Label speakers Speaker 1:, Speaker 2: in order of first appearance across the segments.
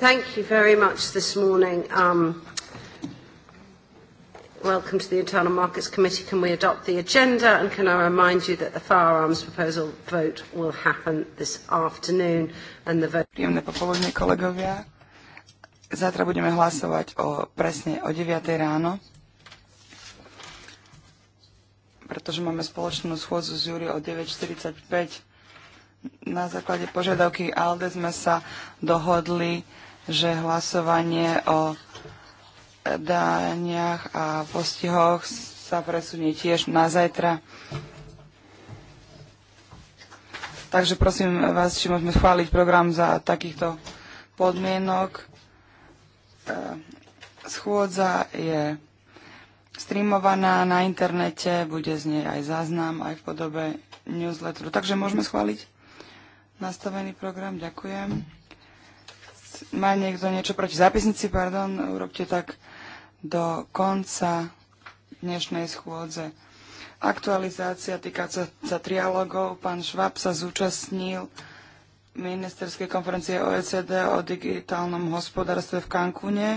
Speaker 1: Thank you very much this morning. Um, welcome to the Internal Markets Committee. Can we adopt the agenda? And can I remind you that the firearms proposal vote will happen this afternoon and the vote... Príjemné popoludne, kolegovia. Zajtra budeme
Speaker 2: hlasovať o, presne o 9. ráno, pretože máme spoločnú schôdzu z Júri o 9.45. Na základe požiadavky ALDE sme sa dohodli, že hlasovanie o daniach a postihoch sa presunie tiež na zajtra. Takže prosím vás, či môžeme schváliť program za takýchto podmienok. E, schôdza je streamovaná na internete, bude z nej aj záznam, aj v podobe newsletteru. Takže môžeme schváliť nastavený program. Ďakujem má niekto niečo proti zápisnici, pardon, urobte tak do konca dnešnej schôdze. Aktualizácia týka sa, sa trialogov. Pán Švab sa zúčastnil ministerskej konferencie OECD o digitálnom hospodárstve v Cancúne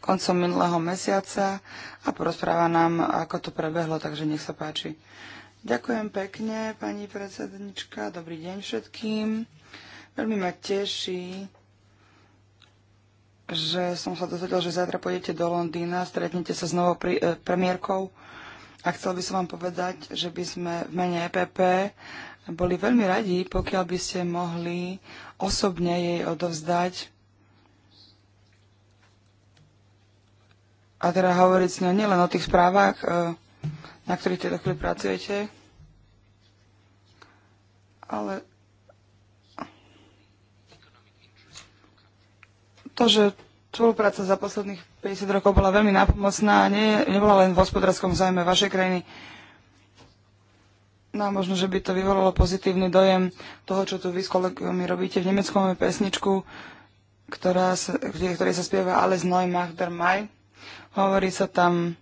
Speaker 2: koncom minulého mesiaca a porozpráva nám, ako to prebehlo, takže nech sa páči. Ďakujem pekne, pani predsednička. Dobrý deň všetkým. Veľmi ma teší, že som sa dozvedel, že zajtra pôjdete do Londýna, stretnete sa s novou pri, e, premiérkou a chcel by som vám povedať, že by sme v mene EPP boli veľmi radi, pokiaľ by ste mohli osobne jej odovzdať a teda hovoriť s ňou nielen o tých správach, e, na ktorých v tejto chvíli pracujete, ale to, že spolupráca za posledných 50 rokov bola veľmi nápomocná a nie, nebola len v hospodárskom zájme vašej krajiny. No a možno, že by to vyvolalo pozitívny dojem toho, čo tu vy s kolegami robíte. V nemeckom pesničku, ktorá sa, ktorej sa spieva Ale z Neumach der Mai. Hovorí sa tam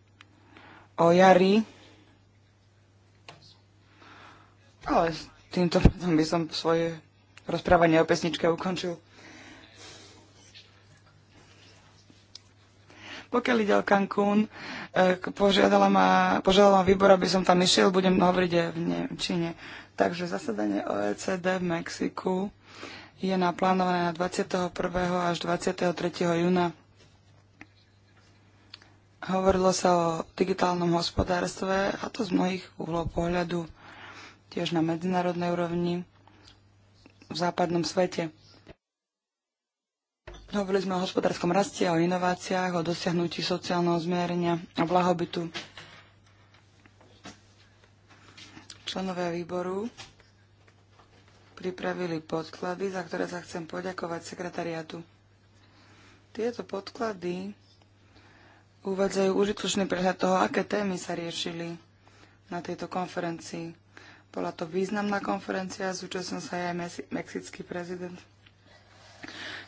Speaker 2: o jari. Ale týmto by som svoje rozprávanie o pesničke ukončil. Pokiaľ ide o Cancún, eh, požiadala ma, požiadala ma výbor, aby som tam išiel, budem hovoriť aj v Nemčine. Takže zasadanie OECD v Mexiku je naplánované na 21. až 23. júna. Hovorilo sa o digitálnom hospodárstve a to z mnohých uhlov pohľadu, tiež na medzinárodnej úrovni v západnom svete. Hovorili sme o hospodárskom raste, o inováciách, o dosiahnutí sociálneho zmierenia a blahobytu. Členovia výboru pripravili podklady, za ktoré sa chcem poďakovať sekretariátu. Tieto podklady uvádzajú užitočný prehľad toho, aké témy sa riešili na tejto konferencii. Bola to významná konferencia, zúčastnil sa aj mexický prezident.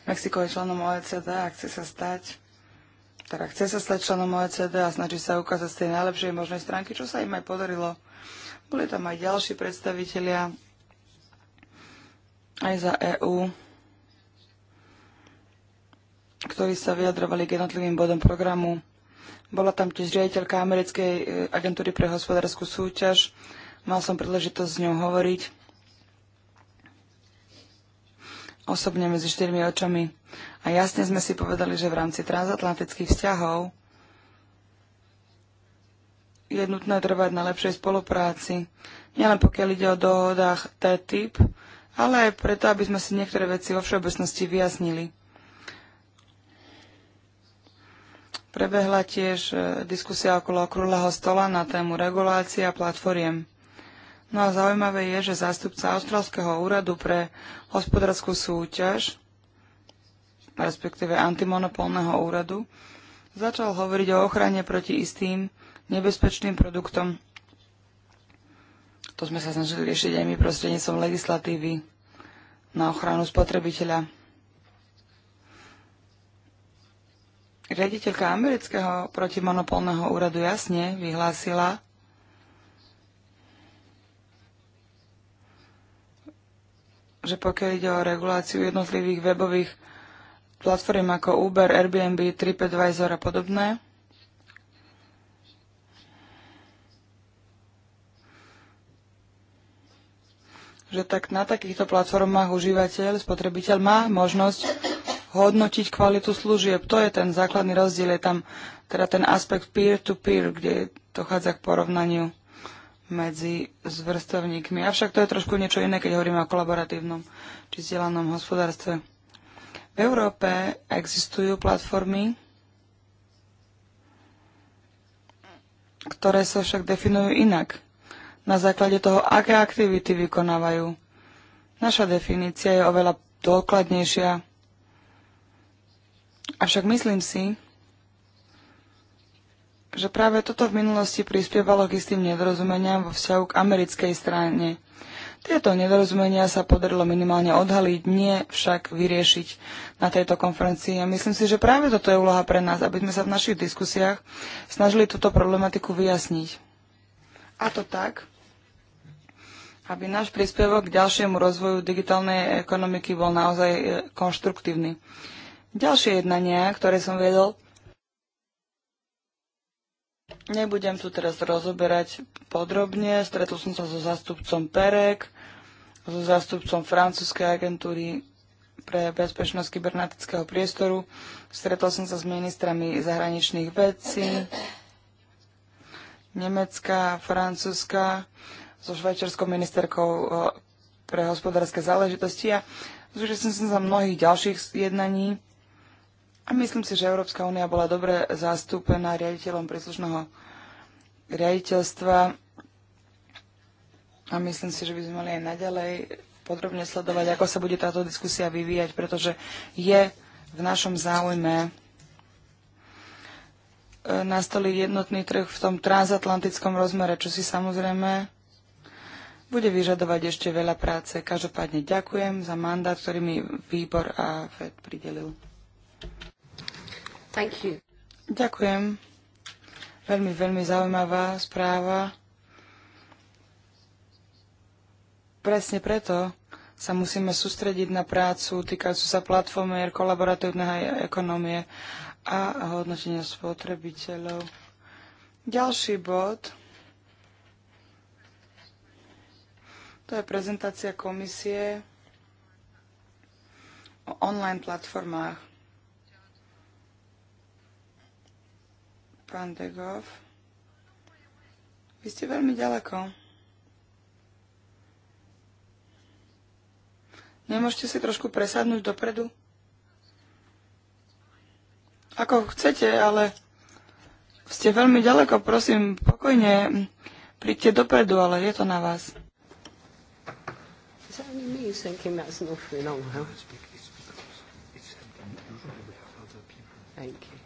Speaker 2: Mexiko je členom OECD a chce sa stať teda chce sa stať členom OECD a snaží sa ukázať z tej najlepšej možnej stránky, čo sa im aj podarilo. Boli tam aj ďalší predstavitelia aj za EÚ, ktorí sa vyjadrovali k jednotlivým bodom programu. Bola tam tiež riaditeľka Americkej e, agentúry pre hospodárskú súťaž. Mal som príležitosť s ňou hovoriť. osobne medzi štyrmi očami. A jasne sme si povedali, že v rámci transatlantických vzťahov je nutné trvať na lepšej spolupráci. Nielen pokiaľ ide o dohodách T typ, ale aj preto, aby sme si niektoré veci vo všeobecnosti vyjasnili. Prebehla tiež e, diskusia okolo okrúhleho stola na tému regulácia platformiem. No a zaujímavé je, že zástupca Austrálskeho úradu pre hospodárskú súťaž, respektíve antimonopolného úradu, začal hovoriť o ochrane proti istým nebezpečným produktom. To sme sa snažili riešiť aj my prostredníctvom legislatívy na ochranu spotrebiteľa. Riaditeľka amerického protimonopolného úradu jasne vyhlásila, že pokiaľ ide o reguláciu jednotlivých webových platform ako Uber, Airbnb, TripAdvisor a podobné, že tak na takýchto platformách užívateľ, spotrebiteľ má možnosť hodnotiť kvalitu služieb. To je ten základný rozdiel, je tam teda ten aspekt peer-to-peer, -peer, kde dochádza k porovnaniu medzi zvrstovníkmi. Avšak to je trošku niečo iné, keď hovoríme o kolaboratívnom či vzdelanom hospodárstve. V Európe existujú platformy, ktoré sa však definujú inak. Na základe toho, aké aktivity vykonávajú. Naša definícia je oveľa dôkladnejšia. Avšak myslím si, že práve toto v minulosti prispievalo k istým nedorozumeniam vo vzťahu k americkej strane. Tieto nedorozumenia sa podarilo minimálne odhaliť, nie však vyriešiť na tejto konferencii. A myslím si, že práve toto je úloha pre nás, aby sme sa v našich diskusiách snažili túto problematiku vyjasniť. A to tak, aby náš príspevok k ďalšiemu rozvoju digitálnej ekonomiky bol naozaj e, konštruktívny. Ďalšie jednania, ktoré som vedel, Nebudem tu teraz rozoberať podrobne. Stretol som sa so zástupcom PEREK, so zástupcom francúzskej agentúry pre bezpečnosť kybernetického priestoru. Stretol som sa s ministrami zahraničných vecí Nemecka, Francúzska, so švajčiarskou ministerkou eh, pre hospodárske záležitosti a zúčastnil som sa mnohých ďalších jednaní a myslím si, že Európska únia bola dobre zastúpená riaditeľom príslušného riaditeľstva a myslím si, že by sme mali aj naďalej podrobne sledovať, ako sa bude táto diskusia vyvíjať, pretože je v našom záujme e, nastoliť jednotný trh v tom transatlantickom rozmere, čo si samozrejme bude vyžadovať ešte veľa práce. Každopádne ďakujem za mandát, ktorý mi výbor a FED pridelil. Ďakujem. Veľmi, veľmi zaujímavá správa. Presne preto sa musíme sústrediť na prácu týkajúcu sa platformy kolaboratívneho ekonomie a hodnotenia spotrebiteľov. Ďalší bod. To je prezentácia komisie o online platformách. Pán Degov. Vy ste veľmi ďaleko. Nemôžete si trošku presadnúť dopredu? Ako chcete, ale ste veľmi ďaleko, prosím, pokojne príďte dopredu, ale je to na vás. Thank you.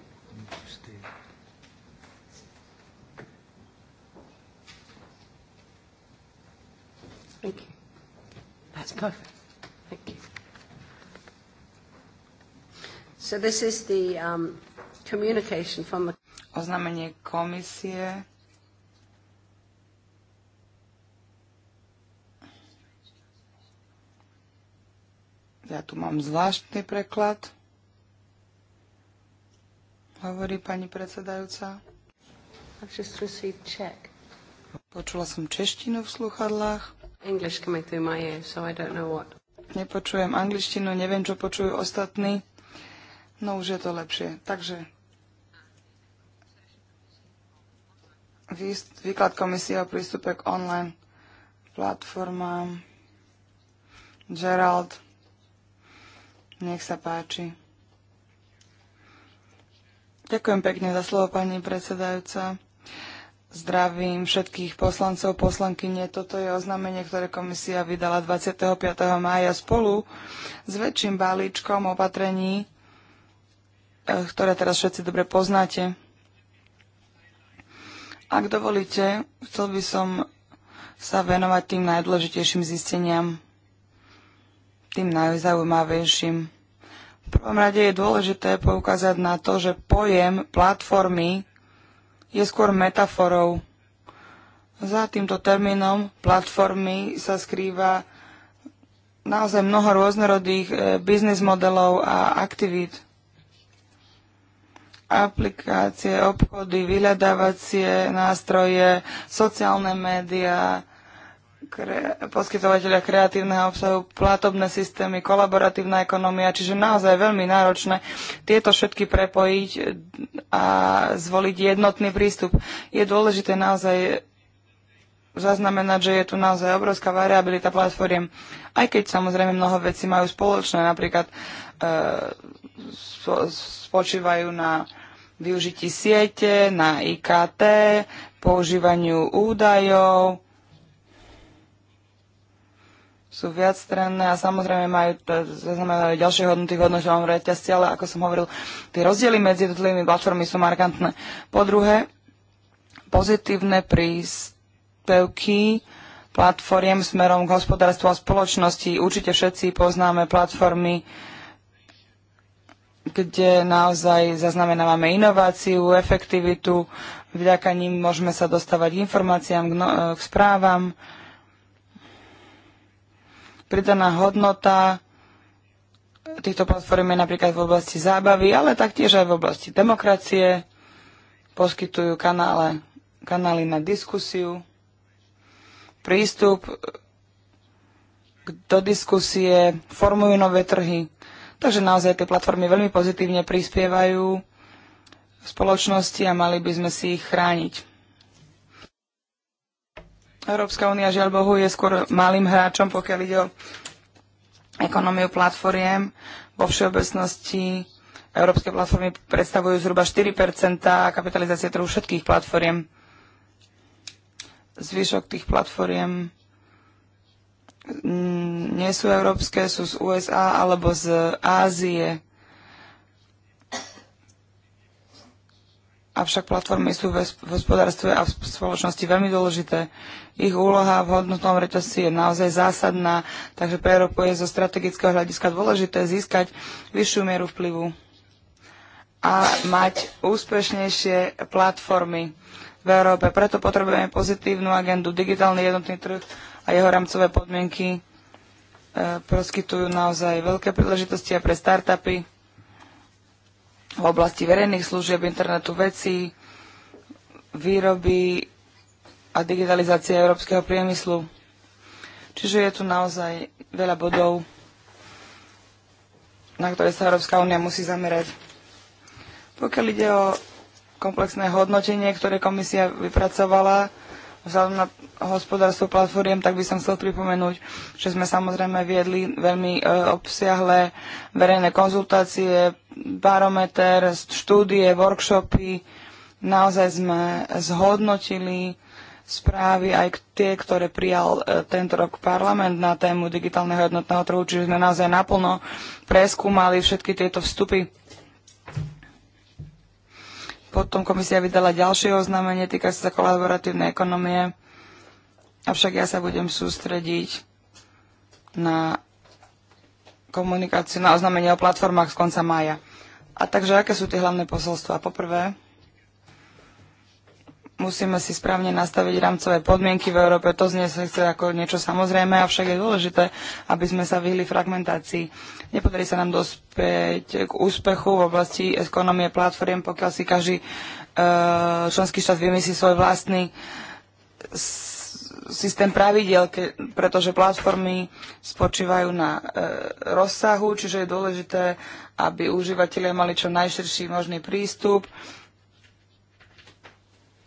Speaker 2: That's perfect. Thank you. So this is the um, communication from the... Oznámenie komisie Ja tu mám zvláštny preklad, hovorí pani predsedajúca. Počula som češtinu v sluchadlách. English coming through my ear, so I don't know what. Nepočujem angličtinu, neviem, čo počujú ostatní. No už je to lepšie. Takže výklad komisie o prístupe k online platformám. Gerald, nech sa páči. Ďakujem pekne za slovo, pani predsedajúca. Zdravím všetkých poslancov, poslankyne. Toto je oznámenie, ktoré komisia vydala 25. mája spolu s väčším balíčkom opatrení, eh, ktoré teraz všetci dobre poznáte. Ak dovolíte, chcel by som sa venovať tým najdôležitejším zisteniam, tým najzaujímavejším. V prvom rade je dôležité poukázať na to, že pojem platformy je skôr metaforou. Za týmto termínom platformy sa skrýva naozaj mnoho rôznorodých e, biznis modelov a aktivít. Aplikácie, obchody, vyhľadávacie nástroje, sociálne médiá, kre- poskytovateľia kreatívneho obsahu, platobné systémy, kolaboratívna ekonomia, čiže naozaj veľmi náročné tieto všetky prepojiť a zvoliť jednotný prístup. Je dôležité naozaj zaznamenať, že je tu naozaj obrovská variabilita platformiem, aj keď samozrejme mnoho vecí majú spoločné, napríklad e, so, spočívajú na využití siete, na IKT, používaniu údajov, sú viacstranné a samozrejme majú, aj ďalšie hodnoty v hodnotovom reťazci, ale ako som hovoril, tie rozdiely medzi jednotlivými platformy sú markantné. Po druhé, pozitívne príspevky platformiem smerom k hospodárstvu a spoločnosti. Určite všetci poznáme platformy, kde naozaj zaznamenávame inováciu, efektivitu, vďaka ním môžeme sa dostávať k informáciám, k, no, k správam, Pridaná hodnota týchto platform je napríklad v oblasti zábavy, ale taktiež aj v oblasti demokracie. Poskytujú kanále, kanály na diskusiu, prístup eh, do diskusie, formujú nové trhy. Takže naozaj tie platformy veľmi pozitívne prispievajú spoločnosti a mali by sme si ich chrániť. Európska únia žiaľ Bohu je skôr malým hráčom, pokiaľ ide o ekonómiu platformiem. Vo všeobecnosti európske platformy predstavujú zhruba 4 kapitalizácie trhu všetkých platformiem. Zvyšok tých platformiem mm, nie sú európske, sú z USA alebo z Ázie. Avšak platformy sú v hospodárstve a v spoločnosti veľmi dôležité. Ich úloha v hodnotnom reťazci je naozaj zásadná, takže pre Európu je zo strategického hľadiska dôležité získať vyššiu mieru vplyvu a mať úspešnejšie platformy v Európe. Preto potrebujeme pozitívnu agendu. Digitálny jednotný trh a jeho rámcové podmienky e, eh, poskytujú naozaj veľké príležitosti aj pre startupy v oblasti verejných služieb, internetu vecí, výroby a digitalizácie európskeho priemyslu. Čiže je tu naozaj veľa bodov, na ktoré sa Európska únia musí zamerať. Pokiaľ ide o komplexné hodnotenie, ktoré komisia vypracovala, vzhľadom na hospodárstvo platformiem, tak by som chcel pripomenúť, že sme samozrejme viedli veľmi e, obsiahle verejné konzultácie, barometer, štúdie, workshopy. Naozaj sme zhodnotili správy, aj tie, ktoré prijal e, tento rok parlament na tému digitálneho jednotného trhu, čiže sme naozaj naplno preskúmali všetky tieto vstupy potom komisia vydala ďalšie oznámenie týka sa kolaboratívnej ekonomie. Avšak ja sa budem sústrediť na komunikáciu, na oznámenie o platformách z konca mája. A takže, aké sú tie hlavné posolstva? Poprvé, musíme si správne nastaviť rámcové podmienky v Európe. To znie sa chce ako niečo samozrejme, avšak je dôležité, aby sme sa vyhli fragmentácii. Nepodarí sa nám dospieť k úspechu v oblasti ekonomie platform, pokiaľ si každý e, členský štát vymyslí svoj vlastný systém pravidiel, pretože platformy spočívajú na e, rozsahu, čiže je dôležité, aby užívatelia mali čo najširší možný prístup.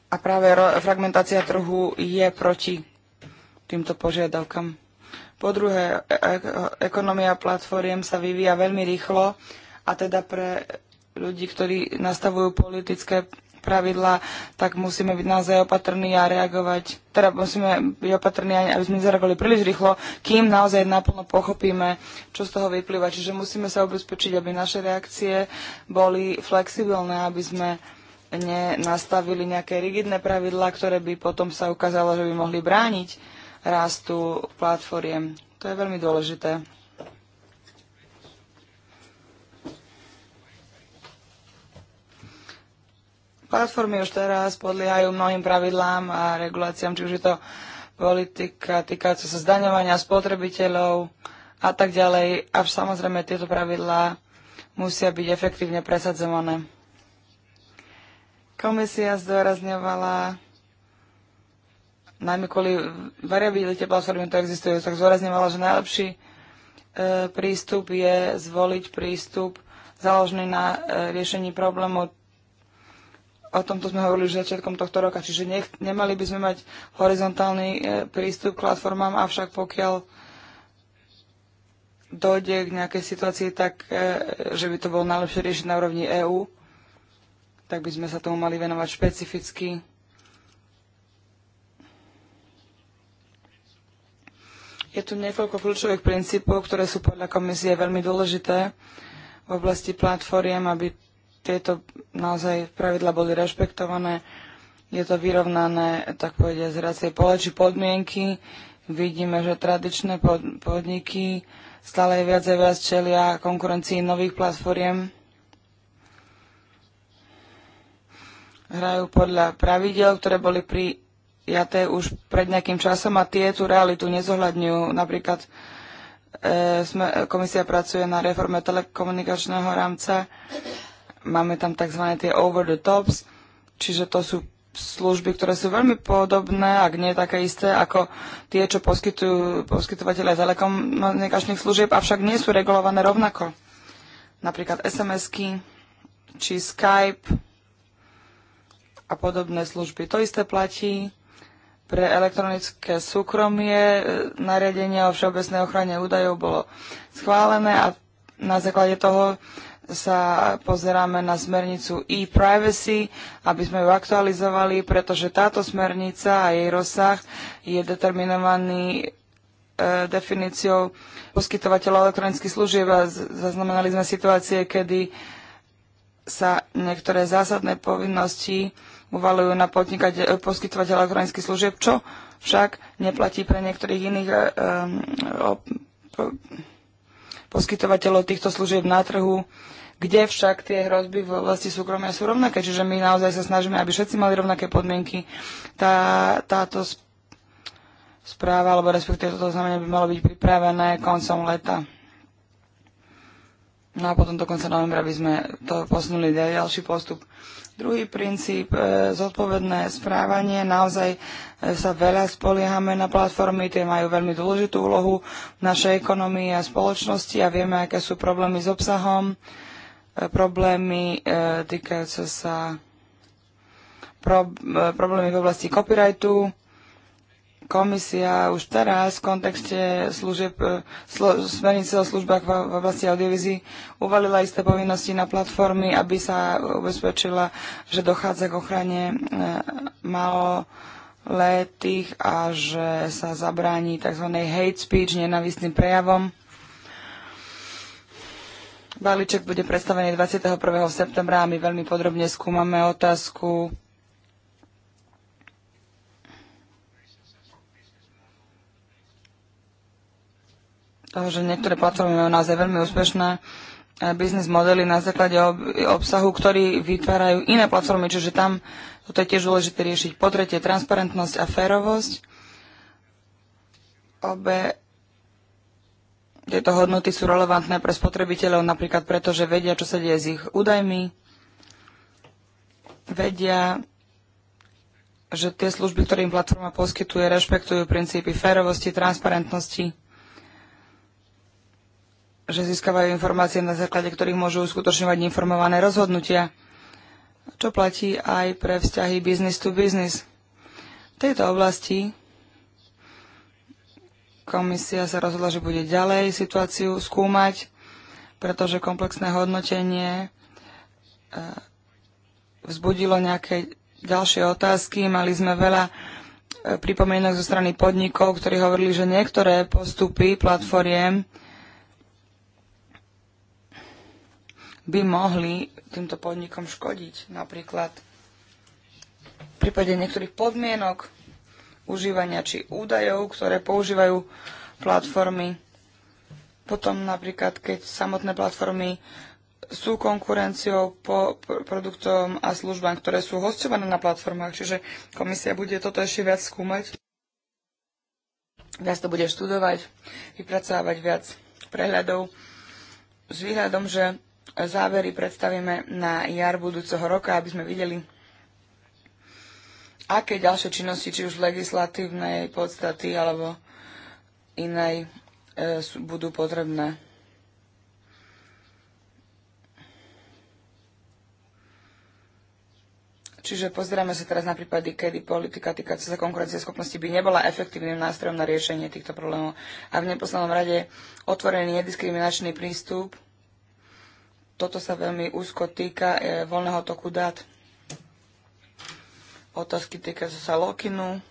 Speaker 2: A práve fragmentácia trhu je proti týmto požiadavkám. Po druhé, e- e- ekonomia platformiem sa vyvíja veľmi rýchlo a teda pre ľudí, ktorí nastavujú politické pravidlá, tak musíme byť naozaj opatrní a reagovať, teda musíme byť opatrní, aby sme nezareagovali príliš rýchlo, kým naozaj naplno pochopíme, čo z toho vyplýva. Čiže musíme sa ubezpečiť, aby naše reakcie boli flexibilné, aby sme nenastavili nejaké rigidné pravidlá, ktoré by potom sa ukázalo, že by mohli brániť rastu platformiem. To je veľmi dôležité. Platformy už teraz podliehajú mnohým pravidlám a reguláciám, či už je to politika týkajúca sa zdaňovania spotrebiteľov a tak ďalej. A samozrejme tieto pravidlá musia byť efektívne presadzované. Komisia zdôrazňovala najmä kvôli variabilite platformy, to existuje, tak zdôrazňovala, že najlepší e, prístup je zvoliť prístup založený na e, riešení problému. O tomto sme hovorili už začiatkom tohto roka, čiže nech, nemali by sme mať horizontálny e, prístup k platformám, avšak pokiaľ dojde k nejakej situácii tak, e, že by to bolo najlepšie riešiť na úrovni EÚ, tak by sme sa tomu mali venovať špecificky. Je tu niekoľko kľúčových princípov, ktoré sú podľa komisie veľmi dôležité v oblasti platformiem, aby tieto naozaj pravidla boli rešpektované. Je to vyrovnané, tak povedia, z hracej pole či podmienky. Vidíme, že tradičné podniky stále viac a viac čelia konkurencii nových platformiem hrajú podľa pravidel, ktoré boli prijaté už pred nejakým časom a tie tú realitu nezohľadňujú. Napríklad e, sme, komisia pracuje na reforme telekomunikačného rámca, máme tam tzv. tie over the tops, čiže to sú služby, ktoré sú veľmi podobné, ak nie také isté, ako tie, čo poskytujú poskytovateľe telekomunikačných služieb, avšak nie sú regulované rovnako. Napríklad SMS-ky či Skype, a podobné služby. To isté platí pre elektronické súkromie. Nariadenie o všeobecnej ochrane údajov bolo schválené a na základe toho sa pozeráme na smernicu e-privacy, aby sme ju aktualizovali, pretože táto smernica a jej rozsah je determinovaný e, definíciou poskytovateľov elektronických služieb a zaznamenali sme situácie, kedy sa niektoré zásadné povinnosti uvalujú na e, poskytovateľa elektronických služieb, čo však neplatí pre niektorých iných e, e, poskytovateľov týchto služieb na trhu, kde však tie hrozby v oblasti súkromia sú rovnaké. Čiže my naozaj sa snažíme, aby všetci mali rovnaké podmienky. Tá, táto správa, alebo respektíve toto znamenie by malo byť pripravené koncom leta. No a potom do konca novembra by sme to posunuli ďalší postup. Druhý princíp, e, zodpovedné správanie. Naozaj e, sa veľa spoliehame na platformy, tie majú veľmi dôležitú úlohu v našej ekonomii a spoločnosti a vieme, aké sú problémy s obsahom, e, problémy týkajúce sa problémy v oblasti copyrightu, komisia už teraz v kontexte služieb, e, slo, smernice o službách v, v oblasti audiovizí uvalila isté povinnosti na platformy, aby sa ubezpečila, že dochádza k ochrane e, maloletých a že sa zabráni tzv. hate speech, nenavistným prejavom. Balíček bude predstavený 21. septembra a my veľmi podrobne skúmame otázku toho, že niektoré platformy majú naozaj veľmi úspešné eh, biznis modely na základe obsahu, ktorý vytvárajú iné platformy, čiže tam toto je tiež dôležité riešiť. Po tretie, transparentnosť a férovosť. Obe tieto hodnoty sú relevantné pre spotrebiteľov napríklad preto, že vedia, čo sa deje s ich údajmi, vedia, že tie služby, ktoré im platforma poskytuje, rešpektujú princípy férovosti, transparentnosti, že získavajú informácie, na základe ktorých môžu uskutočňovať informované rozhodnutia, čo platí aj pre vzťahy business to business. V tejto oblasti komisia sa rozhodla, že bude ďalej situáciu skúmať, pretože komplexné hodnotenie e, vzbudilo nejaké ďalšie otázky. Mali sme veľa e, pripomienok zo strany podnikov, ktorí hovorili, že niektoré postupy platformiem by mohli týmto podnikom škodiť. Napríklad v prípade niektorých podmienok užívania či údajov, ktoré používajú platformy. Potom napríklad, keď samotné platformy sú konkurenciou po produktom a službám, ktoré sú hostované na platformách. Čiže komisia bude toto ešte viac skúmať, viac to bude študovať, vypracovať viac prehľadov s výhľadom, že závery predstavíme na jar budúceho roka, aby sme videli, aké ďalšie činnosti, či už legislatívnej podstaty alebo inej, e, budú potrebné. Čiže pozeráme sa teraz na prípady, kedy politika týkajúca sa konkurencie schopnosti by nebola efektívnym nástrojom na riešenie týchto problémov. A v neposlednom rade otvorený nediskriminačný prístup toto sa veľmi úzko týka e, voľného toku dát. Otázky týka sa Lokinu,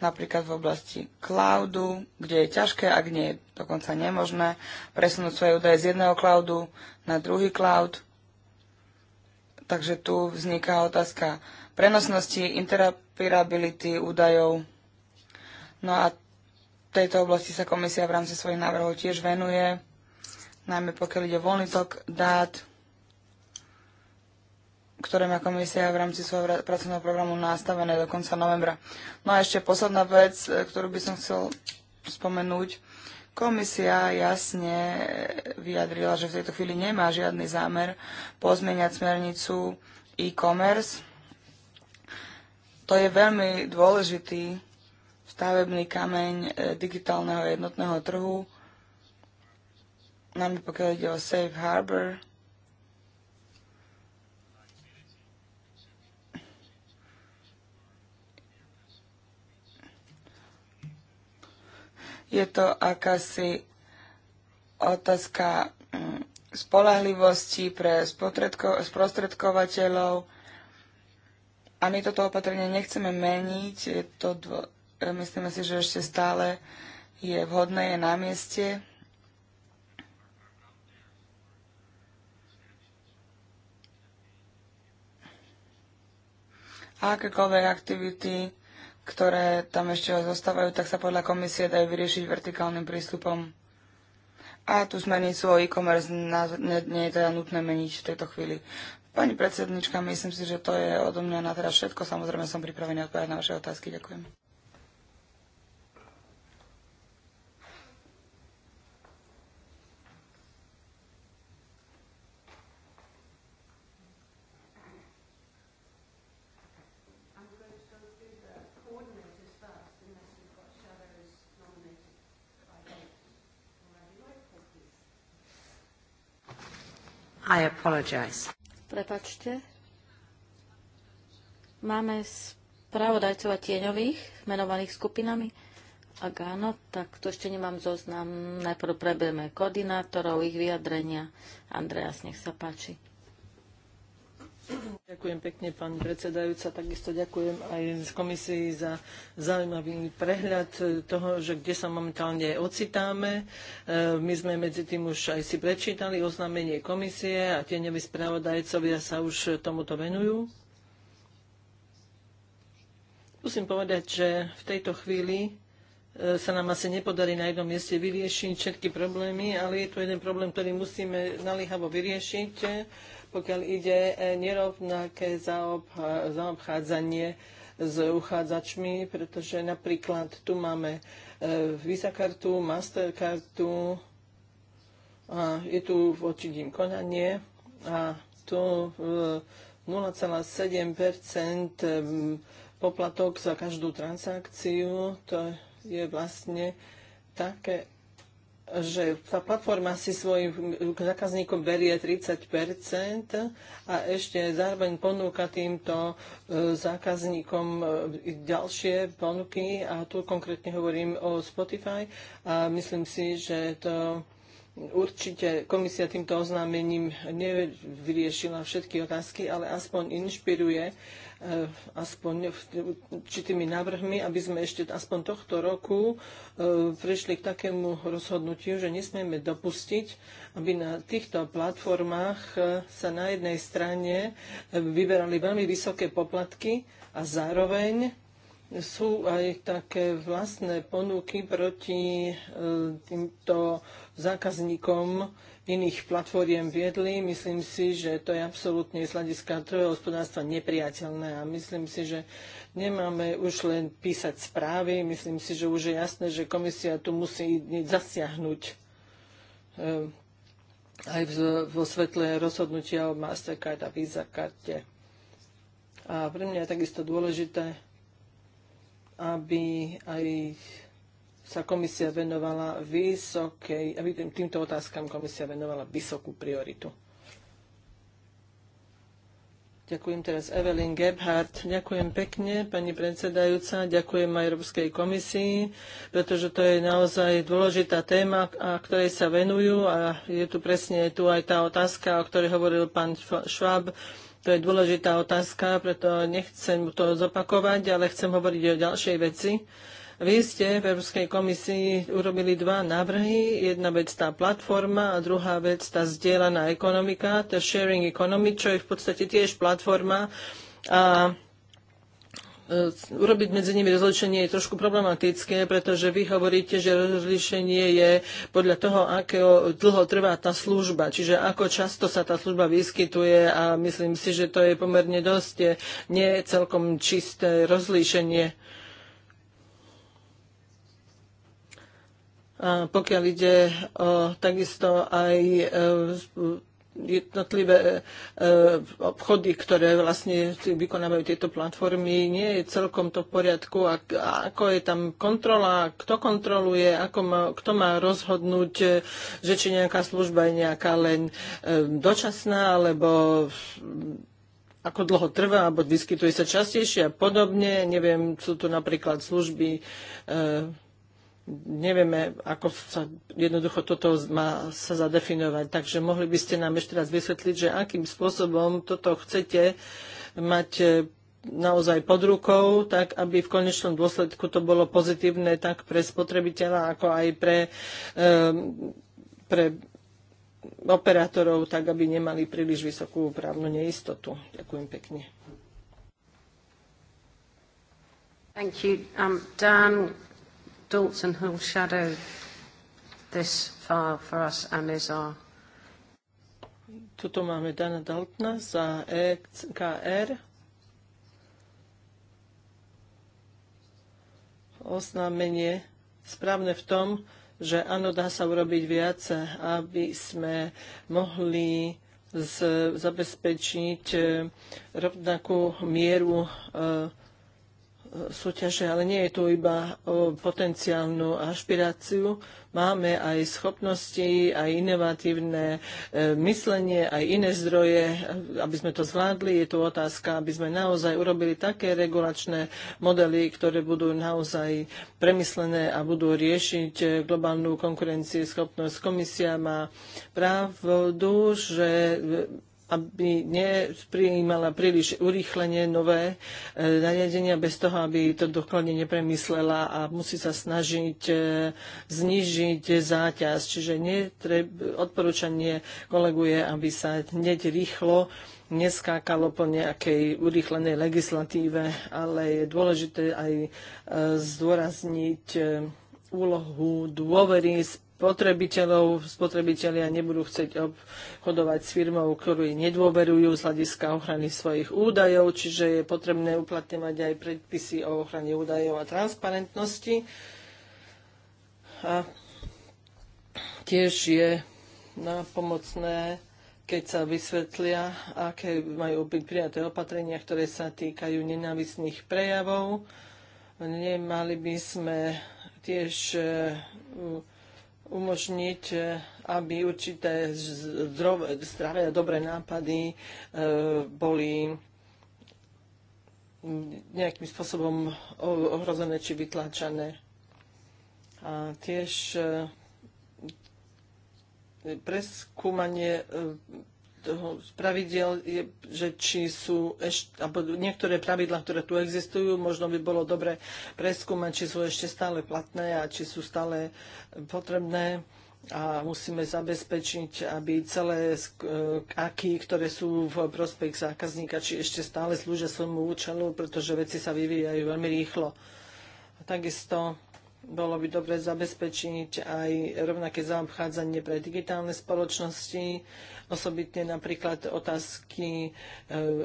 Speaker 2: napríklad v oblasti cloudu, kde je ťažké, ak nie je dokonca nemožné, presunúť svoje údaje z jedného cloudu na druhý cloud. Takže tu vzniká otázka prenosnosti, interoperability údajov. No a tejto oblasti sa komisia v rámci svojich návrhov tiež venuje najmä pokiaľ ide o voľný tok dát, ktoré má komisia v rámci svojho pracovného programu nastavené do konca novembra. No a ešte posledná vec, e, ktorú by som chcel spomenúť. Komisia jasne vyjadrila, že v tejto chvíli nemá žiadny zámer pozmeniať smernicu e-commerce. To je veľmi dôležitý stavebný kameň e, digitálneho jednotného trhu by pokiaľ ide o Safe Harbor, je to akási otázka mm, spolahlivosti pre sprostredkovateľov. A my toto opatrenie nechceme meniť. Je to dvo- Myslíme si, že ešte stále je vhodné, je na mieste. A akékoľvek aktivity, ktoré tam ešte zostávajú, tak sa podľa komisie dajú vyriešiť vertikálnym prístupom. A tú smernicu o e-commerce nie je teda nutné meniť v tejto chvíli. Pani predsednička, myslím si, že to je odo mňa na teraz všetko. Samozrejme som pripravený odpovedať na vaše otázky. Ďakujem.
Speaker 1: I apologize.
Speaker 3: Prepačte. Máme spravodajcov a tieňových menovaných skupinami. Ak áno, tak tu ešte nemám zoznam. Najprv preberieme koordinátorov, ich vyjadrenia. Andreas, nech sa páči.
Speaker 1: Ďakujem pekne, pani predsedajúca. Takisto ďakujem aj z komisii za zaujímavý prehľad toho, že kde sa momentálne ocitáme. E, my sme medzi tým už aj si prečítali oznámenie komisie a tieňoví spravodajcovia sa už tomuto venujú. Musím povedať, že v tejto chvíli e, sa nám asi nepodarí na jednom mieste vyriešiť všetky problémy, ale je to jeden problém, ktorý musíme nalihavo vyriešiť pokiaľ ide e, nerovnaké zaobchádzanie s uchádzačmi, pretože napríklad tu máme e, Visa kartu, Masterkartu a je tu voči ním konanie a tu 0,7 e, poplatok za každú transakciu, to je vlastne také že tá platforma si svojim zákazníkom berie 30 a ešte zároveň ponúka týmto e, zákazníkom e, ďalšie ponuky a tu konkrétne hovorím o Spotify a myslím si, že to Určite komisia týmto oznámením nevyriešila všetky otázky, ale aspoň inšpiruje eh, aspoň určitými návrhmi, aby sme ešte aspoň tohto roku eh, prišli k takému rozhodnutiu, že nesmieme dopustiť, aby na týchto platformách eh, sa na jednej strane vyberali veľmi vysoké poplatky a zároveň sú aj také vlastné ponuky proti týmto zákazníkom iných platformiem viedli. Myslím si, že to je absolútne z hľadiska trojho hospodárstva nepriateľné a myslím si, že nemáme už len písať správy. Myslím si, že už je jasné, že komisia tu musí zasiahnuť eh, aj vo svetle rozhodnutia o Mastercard a Visa karte. A pre mňa je takisto dôležité, aby aj sa komisia venovala vysokej, aby týmto otázkam komisia venovala vysokú prioritu. Ďakujem teraz Evelyn Gebhardt. Ďakujem pekne, pani predsedajúca. Ďakujem aj Európskej komisii, pretože to je naozaj dôležitá téma, a ktorej sa venujú. A je tu presne tu aj tá otázka, o ktorej hovoril pán Schwab. To je dôležitá otázka, preto nechcem to zopakovať, ale chcem hovoriť o ďalšej veci vy ste v Európskej komisii urobili dva návrhy. Jedna vec tá platforma a druhá vec tá zdieľaná ekonomika, tá sharing economy, čo je v podstate tiež platforma. A e, urobiť medzi nimi rozlišenie je trošku problematické, pretože vy hovoríte, že rozlišenie je podľa toho, akého dlho trvá tá služba, čiže ako často sa tá služba vyskytuje a myslím si, že to je pomerne dosť nie celkom čisté rozlíšenie. pokiaľ ide o takisto aj e, jednotlivé e, obchody, ktoré vlastne vykonávajú tieto platformy, nie je celkom to v poriadku, a, ako je tam kontrola, kto kontroluje, ako má, kto má rozhodnúť, e, že či nejaká služba je nejaká len dočasná, alebo ako dlho trvá, alebo vyskytuje sa častejšie a podobne. Neviem, sú tu napríklad služby nevieme, ako sa jednoducho toto má sa zadefinovať. Takže mohli by ste nám ešte raz vysvetliť, že akým spôsobom toto chcete mať e, naozaj pod rukou, tak aby v konečnom dôsledku to bolo pozitívne tak pre spotrebiteľa, ako aj pre, um, pre operátorov, tak aby nemali príliš vysokú právnu neistotu. Ďakujem pekne. Thank you. Um, Dan Dalton, who will shadow this file for us and is our... Tuto máme Dana Daltona za EKR. Oznámenie správne v tom, že áno, dá sa urobiť viac, aby sme mohli z, zabezpečiť eh, rovnakú mieru e, súťaže, ale nie je tu iba potenciálnu ašpiráciu. Máme aj schopnosti, aj inovatívne e, myslenie, aj iné zdroje, aby sme to zvládli. Je tu otázka, aby sme naozaj urobili také regulačné modely, ktoré budú naozaj premyslené a budú riešiť e, globálnu schopnosť. Komisia má pravdu, že e, aby neprijímala príliš urýchlenie nové e, nariadenia bez toho, aby to dokladne nepremyslela a musí sa snažiť e, znižiť záťaž. Čiže netreb, odporúčanie kolegu je, aby sa hneď rýchlo neskákalo po nejakej urýchlenej legislatíve, ale je dôležité aj e, zdôrazniť úlohu dôvery spotrebiteľov. Spotrebitelia nebudú chcieť obchodovať s firmou, ktorú nedôverujú z hľadiska ochrany svojich údajov, čiže je potrebné uplatňovať aj predpisy o ochrane údajov a transparentnosti. A tiež je pomocné, keď sa vysvetlia, aké majú byť prijaté opatrenia, ktoré sa týkajú nenávisných prejavov. Nemali by sme tiež uh, umožniť, e, aby určité zdravé a dobré nápady e, boli nejakým spôsobom ohrozené či vytlačené. A tiež e, preskúmanie toho pravidel je, že či sú ešte, alebo niektoré pravidlá, ktoré tu existujú, možno by bolo dobre preskúmať, či sú ešte stále platné a či sú stále potrebné a musíme zabezpečiť, aby celé aky, ktoré sú v prospech zákazníka, či ešte stále slúžia svojmu účelu, pretože veci sa vyvíjajú veľmi rýchlo. A takisto bolo by dobre zabezpečiť aj rovnaké zaobchádzanie pre digitálne spoločnosti, osobitne napríklad otázky e,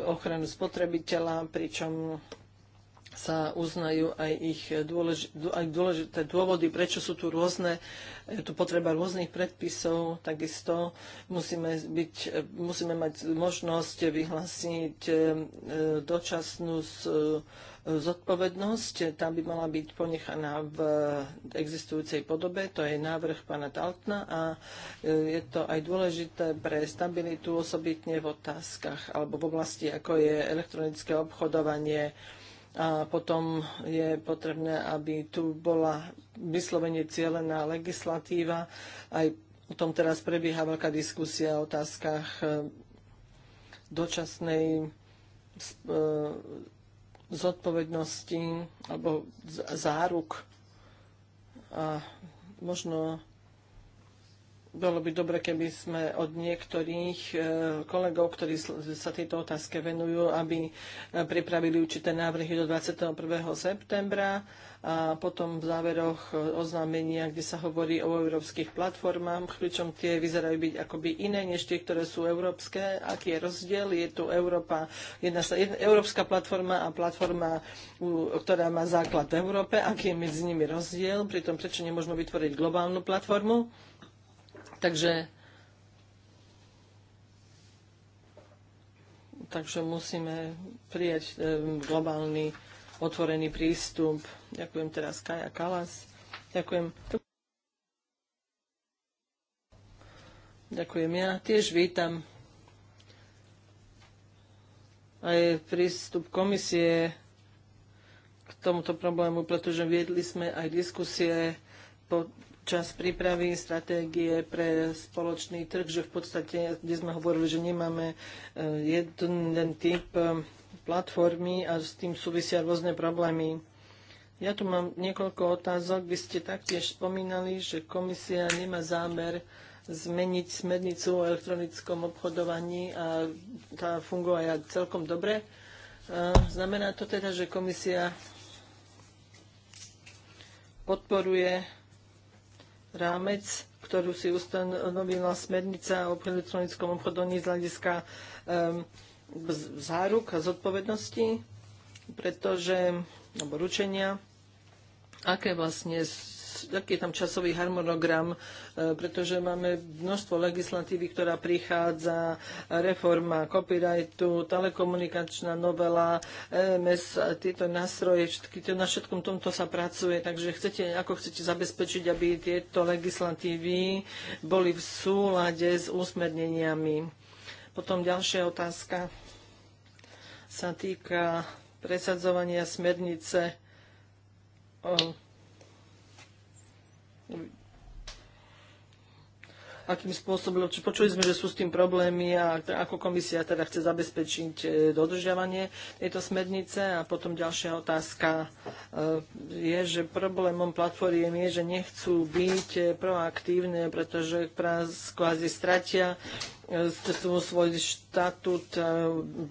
Speaker 1: ochranu spotrebiteľa, pričom sa uznajú aj ich aj dôležité dôvody, prečo sú tu rôzne, e, tu potreba rôznych predpisov, takisto musíme, byť, e, musíme mať možnosť vyhlásiť dočasnú z, zodpovednosť. Tá by mala byť ponechaná v existujúcej podobe. To je návrh pána Taltna a e, je to aj dôležité pre stabilitu osobitne v otázkach alebo v oblasti, ako je elektronické obchodovanie. A potom je potrebné, aby tu bola vyslovene cieľená legislatíva. Aj o tom teraz prebieha veľká diskusia o otázkach e, dočasnej e, zodpovednosti alebo záruk. A možno bolo by dobre, keby sme od niektorých e, kolegov, ktorí sa tejto otázke venujú, aby e, pripravili určité návrhy do 21. septembra a potom v záveroch e, oznámenia, kde sa hovorí o európskych platformách, pričom tie vyzerajú byť akoby iné než tie, ktoré sú európske. Aký je rozdiel? Je tu Európa, jedna sa, jedna, európska platforma a platforma, ktorá má základ v Európe. Aký je medzi nimi rozdiel? Pritom prečo nemôžeme vytvoriť globálnu platformu? Takže takže musíme prijať e, globálny otvorený prístup. Ďakujem teraz Kaja Kalas. Ďakujem. Ďakujem. Ja tiež vítam aj prístup komisie k tomuto problému, pretože viedli sme aj diskusie počas prípravy stratégie pre spoločný trh, že v podstate, kde sme hovorili, že nemáme eh, jeden typ platformy a s tým súvisia rôzne problémy. Ja tu mám niekoľko otázok. Vy ste taktiež spomínali, že komisia nemá zámer zmeniť smernicu o elektronickom obchodovaní a tá funguje celkom dobre. E, znamená to teda, že komisia podporuje rámec, ktorú si ustanovila smernica o elektronickom obchodovaní z hľadiska um, záruk a zodpovednosti, pretože, alebo ručenia, aké vlastne, aký je tam časový harmonogram, e, pretože máme množstvo legislatívy, ktorá prichádza, reforma copyrightu, telekomunikačná novela, EMS, tieto nástroje, všetky, na všetkom tomto sa pracuje, takže chcete, ako chcete zabezpečiť, aby tieto legislatívy boli v súlade s úsmerneniami potom ďalšia otázka sa týka presadzovania smernice o akým spôsobom, či počuli sme, že sú s tým problémy a teda ako komisia teda chce zabezpečiť e, dodržiavanie tejto smernice. A potom ďalšia otázka e, je, že problémom platformiem je, že nechcú byť e, proaktívne, pretože kvázi stratia svoj štatút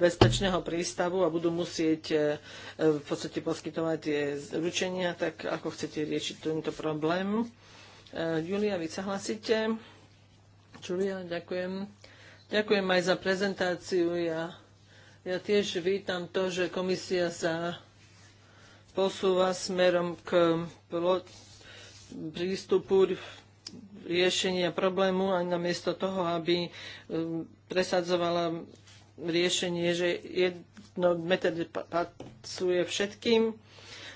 Speaker 1: bezpečného prístavu a budú musieť v podstate poskytovať tie ručenia, tak ako chcete riešiť tento problém. Julia, vy sa hlasíte? Julia, ďakujem. Ďakujem aj za prezentáciu. Ja, ja tiež vítam to, že komisia sa posúva smerom k prístupu riešenia problému a namiesto toho, aby um, presadzovala riešenie, že jedno meter pasuje všetkým.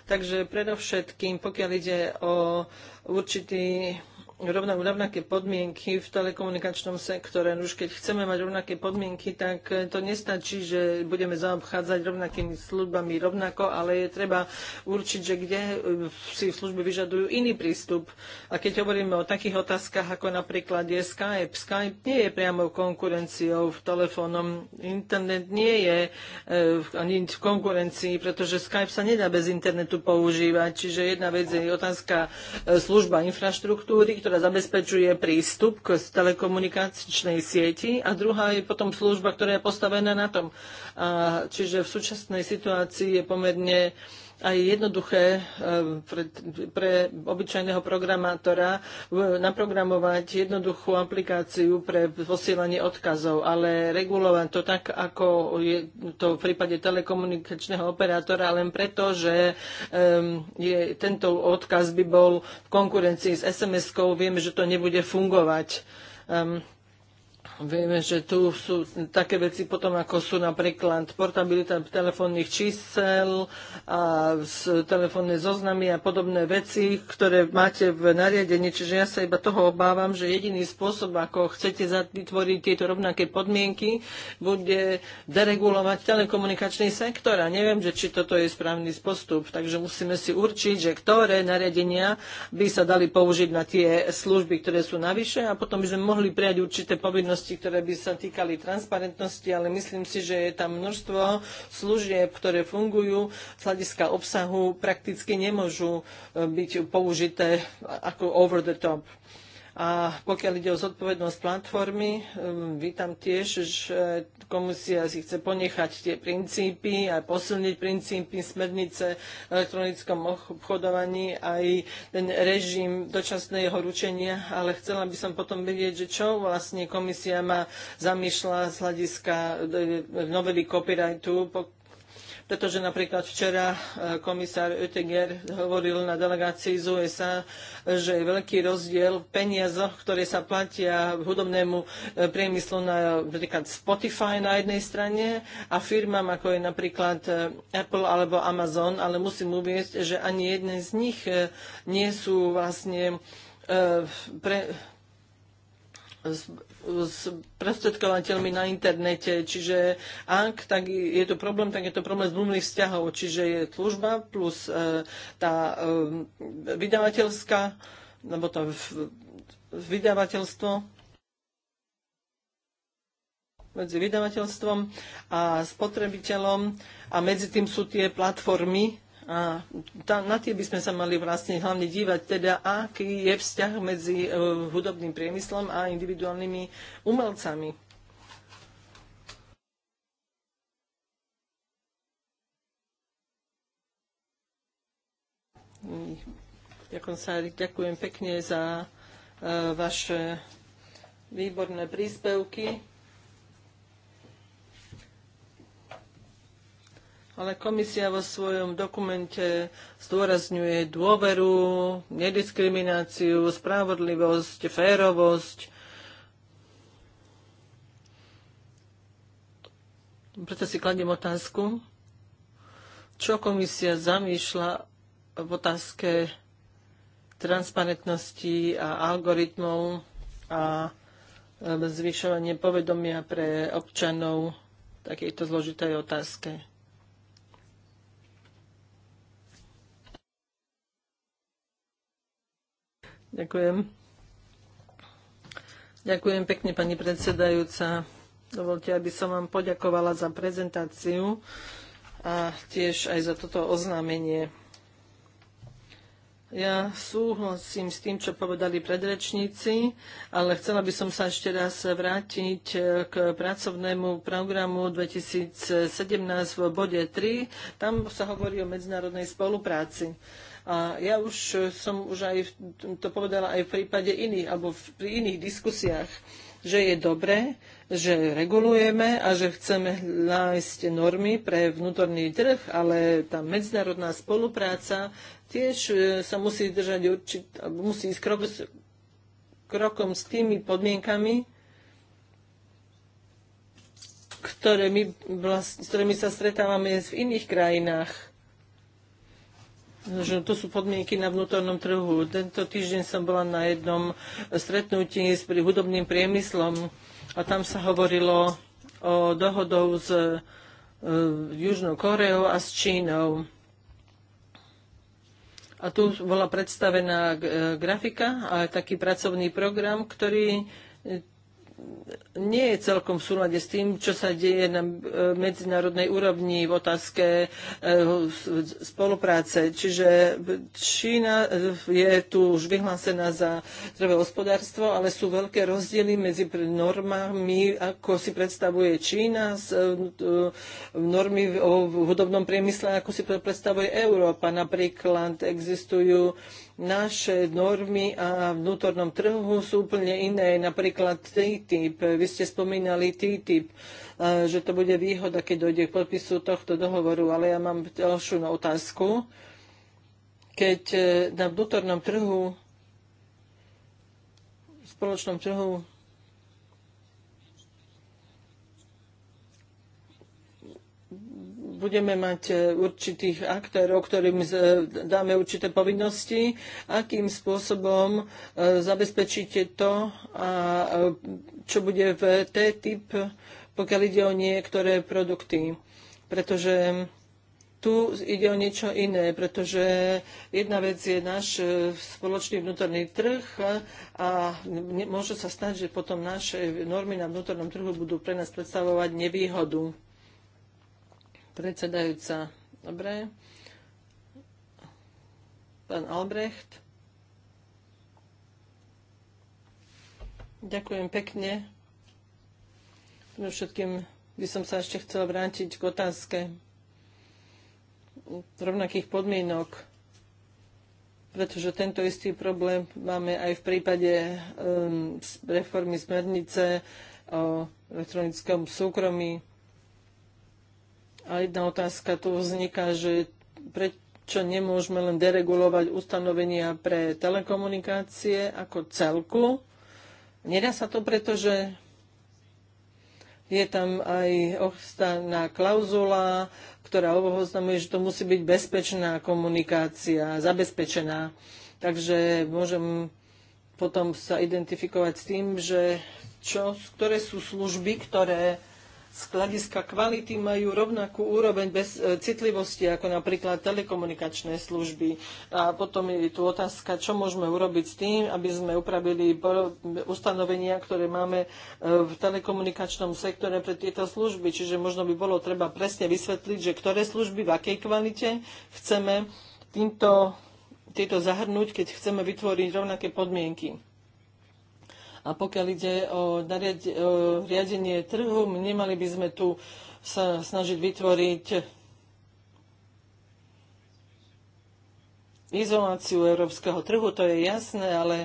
Speaker 1: Takže predovšetkým, pokiaľ ide o určitý rovnako, rovnaké podmienky v telekomunikačnom sektore. Už keď chceme mať rovnaké podmienky, tak eh, to nestačí, že budeme zaobchádzať rovnakými službami rovnako, ale je treba určiť, že kde eh, si služby vyžadujú iný prístup. A keď hovoríme o takých otázkach, ako napríklad je Skype, Skype nie je priamo konkurenciou v telefónom. Internet nie je eh, ani v konkurencii, pretože Skype sa nedá bez internetu používať. Čiže jedna vec je otázka služba infraštruktúry, ktorá zabezpečuje prístup k telekomunikačnej sieti a druhá je potom služba, ktorá je postavená na tom. čiže v súčasnej situácii je pomerne aj jednoduché e, pre, pre obyčajného programátora e, naprogramovať jednoduchú aplikáciu pre posielanie odkazov, ale regulovať to tak, ako je to v prípade telekomunikačného operátora, len preto, že um, je, tento odkaz by bol v konkurencii s SMS-kou, vieme, že to nebude fungovať. Um, Vieme, že tu sú také veci potom, ako sú napríklad portabilita telefónnych čísel a telefónne zoznamy a podobné veci, ktoré máte v nariadení. Čiže ja sa iba toho obávam, že jediný spôsob, ako chcete vytvoriť tieto rovnaké podmienky, bude deregulovať telekomunikačný sektor. A neviem, že či toto je správny postup. Takže musíme si určiť, že ktoré nariadenia by sa dali použiť na tie služby, ktoré sú navyše a potom by sme mohli prijať určité povinnosti záležitosti, ktoré by sa týkali transparentnosti, ale myslím si, že je tam množstvo služieb, ktoré fungujú z hľadiska obsahu, prakticky nemôžu e, byť použité ako over the top. A pokiaľ ide o zodpovednosť platformy, um, vítam tiež, že komisia si chce ponechať tie princípy a posilniť princípy smernice v elektronickom obchodovaní aj ten režim dočasného ručenia, ale chcela by som potom vedieť, že čo vlastne komisia má zamýšľa z hľadiska e, e, novely copyrightu, pretože napríklad včera e, komisár Oettinger hovoril na delegácii z USA, že je veľký rozdiel v peniazoch, ktoré sa platia hudobnému e, priemyslu na napríklad Spotify na jednej strane a firmám ako je napríklad e, Apple alebo Amazon, ale musím uvieť, že ani jedné z nich nie sú vlastne pre, s prostredkovateľmi na internete. Čiže ak tak je to problém, tak je to problém zmluvných vzťahov. Čiže je služba plus e, tá e, vydavateľská, alebo to vydavateľstvo medzi vydavateľstvom a spotrebiteľom a medzi tým sú tie platformy, a tá, na tie by sme sa mali vlastne hlavne dívať, teda aký je vzťah medzi uh, hudobným priemyslom a individuálnymi umelcami. Ďakujem, sa, ďakujem pekne za e, vaše výborné príspevky. ale komisia vo svojom dokumente zdôrazňuje dôveru, nediskrimináciu, spravodlivosť, férovosť. Preto si kladiem otázku, čo komisia zamýšľa v otázke transparentnosti a algoritmov a e, zvyšovanie povedomia pre občanov takéto takejto zložitej otázke. Ďakujem. Ďakujem pekne, pani predsedajúca. Dovolte, aby som vám poďakovala za prezentáciu a tiež aj za toto oznámenie. Ja súhlasím s tým, čo povedali predrečníci, ale chcela by som sa ešte raz vrátiť k pracovnému programu 2017 v bode 3. Tam sa hovorí o medzinárodnej spolupráci. A ja už eh, som už aj to povedala aj v prípade iných, alebo pri iných diskusiách, že je dobré, že regulujeme a že chceme nájsť normy pre vnútorný trh, ale tá medzinárodná spolupráca tiež eh, sa musí držať určit, musí ísť krok krokom s tými podmienkami, ktoré my, s ktorými sa stretávame v iných krajinách že to sú podmienky na vnútornom trhu. Tento týždeň som bola na jednom stretnutí s hudobným priemyslom a tam sa hovorilo o dohodou s e, Južnou Koreou a s Čínou. A tu bola predstavená grafika a taký pracovný program, ktorý e, nie je celkom v súlade s tým, čo sa deje na e, medzinárodnej úrovni v otázke e, spolupráce. Čiže Čína e, je tu už vyhlásená za zdravé hospodárstvo, ale sú veľké rozdiely medzi normami, ako si predstavuje Čína, normy v hudobnom priemysle, ako si predstavuje Európa. Napríklad existujú naše normy a vnútornom trhu sú úplne iné. Napríklad TTIP, vy ste spomínali TTIP, že to bude výhoda, keď dojde k podpisu tohto dohovoru, ale ja mám ďalšiu otázku. Keď e, na vnútornom trhu, v spoločnom trhu budeme mať e, určitých aktérov, ktorým dáme určité povinnosti, akým spôsobom e, zabezpečíte to a e, čo bude v T-typ, pokiaľ ide o niektoré produkty. Pretože tu ide o niečo iné, pretože jedna vec je náš spoločný vnútorný trh a môže sa stať, že potom naše normy na vnútornom trhu budú pre nás predstavovať nevýhodu. Predsedajúca, dobre. Pán Albrecht. Ďakujem pekne. No všetkým by som sa ešte chcela vrátiť k otázke rovnakých podmienok, pretože tento istý problém máme aj v prípade um, reformy smernice o elektronickom súkromí. A jedna otázka tu vzniká, že prečo nemôžeme len deregulovať ustanovenia pre telekomunikácie ako celku. Nedá sa to, pretože je tam aj ochranná klauzula, ktorá oznamuje, že to musí byť bezpečná komunikácia, zabezpečená. Takže môžem potom sa identifikovať s tým, že čo, ktoré sú služby, ktoré z hľadiska kvality majú rovnakú úroveň bez e, citlivosti ako napríklad telekomunikačné služby. A potom je tu otázka, čo môžeme urobiť s tým, aby sme upravili ustanovenia, ktoré máme e, v telekomunikačnom sektore pre tieto služby. Čiže možno by bolo treba presne vysvetliť, že ktoré služby v akej kvalite chceme týmto, tieto zahrnúť, keď chceme vytvoriť rovnaké podmienky. A pokiaľ ide o, nariad- o riadenie trhu, nemali by sme tu sa snažiť vytvoriť izoláciu európskeho trhu, to je jasné, ale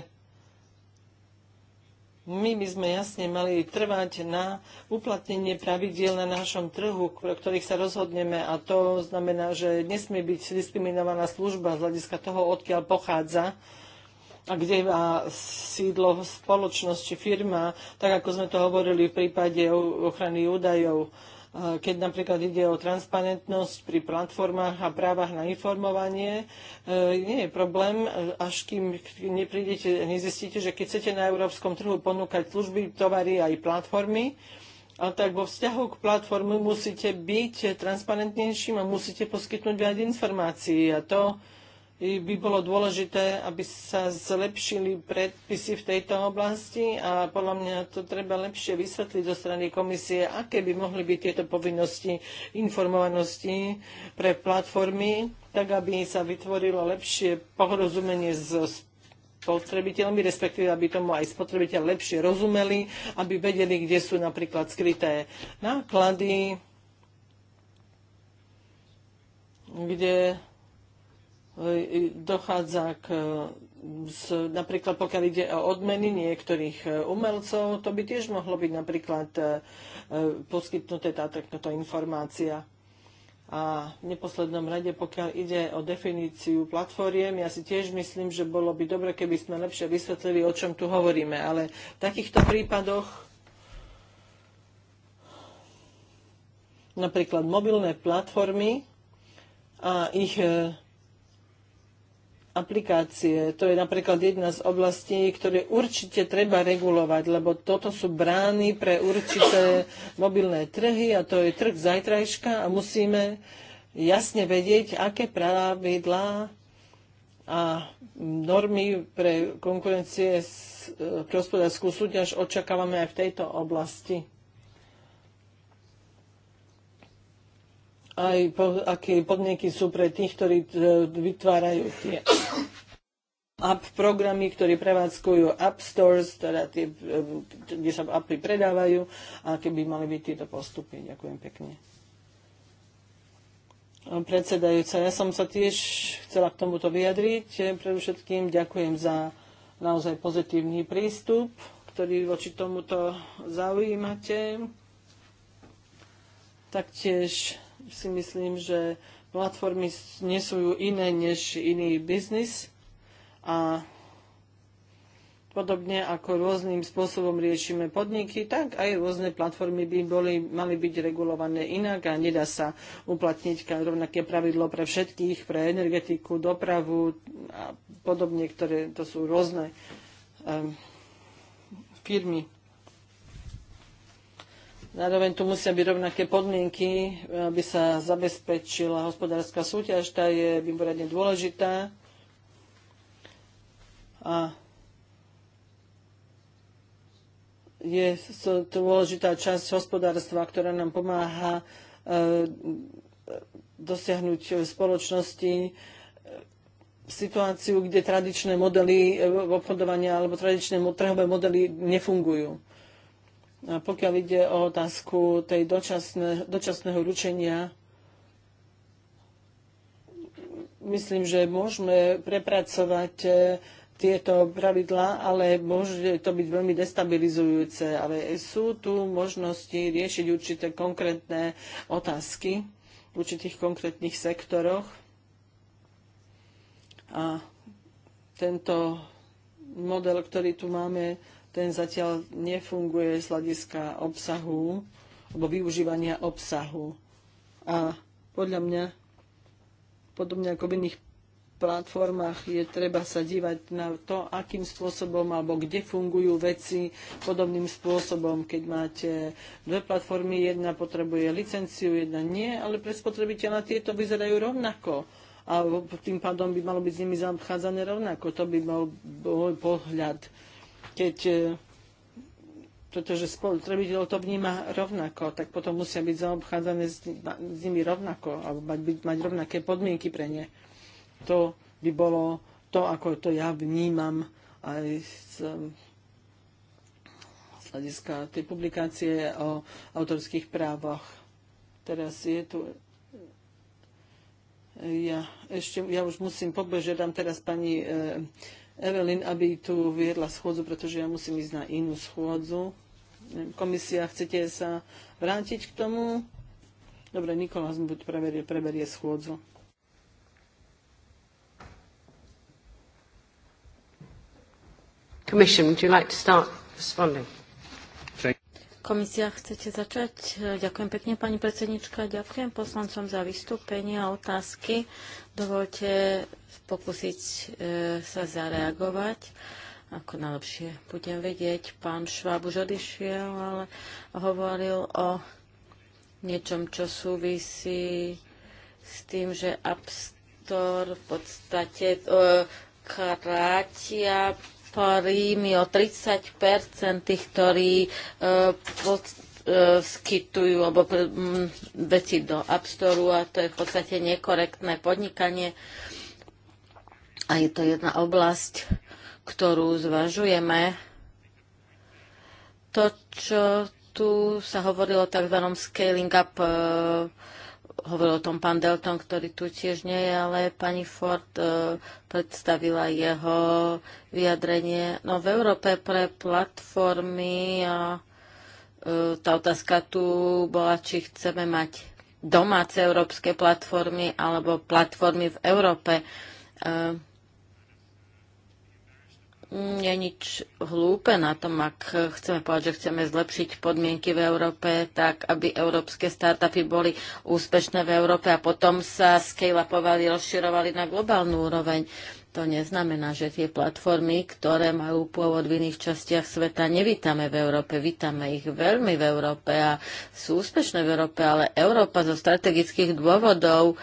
Speaker 1: my by sme jasne mali trvať na uplatnenie pravidiel na našom trhu, o ktorých sa rozhodneme a to znamená, že nesmie byť diskriminovaná služba z hľadiska toho, odkiaľ pochádza a kde má sídlo spoločnosť či firma, tak ako sme to hovorili v prípade ochrany údajov keď napríklad ide o transparentnosť pri platformách a právach na informovanie, e, nie je problém, e, až kým neprídete, nezistíte, že keď chcete na európskom trhu ponúkať služby, tovary aj platformy, a tak vo vzťahu k platformy musíte byť transparentnejším a musíte poskytnúť viac informácií. A to by bolo dôležité, aby sa zlepšili predpisy v tejto oblasti a podľa mňa to treba lepšie vysvetliť zo strany komisie, aké by mohli byť tieto povinnosti informovanosti pre platformy, tak aby sa vytvorilo lepšie porozumenie s spotrebiteľmi, respektíve aby tomu aj spotrebiteľ lepšie rozumeli, aby vedeli, kde sú napríklad skryté náklady, kde E, dochádza k, e, napríklad pokiaľ ide o odmeny niektorých e, umelcov, to by tiež mohlo byť napríklad poskytnuté táto informácia. A v neposlednom rade, pokiaľ ide o definíciu platformiem, ja si tiež myslím, že bolo by dobre, keby sme lepšie vysvetlili, o čom tu hovoríme. Ale v takýchto prípadoch napríklad mobilné platformy a ich aplikácie. To je napríklad jedna z oblastí, ktoré určite treba regulovať, lebo toto sú brány pre určité mobilné trhy a to je trh zajtrajška a musíme jasne vedieť, aké pravidlá a normy pre konkurencie e, pre hospodárskú súťaž očakávame aj v tejto oblasti. aj po, aké podmienky sú pre tých, ktorí e, vytvárajú tie app programy, ktoré prevádzkujú app stores, teda tie, kde sa appy predávajú a keby mali byť tieto postupy. Ďakujem pekne. Predsedajúca, ja som sa tiež chcela k tomuto vyjadriť. Predovšetkým ďakujem za naozaj pozitívny prístup, ktorý voči tomuto zaujímate. Taktiež si myslím, že platformy nie sú iné než iný biznis a podobne ako rôznym spôsobom riešime podniky, tak aj rôzne platformy by boli, mali byť regulované inak a nedá sa uplatniť rovnaké pravidlo pre všetkých, pre energetiku, dopravu a podobne, ktoré to sú rôzne um, firmy. Zároveň tu musia byť rovnaké podmienky, aby sa zabezpečila hospodárska súťaž. Tá je mimoriadne dôležitá. A je to dôležitá časť hospodárstva, ktorá nám pomáha e, dosiahnuť v spoločnosti e, situáciu, kde tradičné modely e, obchodovania alebo tradičné trhové modely nefungujú. A pokiaľ ide o otázku tej dočasné, dočasného ručenia, myslím, že môžeme prepracovať e, tieto pravidlá, ale môže to byť veľmi destabilizujúce. Ale sú tu možnosti riešiť určité konkrétne otázky v určitých konkrétnych sektoroch. A tento model, ktorý tu máme ten zatiaľ nefunguje z hľadiska obsahu alebo využívania obsahu. A podľa mňa, podobne ako v iných platformách, je treba sa dívať na to, akým spôsobom alebo kde fungujú veci podobným spôsobom. Keď máte dve platformy, jedna potrebuje licenciu, jedna nie, ale pre spotrebiteľa tieto vyzerajú rovnako a tým pádom by malo byť s nimi zaobchádzané rovnako. To by bol bol pohľad keď e, pretože spotrebiteľ to vníma rovnako, tak potom musia byť zaobchádzané s, s nimi rovnako a mať, byť, mať rovnaké podmienky pre ne. To by bolo to, ako to ja vnímam aj z, z hľadiska tej publikácie o autorských právach. Teraz je tu ja, ešte, ja už musím dám teraz pani e, Evelyn, aby tu viedla schôdzu, pretože ja musím ísť na inú schôdzu. Komisia, chcete sa vrátiť k tomu? Dobre, Nikolás buď preberie, preberie schôdzu.
Speaker 3: Commission, would you like to start responding? Komisia, chcete začať? Ďakujem pekne, pani predsednička. Ďakujem poslancom za vystúpenie a otázky. Dovolte pokúsiť e, sa zareagovať ako najlepšie budem vedieť. Pán Šváb už odišiel, ale hovoril o niečom, čo súvisí s tým, že App Store v podstate e, krátia ktorými o 30 tých, ktorí e, pod, e, skytujú alebo veci do App Store a to je v podstate nekorektné podnikanie. A je to jedna oblasť, ktorú zvažujeme. To, čo tu sa hovorilo o tzv. scaling up e, hovoril o tom pán Delton, ktorý tu tiež nie je, ale pani Ford e, predstavila jeho vyjadrenie. No v Európe pre platformy a e, tá otázka tu bola, či chceme mať domáce európske platformy alebo platformy v Európe. E, je nič hlúpe na tom, ak chceme povedať, že chceme zlepšiť podmienky v Európe, tak aby európske startupy boli úspešné v Európe a potom sa scale-upovali, rozširovali na globálnu úroveň. To neznamená, že tie platformy, ktoré majú pôvod v iných častiach sveta, nevítame v Európe. Vítame ich veľmi v Európe a sú úspešné v Európe, ale Európa zo strategických dôvodov,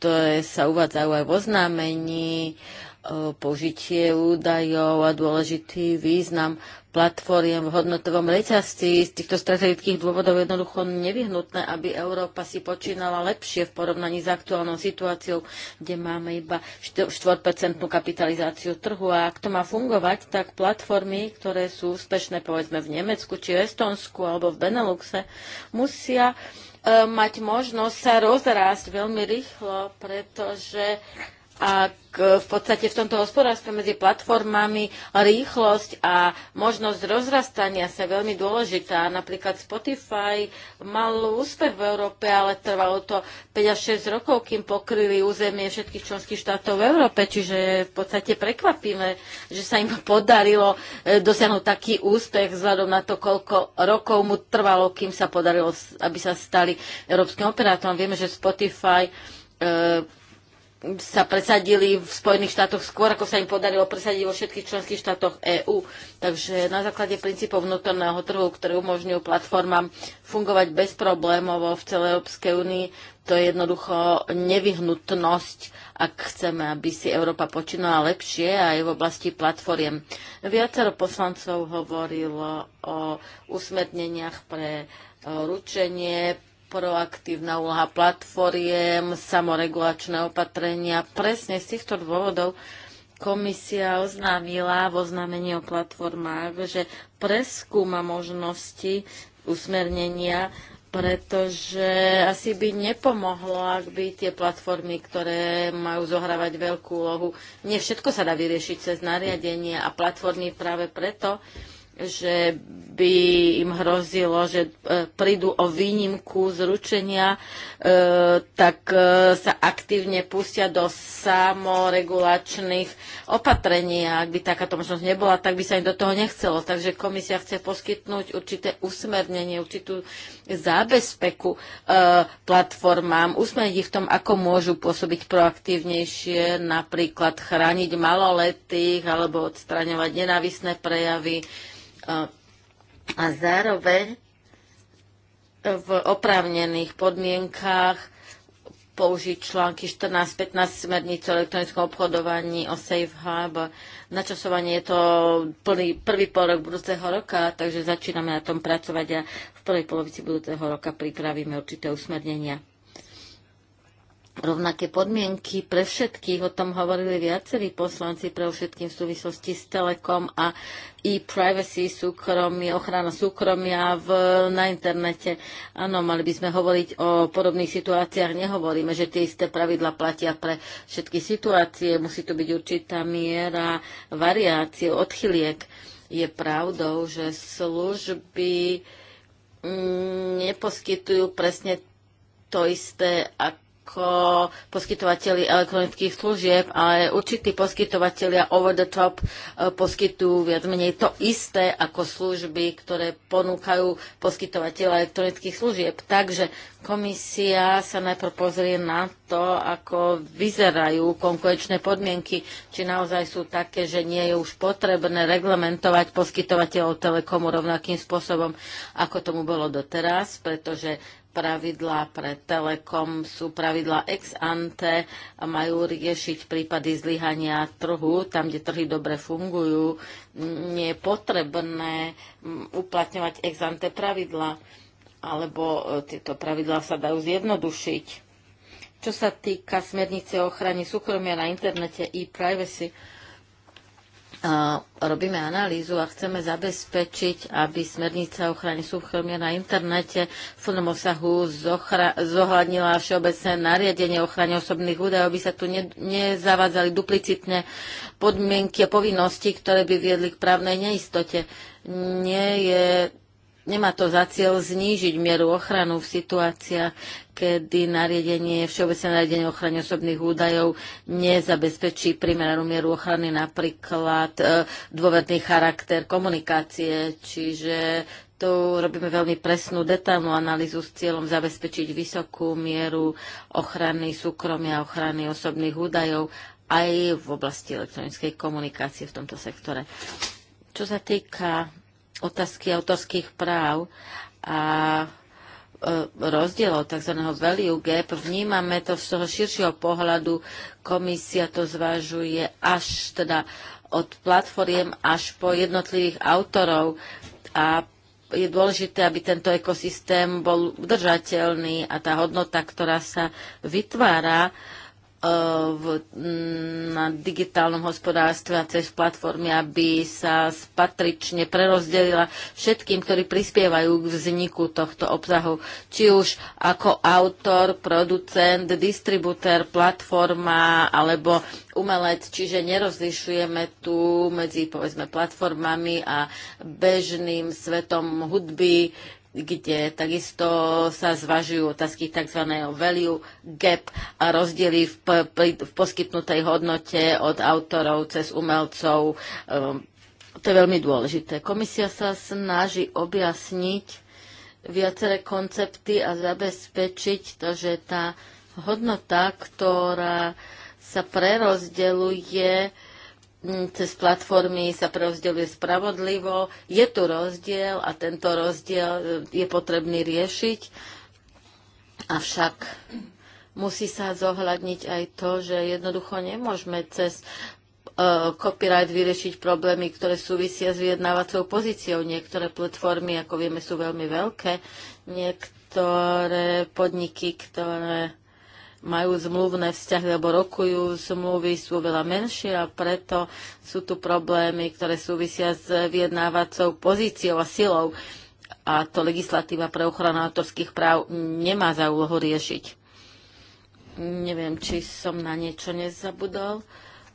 Speaker 3: ktoré sa uvádzajú aj v oznámení, Eh, požitie údajov a dôležitý význam platformiem v hodnotovom reťazci. Z týchto strategických dôvodov je jednoducho nevyhnutné, aby Európa si počínala lepšie v porovnaní s aktuálnou situáciou, kde máme iba 4% kapitalizáciu trhu. A ak to má fungovať, tak platformy, ktoré sú úspešné povedzme v Nemecku či v Estonsku alebo v Beneluxe, musia e, mať možnosť sa rozrásť veľmi rýchlo, pretože ak eh, v podstate v tomto hospodárstve medzi platformami rýchlosť a možnosť rozrastania sa veľmi dôležitá. Napríklad Spotify mal úspech v Európe, ale trvalo to 5 až 6 rokov, kým pokryli územie všetkých členských štátov v Európe, čiže je v podstate prekvapíme, že sa im podarilo eh, dosiahnuť taký úspech vzhľadom na to, koľko rokov mu trvalo, kým sa podarilo, aby sa stali európskym operátorom. Vieme, že Spotify eh, sa presadili v Spojených štátoch skôr, ako sa im podarilo presadiť vo všetkých členských štátoch EÚ. Takže na základe princípov vnútorného trhu, ktoré umožňujú platformám fungovať bezproblémovo v celej Európskej únii, to je jednoducho nevyhnutnosť, ak chceme, aby si Európa počínala lepšie aj v oblasti platformiem. Viacero poslancov hovorilo o usmerneniach pre e, ručenie proaktívna úloha platformiem, samoregulačné opatrenia. Presne z týchto dôvodov komisia oznámila v oznámení o platformách, že preskúma možnosti usmernenia, pretože asi by nepomohlo, ak by tie platformy, ktoré majú zohrávať veľkú úlohu, nie všetko sa dá vyriešiť cez nariadenie a platformy práve preto, že by im hrozilo, že e, prídu o výnimku zručenia, e, tak e, sa aktívne pustia do samoregulačných opatrení. A ak by takáto možnosť nebola, tak by sa im do toho nechcelo. Takže komisia chce poskytnúť určité usmernenie, určitú zábezpeku platformám, usmerniť ich v tom, ako môžu pôsobiť proaktívnejšie, napríklad chrániť maloletých alebo odstraňovať nenávisné prejavy a zároveň v oprávnených podmienkách použiť články 14-15 smernice o elektronickom obchodovaní, o Safe Hub. Načasovanie je to plný, prvý pol rok budúceho roka, takže začíname na tom pracovať a v prvej polovici budúceho roka pripravíme určité usmernenia rovnaké podmienky pre všetkých. O tom hovorili viacerí poslanci, pre všetkým v súvislosti s Telekom a e-privacy, súkromie, ochrana súkromia v, na internete. Áno, mali by sme hovoriť o podobných situáciách. Nehovoríme, že tie isté pravidla platia pre všetky situácie. Musí tu byť určitá miera variácie, odchyliek. Je pravdou, že služby mm, neposkytujú presne to isté, ako ako poskytovateľi elektronických služieb, ale určití poskytovateľia over the top e, poskytujú viac menej to isté ako služby, ktoré ponúkajú poskytovateľe elektronických služieb. Takže komisia sa najprv pozrie na to, ako vyzerajú konkurenčné podmienky, či naozaj sú také, že nie je už potrebné reglementovať poskytovateľov telekomu rovnakým spôsobom, ako tomu bolo doteraz, pretože pravidlá pre Telekom sú pravidlá ex ante a majú riešiť prípady zlyhania trhu, tam, kde trhy dobre fungujú. Nie je potrebné mm, uplatňovať ex ante pravidlá, alebo e, tieto pravidlá sa dajú zjednodušiť. Čo sa týka smernice o ochrane súkromia na internete e-privacy, robíme analýzu a chceme zabezpečiť, aby smernica ochrany súkromia na internete v plnom obsahu zohľadnila všeobecné nariadenie ochrany osobných údajov, aby sa tu ne, nezavádzali duplicitné podmienky a povinnosti, ktoré by viedli k právnej neistote. Nie je Nemá to za cieľ znížiť mieru ochranu v situáciách, kedy nariadenie, všeobecné nariadenie ochrany osobných údajov nezabezpečí primeranú mieru ochrany napríklad e, dôverný charakter komunikácie, čiže tu robíme veľmi presnú detailnú analýzu s cieľom zabezpečiť vysokú mieru ochrany súkromia, ochrany osobných údajov aj v oblasti elektronickej komunikácie v tomto sektore. Čo sa týka otázky autorských práv a e, rozdielov, tzv. value gap. Vnímame to z toho širšieho pohľadu. Komisia to zvážuje až teda od platformiem až po jednotlivých autorov a je dôležité, aby tento ekosystém bol udržateľný a tá hodnota, ktorá sa vytvára, v, mm, na digitálnom hospodárstve a cez platformy, aby sa patrične prerozdelila všetkým, ktorí prispievajú k vzniku tohto obsahu. Či už ako autor, producent, distribútor, platforma alebo umelec, čiže nerozlišujeme tu medzi povedzme platformami a bežným svetom hudby, kde takisto sa zvažujú otázky tzv. value gap a rozdiely v, v poskytnutej hodnote od autorov cez umelcov. Ehm, to je veľmi dôležité. Komisia sa snaží objasniť viaceré koncepty a zabezpečiť to, že tá hodnota, ktorá sa prerozdeluje, Mm, cez platformy sa prerozdeľuje spravodlivo. Je tu rozdiel a tento rozdiel e, je potrebný riešiť. Avšak musí sa zohľadniť aj to, že jednoducho nemôžeme cez e, copyright vyriešiť problémy, ktoré súvisia s vyjednávacou pozíciou. Niektoré platformy, ako vieme, sú veľmi veľké. Niektoré podniky, ktoré majú zmluvné vzťahy alebo rokujú zmluvy, sú veľa menšie a preto sú tu problémy, ktoré súvisia s vyjednávacou pozíciou a silou a to legislatíva pre ochranu autorských práv nemá za úlohu riešiť. Neviem, či som na niečo nezabudol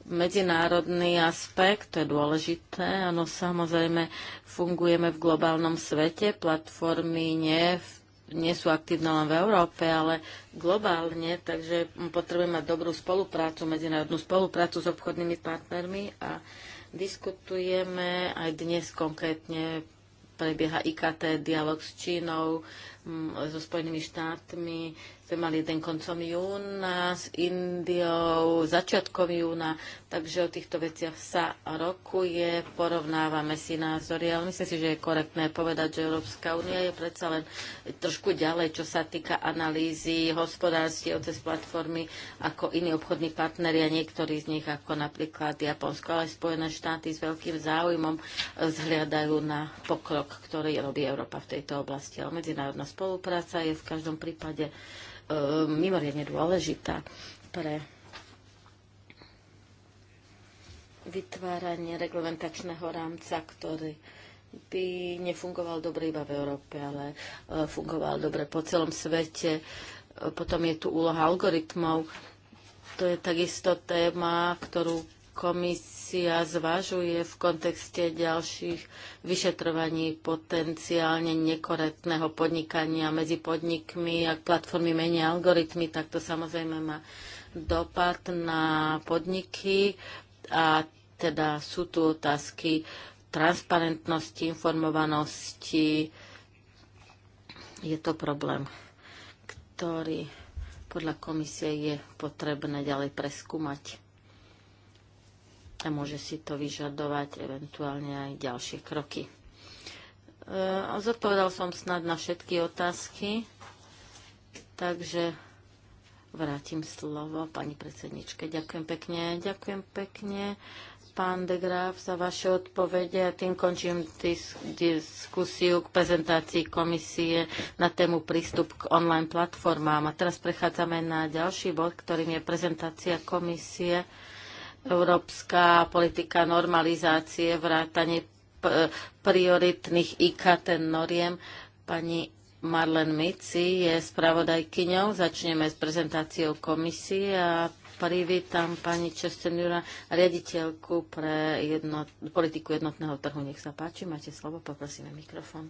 Speaker 3: medzinárodný aspekt, to je dôležité. Áno, samozrejme, fungujeme v globálnom svete, platformy nie, nie sú aktívne len v Európe, ale globálne, takže potrebujeme mať dobrú spoluprácu, medzinárodnú spoluprácu s obchodnými partnermi a diskutujeme aj dnes konkrétne prebieha IKT, dialog s Čínou, so Spojenými štátmi, sme mali jeden koncom júna s Indiou, začiatkom júna, takže o týchto veciach sa rokuje, porovnávame si názory, ale myslím si, že je korektné povedať, že Európska únia je predsa len trošku ďalej, čo sa týka analýzy hospodárstiev cez platformy ako iní obchodní partneri a niektorí z nich ako napríklad Japonsko, ale Spojené štáty s veľkým záujmom zhliadajú na pokrok, ktorý robí Európa v tejto oblasti. Ale medzinárodná spolupráca je v každom prípade E, mimoriadne dôležitá pre vytváranie reglementačného rámca, ktorý by nefungoval dobre iba v Európe, ale e, fungoval dobre po celom svete. E, potom je tu úloha algoritmov. To je takisto téma, ktorú komis komisia zvažuje v kontexte ďalších vyšetrovaní potenciálne nekorektného podnikania medzi podnikmi. Ak platformy menia algoritmy, tak to samozrejme má dopad na podniky a teda sú tu otázky transparentnosti, informovanosti. Je to problém, ktorý podľa komisie je potrebné ďalej preskúmať a môže si to vyžadovať eventuálne aj ďalšie kroky. E, zodpovedal som snad na všetky otázky, takže vrátim slovo pani predsedničke. Ďakujem pekne, ďakujem pekne pán de Graf za vaše odpovede a tým končím diskusiu k prezentácii komisie na tému prístup k online platformám. A teraz prechádzame na ďalší bod, ktorým je prezentácia komisie Európska politika normalizácie, vrátanie prioritných IKT noriem. Pani Marlen Mici je spravodajkyňou. Začneme s prezentáciou komisie a privítam pani Čestenjura, riaditeľku pre jednot, politiku jednotného trhu. Nech sa páči, máte slovo, poprosíme mikrofón.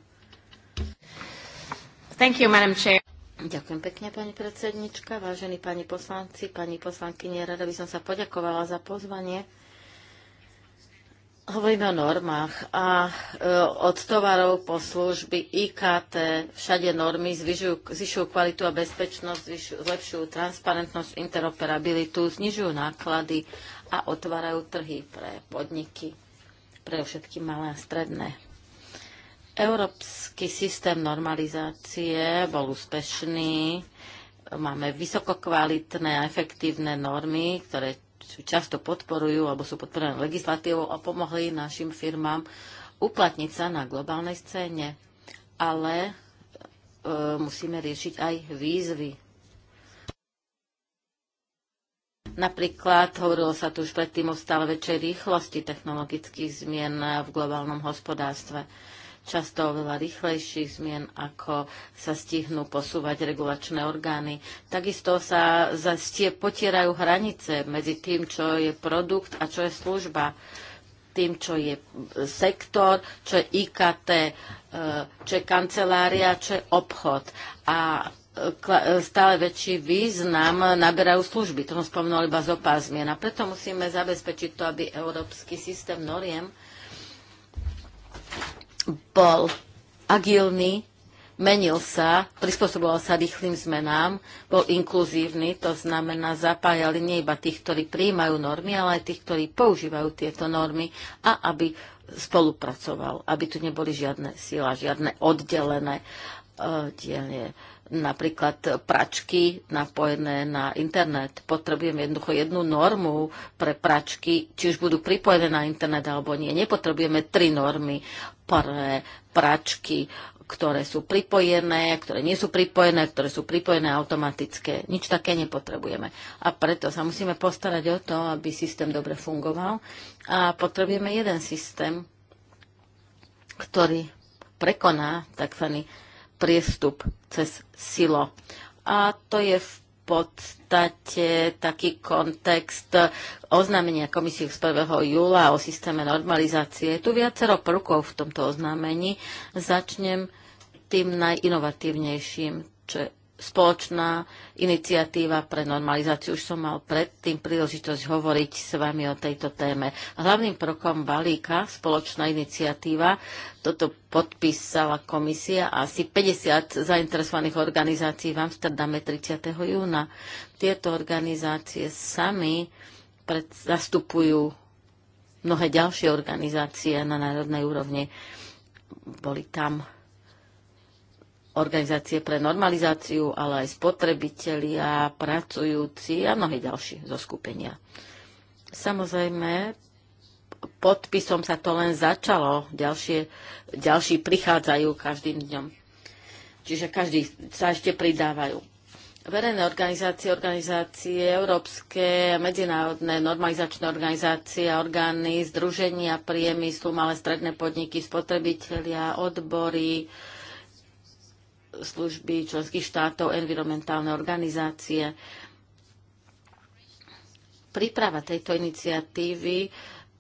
Speaker 3: Thank you, Madam Chair. Ďakujem pekne, pani predsednička, vážení pani poslanci, pani poslankyne, rada by som sa poďakovala za pozvanie. Hovoríme o normách a e, od tovarov po služby IKT všade normy zvyšujú, zvyšujú kvalitu a bezpečnosť, zvyšujú, zlepšujú transparentnosť, interoperabilitu, znižujú náklady a otvárajú trhy pre podniky, pre všetky malé a stredné. Európsky systém normalizácie bol úspešný. Máme vysokokvalitné a efektívne normy, ktoré často podporujú alebo sú podporené legislatívou a pomohli našim firmám uplatniť sa na globálnej scéne. Ale e, musíme riešiť aj výzvy Napríklad hovorilo sa tu už predtým o stále väčšej rýchlosti technologických zmien v globálnom hospodárstve často oveľa rýchlejších zmien, ako sa stihnú posúvať regulačné orgány. Takisto sa zastie potierajú hranice medzi tým, čo je produkt a čo je služba tým, čo je sektor, čo je IKT, eh, čo je kancelária, čo je obchod. A eh, eh, stále väčší význam naberajú služby. To som spomenul iba z zmien. A preto musíme zabezpečiť to, aby európsky systém noriem bol agilný, menil sa, prispôsoboval sa rýchlým zmenám, bol inkluzívny, to znamená zapájali nie iba tých, ktorí prijímajú normy, ale aj tých, ktorí používajú tieto normy a aby spolupracoval, aby tu neboli žiadne sila, žiadne oddelené uh, dielne. Uh, napríklad pračky napojené na internet. Potrebujem jednoducho jednu normu pre pračky, či už budú pripojené na internet alebo nie. Nepotrebujeme tri normy pre pračky, ktoré sú pripojené, ktoré nie sú pripojené, ktoré sú pripojené automatické. Nič také nepotrebujeme. A preto sa musíme postarať o to, aby systém dobre fungoval. A potrebujeme jeden systém, ktorý prekoná tzv priestup cez silo. A to je v podstate taký kontext oznámenia komisie z 1. júla o systéme normalizácie. Je tu viacero prvkov v tomto oznámení. Začnem tým najinovatívnejším, čo je spoločná iniciatíva pre normalizáciu. Už som mal predtým príležitosť hovoriť s vami o tejto téme. Hlavným prokom balíka, spoločná iniciatíva, toto podpísala komisia a asi 50 zainteresovaných organizácií v Amsterdame 30. júna. Tieto organizácie sami pred, zastupujú mnohé ďalšie organizácie na národnej úrovni. Boli tam organizácie pre normalizáciu, ale aj spotrebitelia, pracujúci a mnohí ďalší zo skupenia. Samozrejme, podpisom sa to len začalo, ďalšie, ďalší prichádzajú každým dňom. Čiže každý sa ešte pridávajú. Verejné organizácie, organizácie európske, medzinárodné normalizačné organizácie, orgány, združenia priemyslu, malé stredné podniky, spotrebitelia, odbory, služby členských štátov, environmentálne organizácie. Príprava tejto iniciatívy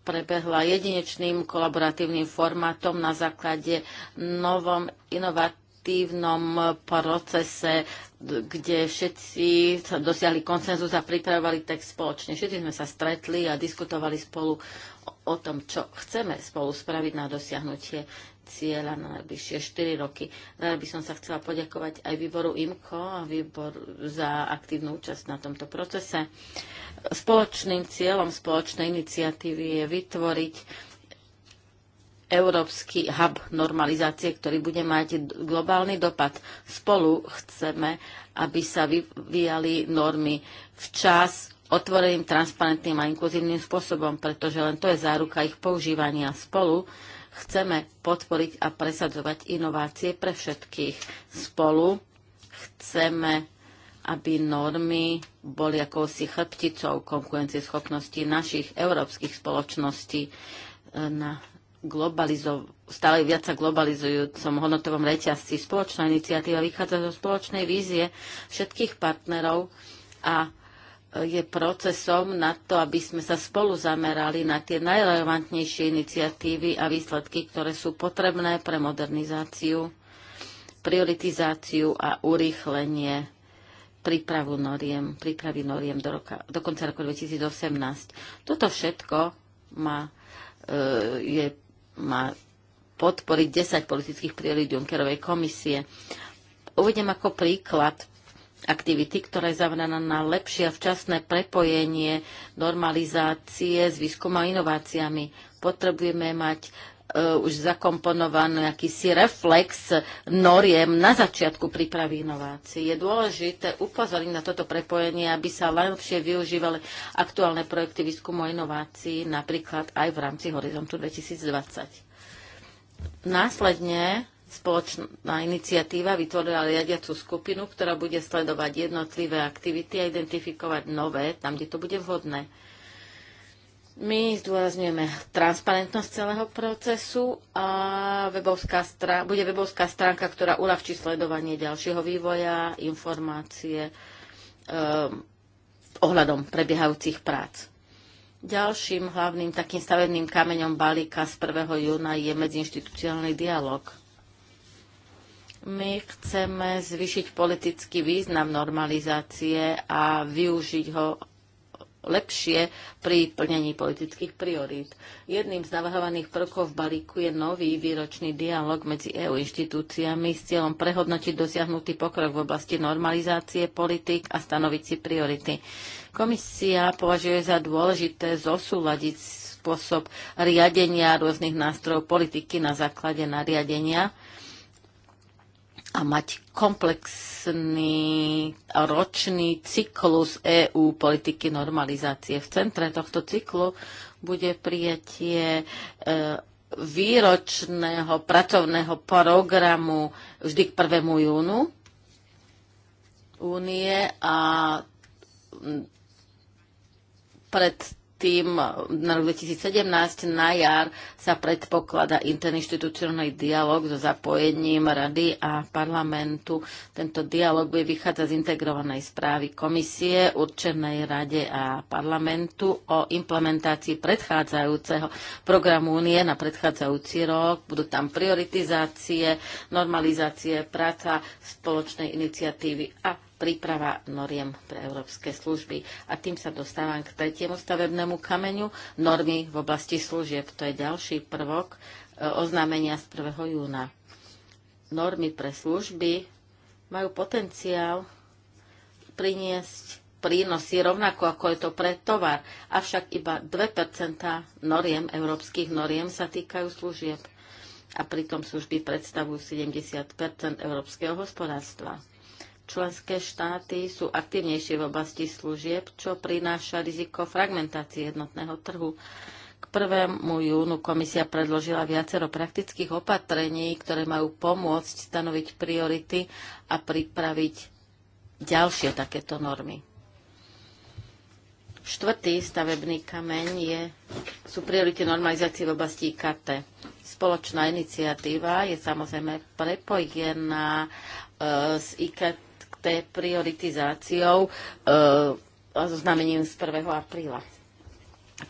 Speaker 3: prebehla jedinečným kolaboratívnym formátom na základe novom inovatívnom procese, kde všetci dosiahli konsenzus a pripravovali text spoločne. Všetci sme sa stretli a diskutovali spolu o tom, čo chceme spolu spraviť na dosiahnutie cieľa na najbližšie 4 roky. Rád by som sa chcela poďakovať aj výboru IMCO a výbor za aktívnu účasť na tomto procese. Spoločným cieľom spoločnej iniciatívy je vytvoriť európsky hub normalizácie, ktorý bude mať globálny dopad. Spolu chceme, aby sa vyvíjali normy včas, otvoreným, transparentným a inkluzívnym spôsobom, pretože len to je záruka ich používania spolu Chceme podporiť a presadzovať inovácie pre všetkých. Spolu chceme aby normy boli akousi chrbticou konkurencieschopnosti našich európskych spoločností e, na stále viac sa globalizujúcom hodnotovom reťazci. Spoločná iniciatíva vychádza zo spoločnej vízie všetkých partnerov a je procesom na to, aby sme sa spolu zamerali na tie najrelevantnejšie iniciatívy a výsledky, ktoré sú potrebné pre modernizáciu, prioritizáciu a urýchlenie prípravu noriem, prípravy noriem do, roka, do konca roku 2018. Toto všetko má, e, je, má podporiť 10 politických priorít Junckerovej komisie. Uvediem ako príklad aktivity, ktorá je zavraná na lepšie a včasné prepojenie normalizácie s výskum a inováciami. Potrebujeme mať e, už zakomponovaný akýsi reflex noriem na začiatku prípravy inovácií. Je dôležité upozorniť na toto prepojenie, aby sa lepšie využívali aktuálne projekty výskumu a inovácií, napríklad aj v rámci Horizontu 2020. Následne Spoločná iniciatíva vytvorila riadiacu skupinu, ktorá bude sledovať jednotlivé aktivity a identifikovať nové tam, kde to bude vhodné. My zdôrazňujeme transparentnosť celého procesu a webovská strán- bude webovská stránka, ktorá uľahčí sledovanie ďalšieho vývoja, informácie um, ohľadom prebiehajúcich prác. Ďalším hlavným takým stavebným kameňom balíka z 1. júna je medziinstitucionálny dialog my chceme zvýšiť politický význam normalizácie a využiť ho lepšie pri plnení politických priorít. Jedným z navrhovaných prvkov v balíku je nový výročný dialog medzi EU inštitúciami s cieľom prehodnotiť dosiahnutý pokrok v oblasti normalizácie politik a stanoviť si priority. Komisia považuje za dôležité zosúľadiť spôsob riadenia rôznych nástrojov politiky na základe nariadenia a mať komplexný ročný cyklus EÚ politiky normalizácie. V centre tohto cyklu bude prijatie e, výročného pracovného programu vždy k 1. júnu únie a pred tým na rok 2017 na jar sa predpokladá interinstitucionálny dialog so zapojením rady a parlamentu. Tento dialog bude vychádzať z integrovanej správy komisie určenej rade a parlamentu o implementácii predchádzajúceho programu únie na predchádzajúci rok. Budú tam prioritizácie, normalizácie, práca spoločnej iniciatívy a príprava noriem pre európske služby. A tým sa dostávam k tretiemu stavebnému kameňu, normy v oblasti služieb. To je ďalší prvok e, oznámenia z 1. júna. Normy pre služby majú potenciál priniesť prínosy rovnako ako je to pre tovar, avšak iba 2 noriem, európskych noriem sa týkajú služieb a pritom služby predstavujú 70 európskeho hospodárstva členské štáty sú aktívnejšie v oblasti služieb, čo prináša riziko fragmentácie jednotného trhu. K 1. júnu komisia predložila viacero praktických opatrení, ktoré majú pomôcť stanoviť priority a pripraviť ďalšie takéto normy. Štvrtý stavebný kameň je, sú priority normalizácie v oblasti IKT. Spoločná iniciatíva je samozrejme prepojená e, s IKT dotknuté prioritizáciou e, a zoznamením z 1. apríla.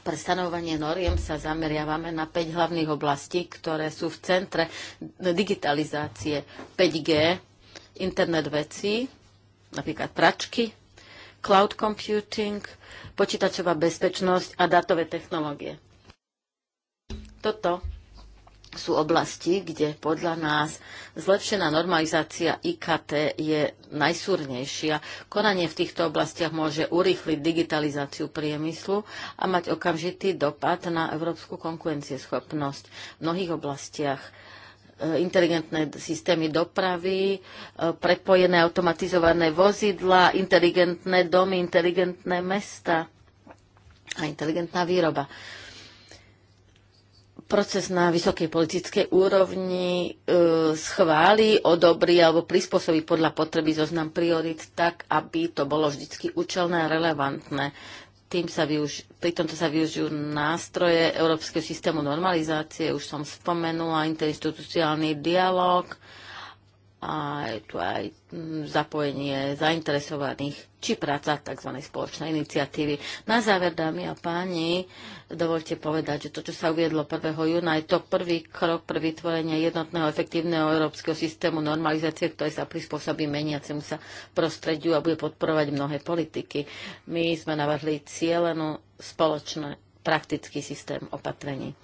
Speaker 3: Pre stanovanie noriem sa zameriavame na 5 hlavných oblastí, ktoré sú v centre digitalizácie 5G, internet vecí, napríklad pračky, cloud computing, počítačová bezpečnosť a datové technológie. Toto sú oblasti, kde podľa nás zlepšená normalizácia IKT je najsúrnejšia. Konanie v týchto oblastiach môže urýchliť digitalizáciu priemyslu a mať okamžitý dopad na európsku konkurencieschopnosť v mnohých oblastiach e, inteligentné systémy dopravy, e, prepojené automatizované vozidla, inteligentné domy, inteligentné mesta a inteligentná výroba proces na vysokej politickej úrovni e, schváli, odobrí alebo prispôsobí podľa potreby zoznam priorit tak, aby to bolo vždy účelné a relevantné. Tým sa využ- pri tomto sa využijú nástroje Európskeho systému normalizácie, už som spomenula, interinstitucionálny dialog, e, a je tu aj mm, zapojenie zainteresovaných, či práca tzv. spoločnej iniciatívy. Na záver, dámy a páni, dovolte povedať, že to, čo sa uviedlo 1. júna, je to prvý krok pre vytvorenie jednotného efektívneho európskeho systému normalizácie, ktorý sa prispôsobí meniacemu sa prostrediu a bude podporovať mnohé politiky. My sme navrhli cieľenú spoločný praktický systém opatrení.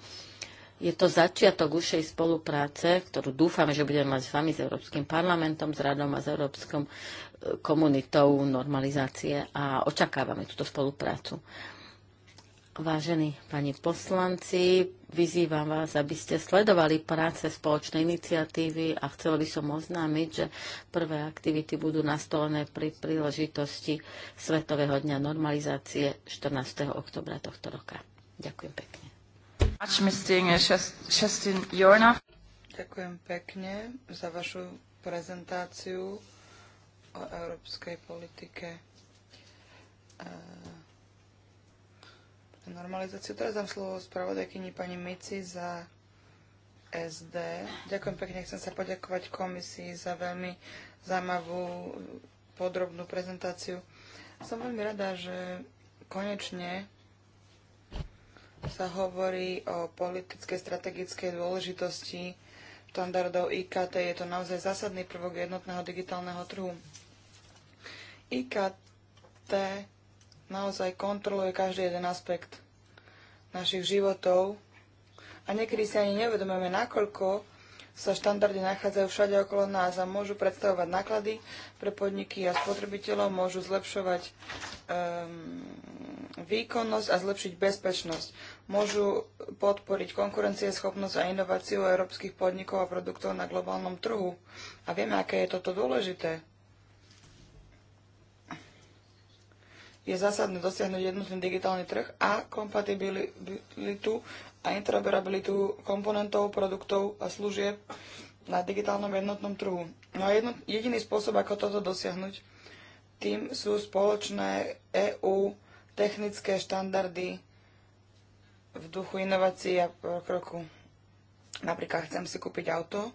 Speaker 3: Je to začiatok užšej spolupráce, ktorú dúfame, že budeme mať s vami, s Európskym parlamentom, s Radom a s Európskom e, komunitou normalizácie a očakávame túto spoluprácu. Vážení pani poslanci, vyzývam vás, aby ste sledovali práce spoločnej iniciatívy a chcela by som oznámiť, že prvé aktivity budú nastolené pri príležitosti Svetového dňa normalizácie 14. oktobra tohto roka. Ďakujem pekne.
Speaker 2: Ďakujem pekne za vašu prezentáciu o európskej politike pre normalizáciu. Teraz dám slovo spravodajkyni pani Mici za SD. Ďakujem pekne, chcem sa poďakovať komisii za veľmi zaujímavú podrobnú prezentáciu. Som veľmi rada, že konečne sa hovorí o politickej strategickej dôležitosti štandardov IKT. Je to naozaj zásadný prvok jednotného digitálneho trhu. IKT naozaj kontroluje každý jeden aspekt našich životov a niekedy si ani nevedomujeme, nakoľko sa štandardy nachádzajú všade okolo nás a môžu predstavovať náklady pre podniky a spotrebiteľov, môžu zlepšovať um, výkonnosť a zlepšiť bezpečnosť môžu podporiť konkurencieschopnosť a inováciu európskych podnikov a produktov na globálnom trhu. A vieme, aké je toto dôležité. Je zásadné dosiahnuť jednotný digitálny trh a kompatibilitu a interoperabilitu komponentov, produktov a služieb na digitálnom jednotnom trhu. No a jedno, jediný spôsob, ako toto dosiahnuť, tým sú spoločné EU technické štandardy v duchu inovácií a kroku. Napríklad chcem si kúpiť auto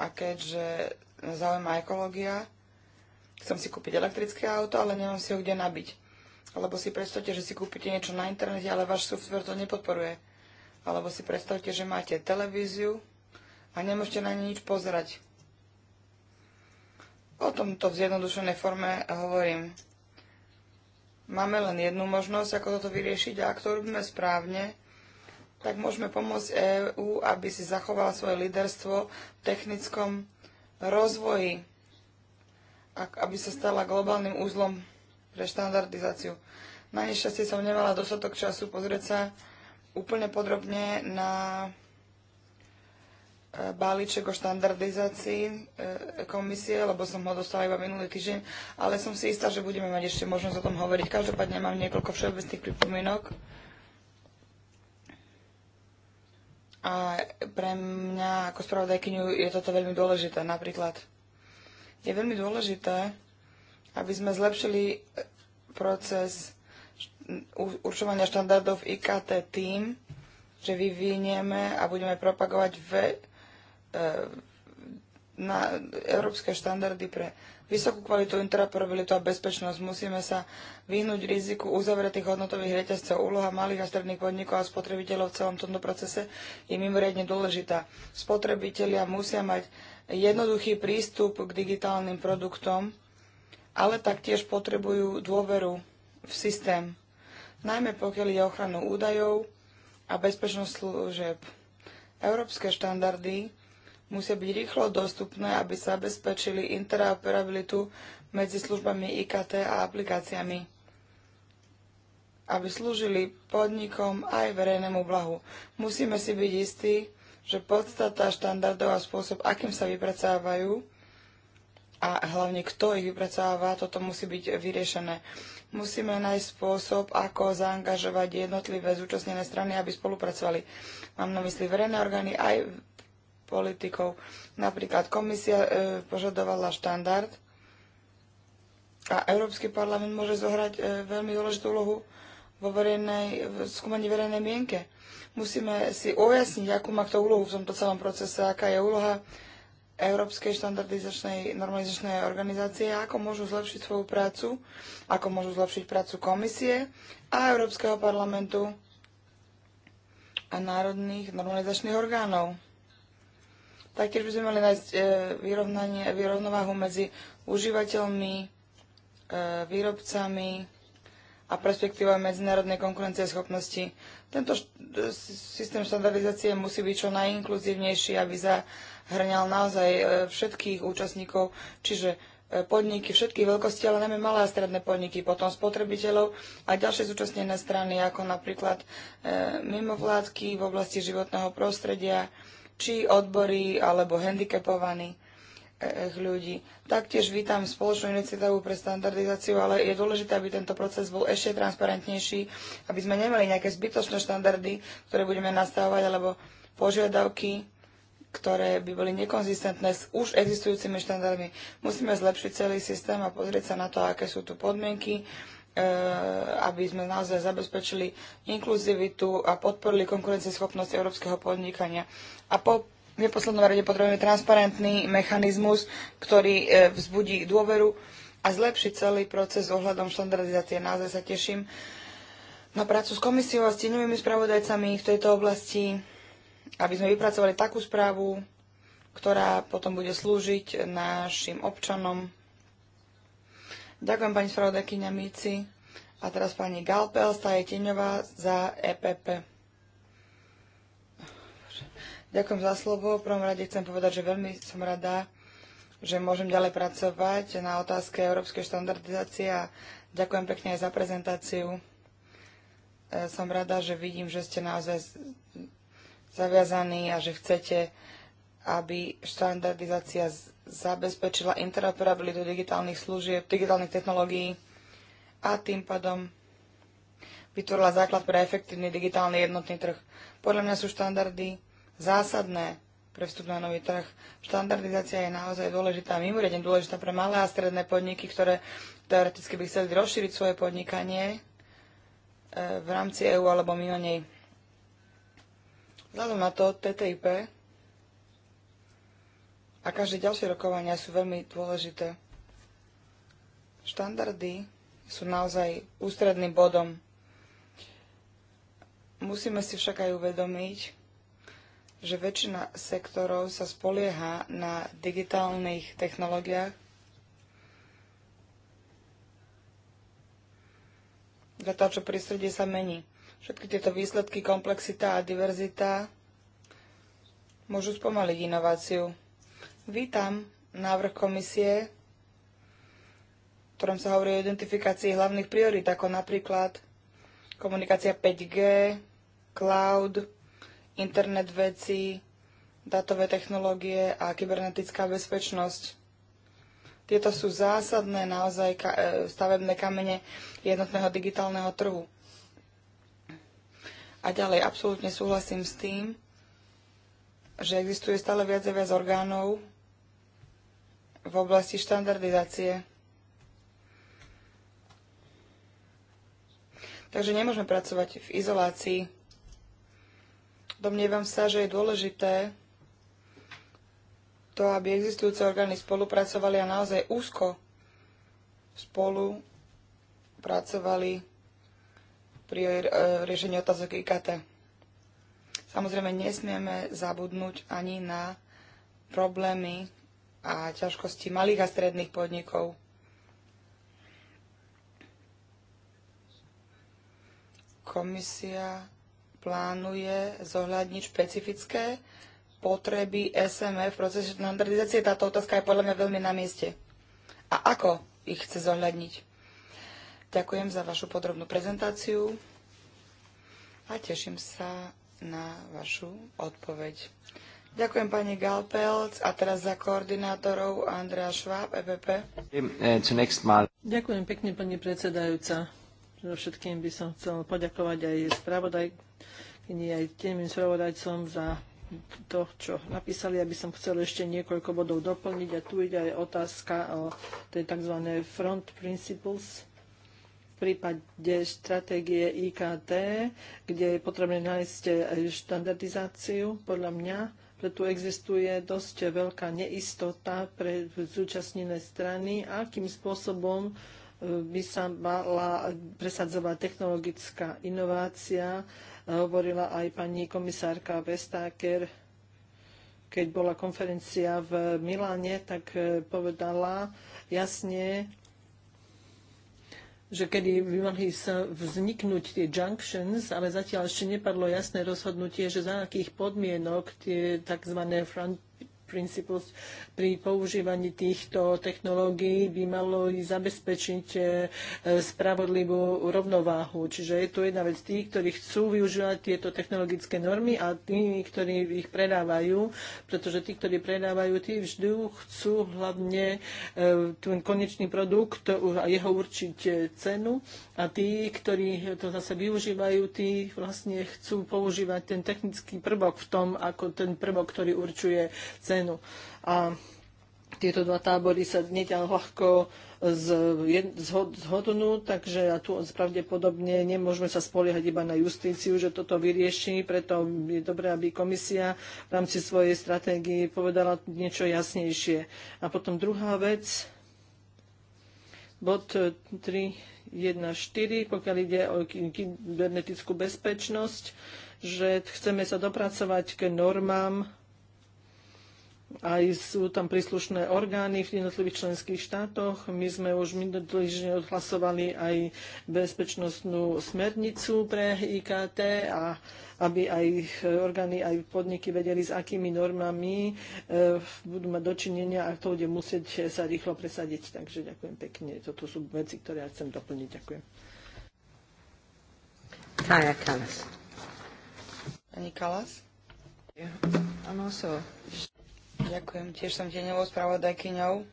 Speaker 2: a keďže zaujíma ekológia, chcem si kúpiť elektrické auto, ale nemám si ho kde nabiť. Alebo si predstavte, že si kúpite niečo na internete, ale váš software to nepodporuje. Alebo si predstavte, že máte televíziu a nemôžete na ne nič pozerať. O tomto v zjednodušenej forme hovorím. Máme len jednu možnosť, ako toto vyriešiť a ak to robíme správne, tak môžeme pomôcť EÚ, aby si zachovala svoje líderstvo v technickom rozvoji, aby sa stala globálnym úzlom pre štandardizáciu. Na nešťastie som nemala dostatok času pozrieť sa úplne podrobne na balíček o štandardizácii e, komisie, lebo som ho dostala iba minulý týždeň, ale som si istá, že budeme mať ešte možnosť o tom hovoriť. Každopádne mám niekoľko všeobecných pripomienok. A pre mňa ako spravodajkyňu je toto veľmi dôležité. Napríklad je veľmi dôležité, aby sme zlepšili e, proces určovania štandardov IKT tým, že vyvinieme a budeme propagovať ve- E, na európske štandardy pre vysokú kvalitu, interoperabilitu a bezpečnosť. Musíme sa vyhnúť riziku uzavretých hodnotových reťazcov. Úloha malých a stredných podnikov a spotrebiteľov v celom tomto procese je mimoriadne dôležitá. Spotrebitelia musia mať jednoduchý prístup k digitálnym produktom, ale taktiež potrebujú dôveru v systém, najmä pokiaľ je ochranu údajov a bezpečnosť služieb. Európske štandardy musia byť rýchlo dostupné, aby sa zabezpečili interoperabilitu medzi službami IKT a aplikáciami, aby slúžili podnikom aj verejnému blahu. Musíme si byť istí, že podstata štandardov a spôsob, akým sa vypracávajú a hlavne kto ich vypracáva, toto musí byť vyriešené. Musíme nájsť spôsob, ako zaangažovať jednotlivé zúčastnené strany, aby spolupracovali. Mám na mysli verejné orgány aj politikov. Napríklad komisia e, požadovala štandard a Európsky parlament môže zohrať e, veľmi dôležitú úlohu vo verejnej, v skúmaní verejnej mienke. Musíme si ujasniť, akú má kto úlohu v tomto celom procese, aká je úloha Európskej štandardizačnej normalizačnej organizácie, ako môžu zlepšiť svoju prácu, ako môžu zlepšiť prácu komisie a Európskeho parlamentu a národných normalizačných orgánov. Taktiež by sme mali nájsť e, vyrovnanie, vyrovnováhu medzi užívateľmi, e, výrobcami a perspektívou medzinárodnej konkurencie schopnosti. Tento e, systém štandardizácie musí byť čo najinkluzívnejší, aby zahrňal naozaj všetkých účastníkov, čiže podniky všetkých veľkostí, ale najmä malé a stredné podniky, potom spotrebiteľov a ďalšie zúčastnené strany, ako napríklad mimovládky v oblasti životného prostredia, či odbory alebo handicapovaní eh, eh, ľudí. Taktiež vítam spoločnú iniciatívu pre standardizáciu, ale je dôležité, aby tento proces bol ešte transparentnejší, aby sme nemali nejaké zbytočné štandardy, ktoré budeme nastavovať, alebo požiadavky, ktoré by boli nekonzistentné s už existujúcimi štandardmi. Musíme zlepšiť celý systém a pozrieť sa na to, aké sú tu podmienky, eh, aby sme naozaj zabezpečili inkluzivitu a podporili konkurencieschopnosť európskeho podnikania. A po v neposlednom rade potrebujeme transparentný mechanizmus, ktorý e, vzbudí dôveru a zlepší celý proces ohľadom štandardizácie. Naozaj sa teším na prácu s komisiou a s tieňovými spravodajcami v tejto oblasti, aby sme vypracovali takú správu, ktorá potom bude slúžiť našim občanom. Ďakujem pani spravodajkyňa Mici a teraz pani Galpel, tá je tieňová za EPP. Ďakujem za slovo. V prvom rade chcem povedať, že veľmi som rada, že môžem ďalej pracovať na otázke európskej štandardizácie a ďakujem pekne aj za prezentáciu. E, som rada, že vidím, že ste naozaj zaviazaní a že chcete, aby štandardizácia zabezpečila interoperabilitu digitálnych služieb, digitálnych technológií a tým pádom vytvorila základ pre efektívny digitálny jednotný trh. Podľa mňa sú štandardy zásadné pre vstup na nový trh. Štandardizácia je naozaj dôležitá, mimoriadne dôležitá pre malé a stredné podniky, ktoré teoreticky by chceli rozšíriť svoje podnikanie e, v rámci EÚ alebo mimo nej. Vzhľadom na to TTIP a každé ďalšie rokovania sú veľmi dôležité. Štandardy sú naozaj ústredným bodom. Musíme si však aj uvedomiť, že väčšina sektorov sa spolieha na digitálnych technológiách. Za to, čo prístredie sa mení. Všetky tieto výsledky, komplexita a diverzita môžu spomaliť inováciu. Vítam návrh komisie, v ktorom sa hovorí o identifikácii hlavných priorít, ako napríklad komunikácia 5G, cloud, internet veci, datové technológie a kybernetická bezpečnosť. Tieto sú zásadné naozaj e, stavebné kamene jednotného digitálneho trhu. A ďalej, absolútne súhlasím s tým, že existuje stále viac a viac orgánov v oblasti štandardizácie. Takže nemôžeme pracovať v izolácii Domnievam sa, že je dôležité to, aby existujúce orgány spolupracovali a naozaj úzko spolu pracovali pri eh, riešení otázok IKT. Samozrejme, nesmieme zabudnúť ani na problémy a ťažkosti malých a stredných podnikov. Komisia plánuje zohľadniť špecifické potreby SME v procese štandardizácie? Táto otázka je podľa mňa veľmi na mieste. A ako ich chce zohľadniť? Ďakujem za vašu podrobnú prezentáciu a teším sa na vašu odpoveď. Ďakujem pani Galpelc a teraz
Speaker 1: za koordinátorov Andrea Šváb, EPP. E, Ďakujem pekne, pani predsedajúca. Všetkým by som chcel poďakovať aj spravodajkyni, aj tým spravodajcom za to, čo napísali, aby som chcel ešte niekoľko bodov doplniť. A tu ide aj otázka o tej tzv. front principles v prípade stratégie IKT, kde je potrebné nájsť štandardizáciu, podľa mňa, tu existuje dosť veľká neistota pre zúčastnené strany, akým spôsobom by sa mala presadzovať technologická inovácia. Hovorila aj pani komisárka Vestáker, keď bola konferencia v Miláne, tak e, povedala jasne, že kedy by mohli vzniknúť tie junctions, ale zatiaľ ešte nepadlo jasné rozhodnutie, že za akých podmienok tie tzv. front principles pri používaní týchto technológií by malo zabezpečiť e, spravodlivú rovnováhu. Čiže je tu jedna vec tých, ktorí chcú využívať tieto technologické normy a tí, ktorí ich predávajú, pretože tí, ktorí predávajú, tí vždy chcú hlavne e, ten konečný produkt a jeho určiť e, cenu a tí, ktorí to zase využívajú, tí vlastne chcú používať ten technický prvok v tom, ako ten prvok, ktorý určuje cenu zmenu. A tieto dva tábory sa nedá ľahko zhodnú, takže a tu pravdepodobne nemôžeme sa spoliehať iba na justíciu, že toto vyrieši, preto je dobré, aby komisia v rámci svojej stratégie povedala niečo jasnejšie. A potom druhá vec, bod 3.1.4, pokiaľ ide o kybernetickú bezpečnosť, že chceme sa dopracovať k normám aj sú tam príslušné orgány v jednotlivých členských štátoch. My sme už minulý odhlasovali aj bezpečnostnú smernicu pre IKT a aby aj orgány, aj podniky vedeli, s akými normami e, budú mať dočinenia a to bude musieť sa rýchlo presadiť. Takže ďakujem pekne. Toto sú veci, ktoré ja chcem doplniť. Ďakujem. Kaja Kalas.
Speaker 2: Ani Kalas? Yeah. I'm also Ďakujem, tiež som tieňovou spravodajkyňou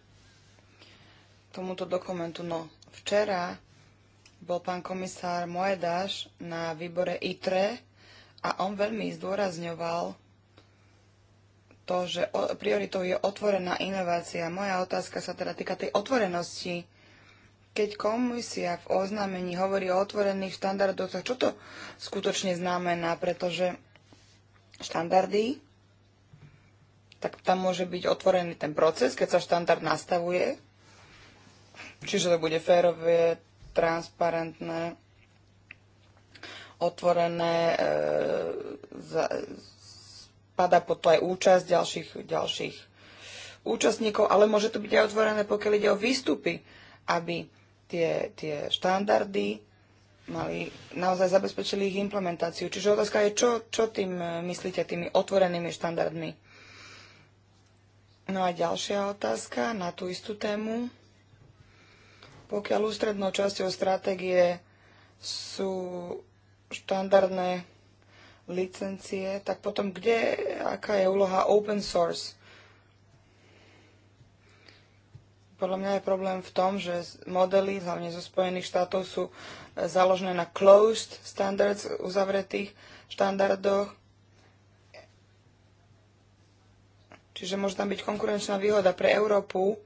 Speaker 2: tomuto dokumentu. No, včera bol pán komisár Moedáš na výbore ITRE a on veľmi zdôrazňoval to, že prioritou je otvorená inovácia. Moja otázka sa teda týka tej otvorenosti. Keď komisia v oznámení hovorí o otvorených štandardoch, tak čo to skutočne znamená? Pretože štandardy tak tam môže byť otvorený ten proces, keď sa štandard nastavuje. Čiže to bude férové, transparentné, otvorené, e, za, spada pod to aj účasť ďalších, ďalších účastníkov, ale môže to byť aj otvorené, pokiaľ ide o výstupy, aby tie, tie štandardy mali, naozaj zabezpečili ich implementáciu. Čiže otázka je, čo, čo tým myslíte, tými otvorenými štandardmi? No a ďalšia otázka na tú istú tému. Pokiaľ ústrednou časťou stratégie sú štandardné licencie, tak potom kde, aká je úloha open source? Podľa mňa je problém v tom, že modely, hlavne zo Spojených štátov, sú založené na closed standards, uzavretých štandardoch Čiže môže tam byť konkurenčná výhoda pre Európu,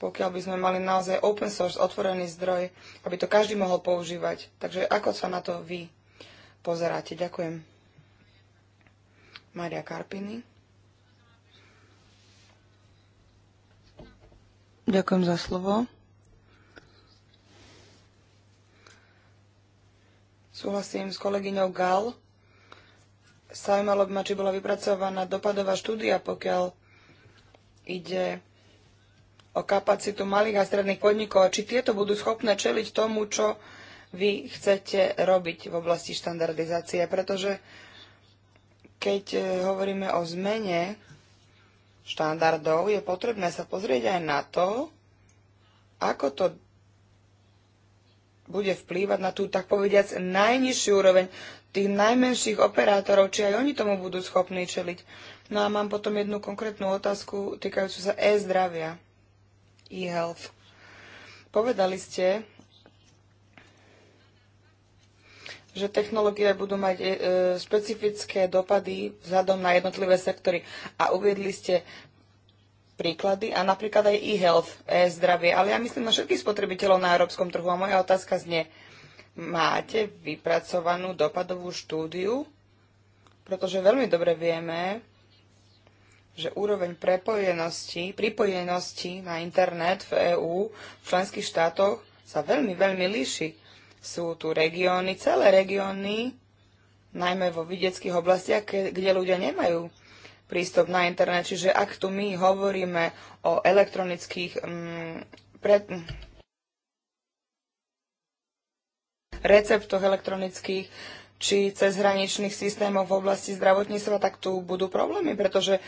Speaker 2: pokiaľ by sme mali naozaj open source, otvorený zdroj, aby to každý mohol používať. Takže ako sa na to vy pozeráte? Ďakujem. Maria Karpiny. Ďakujem za slovo. Súhlasím s kolegyňou Gal Zaujímalo by ma, či bola vypracovaná dopadová štúdia, pokiaľ ide o kapacitu malých a stredných podnikov a či tieto budú schopné čeliť tomu, čo vy chcete robiť v oblasti štandardizácie. Pretože keď e, hovoríme o zmene štandardov, je potrebné sa pozrieť aj na to, ako to bude vplývať na tú, tak povediac, najnižšiu úroveň tých najmenších operátorov, či aj oni tomu budú schopní čeliť. No a mám potom jednu konkrétnu otázku týkajúcu sa e-zdravia, e-health. Povedali ste, že technológie budú mať e, špecifické e, dopady vzhľadom na jednotlivé sektory. A uviedli ste príklady a napríklad aj e-health, e-zdravie. Ale ja myslím na všetkých spotrebiteľov na európskom trhu a moja otázka znie, máte vypracovanú dopadovú štúdiu? Pretože veľmi dobre vieme, že úroveň prepojenosti, pripojenosti na internet v EÚ v členských štátoch sa veľmi, veľmi líši. Sú tu regióny, celé regióny, najmä vo vidieckých oblastiach, kde ľudia nemajú prístup na internet. Čiže ak tu my hovoríme o elektronických mm, receptoch elektronických či cez hraničných systémov v oblasti zdravotníctva, tak tu budú problémy, pretože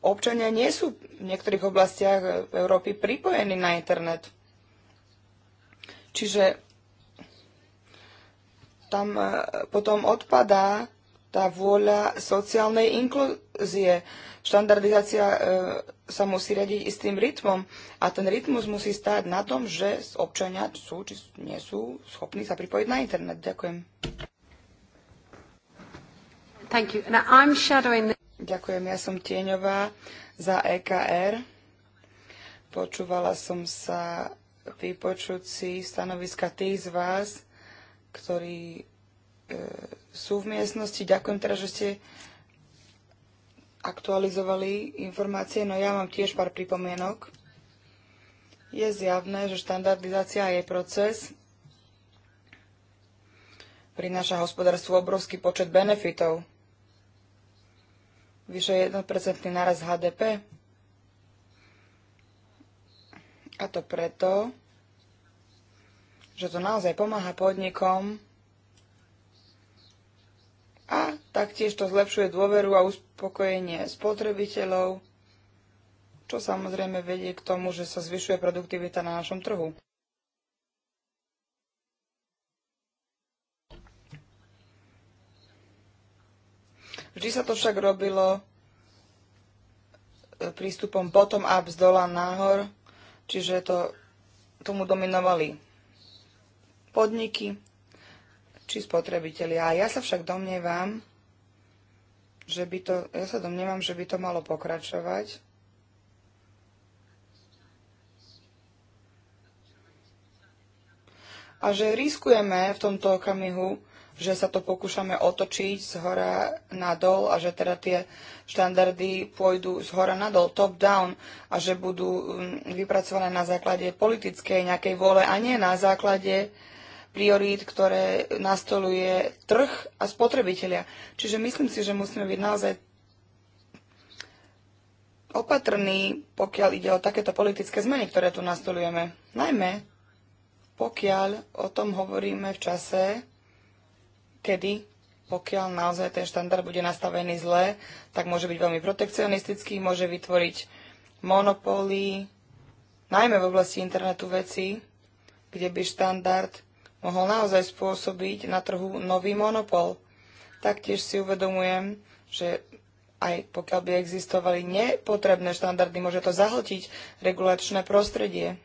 Speaker 2: občania nie sú v niektorých oblastiach Európy pripojení na internet. Čiže tam eh, potom odpadá tá vôľa sociálnej inklúzie štandardizácia e, sa musí riadiť istým rytmom a ten rytmus musí stáť na tom, že občania sú či nie sú schopní sa pripojiť na internet. Ďakujem. Thank you. Now I'm shadowing the... Ďakujem, ja som Tieňová za EKR. Počúvala som sa vypočuť stanoviska tých z vás, ktorí e, sú v miestnosti. Ďakujem teraz, že ste aktualizovali informácie, no ja mám tiež pár pripomienok. Je zjavné, že štandardizácia je proces, prináša hospodárstvu obrovský počet benefitov. Vyše 1% naraz HDP. A to preto, že to naozaj pomáha podnikom a taktiež to zlepšuje dôveru a uspokojenie spotrebiteľov, čo samozrejme vedie k tomu, že sa zvyšuje produktivita na našom trhu. Vždy sa to však robilo e, prístupom bottom-up z dola nahor, čiže to, tomu dominovali podniky, či spotrebitelia. A ja sa však domnievam, že by to, ja sa domnievam, že by to malo pokračovať. A že riskujeme v tomto okamihu, že sa to pokúšame otočiť z hora na dol a že teda tie štandardy pôjdu z hora na dol, top down a že budú mm, vypracované na základe politickej nejakej vôle a nie na základe priorít, ktoré nastoluje trh a spotrebitelia. Čiže myslím si, že musíme byť naozaj opatrní, pokiaľ ide o takéto politické zmeny, ktoré tu nastolujeme. Najmä pokiaľ o tom hovoríme v čase, kedy pokiaľ naozaj ten štandard bude nastavený zle, tak môže byť veľmi protekcionistický, môže vytvoriť monopóly, najmä v oblasti internetu veci, kde by štandard mohol naozaj spôsobiť na trhu nový monopol. Taktiež si uvedomujem, že aj pokiaľ by existovali nepotrebné štandardy, môže to zahltiť regulačné prostredie.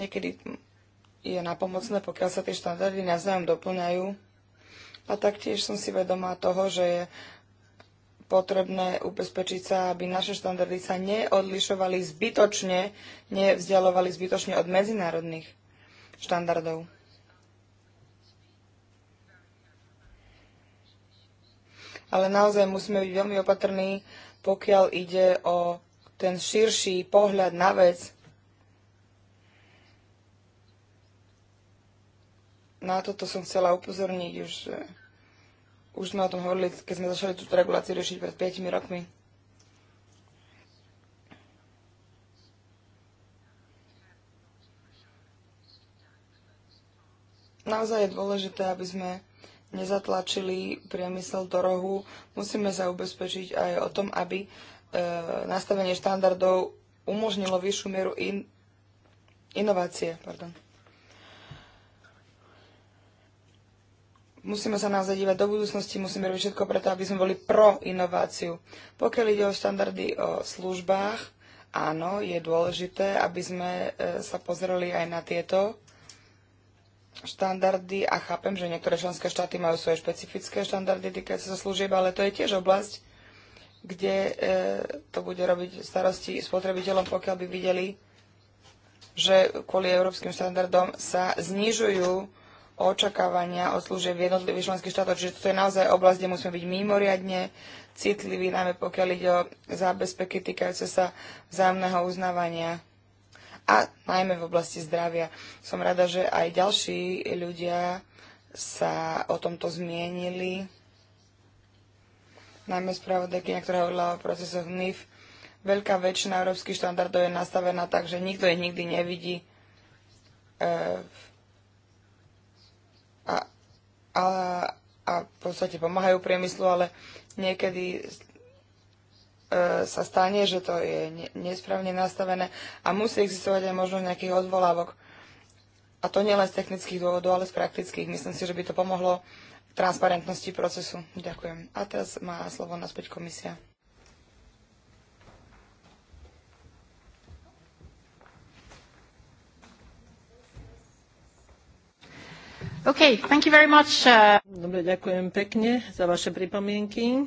Speaker 2: Niekedy je napomocné, pokiaľ sa tie štandardy navzájom doplňajú. A taktiež som si vedomá toho, že je potrebné ubezpečiť sa, aby naše štandardy sa neodlišovali zbytočne, nevzdialovali zbytočne od medzinárodných štandardov. Ale naozaj musíme byť veľmi opatrní, pokiaľ ide o ten širší pohľad na vec, na toto som chcela upozorniť už, eh, už sme o tom hovorili, keď sme začali túto reguláciu riešiť pred 5 rokmi. Naozaj je dôležité, aby sme nezatlačili priemysel do rohu. Musíme sa ubezpečiť aj o tom, aby e, nastavenie štandardov umožnilo vyššiu mieru in, inovácie. Pardon. musíme sa naozaj dívať do budúcnosti, musíme robiť všetko preto, aby sme boli pro inováciu. Pokiaľ ide o štandardy o službách, áno, je dôležité, aby sme e, sa pozreli aj na tieto štandardy a chápem, že niektoré členské štáty majú svoje špecifické štandardy týkajúce sa služieb, ale to je tiež oblasť, kde e, to bude robiť starosti spotrebiteľom, pokiaľ by videli, že kvôli európskym štandardom sa znižujú očakávania od služieb v jednotlivých členských štátoch. Čiže toto je naozaj oblasť, kde musíme byť mimoriadne citliví, najmä pokiaľ ide o zábezpeky týkajúce sa vzájomného uznávania a najmä v oblasti zdravia. Som rada, že aj ďalší ľudia sa o tomto zmienili, najmä spravodajkynia, ktorá hovorila o procesoch NIF. Veľká väčšina európskych štandardov je nastavená tak, že nikto ich nikdy nevidí. E, a, a, a v podstate pomáhajú priemyslu, ale niekedy E, sa stane, že to je nesprávne nastavené a musí existovať aj možno nejakých odvolávok. A to nielen z technických dôvodov, ale z praktických. Myslím si, že by to pomohlo transparentnosti procesu. Ďakujem. A teraz má slovo naspäť komisia.
Speaker 1: Okay, thank you very much. Uh, Dobre, ďakujem pekne za vaše pripomienky.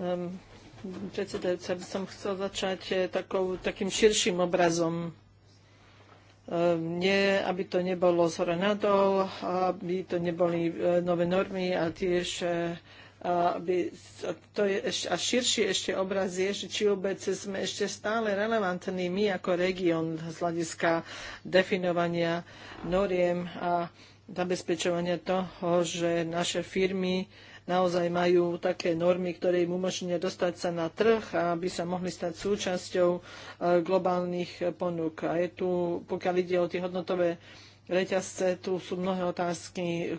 Speaker 1: Um, predsedajúca, by som chcel začať eh, takou, takým širším obrazom. Um, nie, aby to nebolo z hora nadol, aby to neboli eh, nové normy a tiež eh, aby, a to je ešte, a širší ešte obraz je, že či vôbec sme ešte stále relevantní my ako región z hľadiska definovania noriem a zabezpečovania toho, že naše firmy uh, naozaj majú také normy, ktoré im umožnia dostať sa na trh a aby sa mohli stať súčasťou e, globálnych ponúk. A je tu, pokiaľ ide o tie hodnotové reťazce, tu sú mnohé otázky,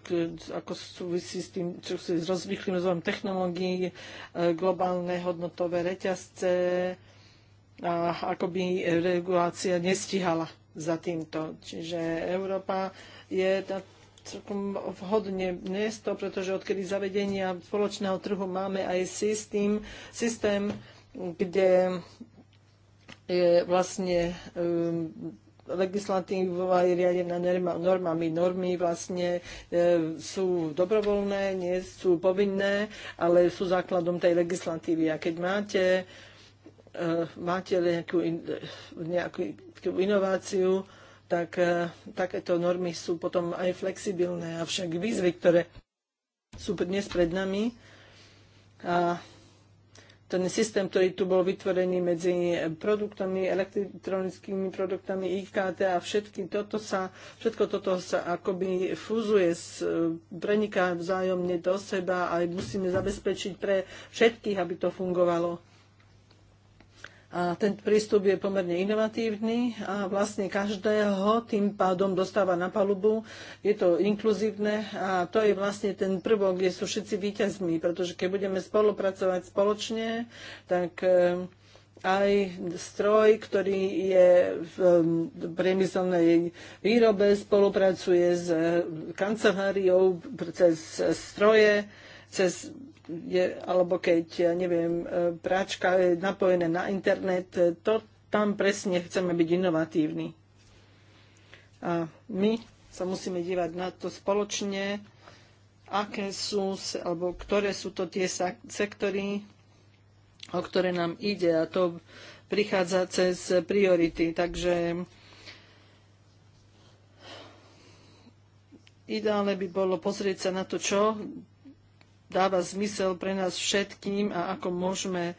Speaker 1: ako súvisí s tým, čo si s rozvýchlým rozvojom technológií, e, globálne hodnotové reťazce a ako by regulácia nestihala za týmto. Čiže Európa je celkom vhodne miesto, pretože odkedy zavedenia spoločného trhu máme aj systém, systém kde je vlastne um, legislatíva je riadená normami. Normy vlastne e, sú dobrovoľné, nie sú povinné, ale sú základom tej legislatívy. A keď máte, e, máte nejakú, in, nejakú inováciu, tak e, takéto normy sú potom aj flexibilné. Avšak výzvy, ktoré sú dnes pred nami a ten systém, ktorý tu bol vytvorený medzi produktami, elektronickými produktami, IKT a všetky toto sa, všetko toto sa akoby fúzuje, e, preniká vzájomne do seba a musíme zabezpečiť pre všetkých, aby to fungovalo. A ten prístup je pomerne inovatívny a vlastne každého tým pádom dostáva na palubu. Je to inkluzívne a to je vlastne ten prvok, kde sú všetci víťazmi, pretože keď budeme spolupracovať spoločne, tak e, aj stroj, ktorý je v priemyselnej výrobe, spolupracuje s e, kanceláriou cez stroje, cez je, alebo keď, ja neviem, e, práčka je napojené na internet, e, to tam presne chceme byť inovatívni. A my sa musíme dívať na to spoločne, aké sú, alebo ktoré sú to tie sektory, o ktoré nám ide a to prichádza cez priority. Takže ideálne by bolo pozrieť sa na to, čo dáva zmysel pre nás všetkým a ako môžeme e,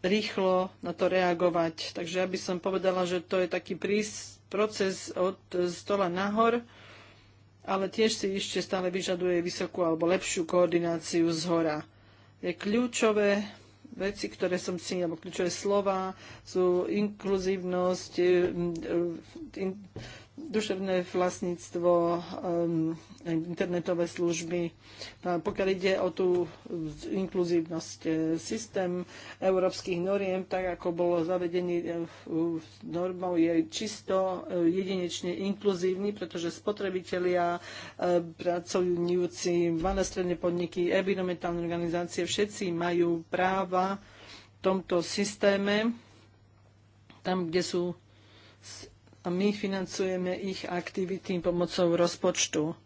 Speaker 1: rýchlo na to reagovať. Takže ja by som povedala, že to je taký prís, proces od e, stola nahor, ale tiež si ešte stále vyžaduje vysokú alebo lepšiu koordináciu z hora. Je kľúčové veci, ktoré som si, alebo kľúčové slova sú inkluzívnosť, e, in, in, duševné vlastníctvo, um, internetové služby. A pokiaľ ide o tú inkluzívnosť e, systém európskych noriem, tak ako bolo zavedený e, normou, je čisto e, jedinečne inkluzívny, pretože spotrebitelia, pracujúci, malé stredné podniky, environmentálne organizácie, všetci majú práva v tomto systéme, tam, kde sú a my financujeme ich aktivity pomocou rozpočtu.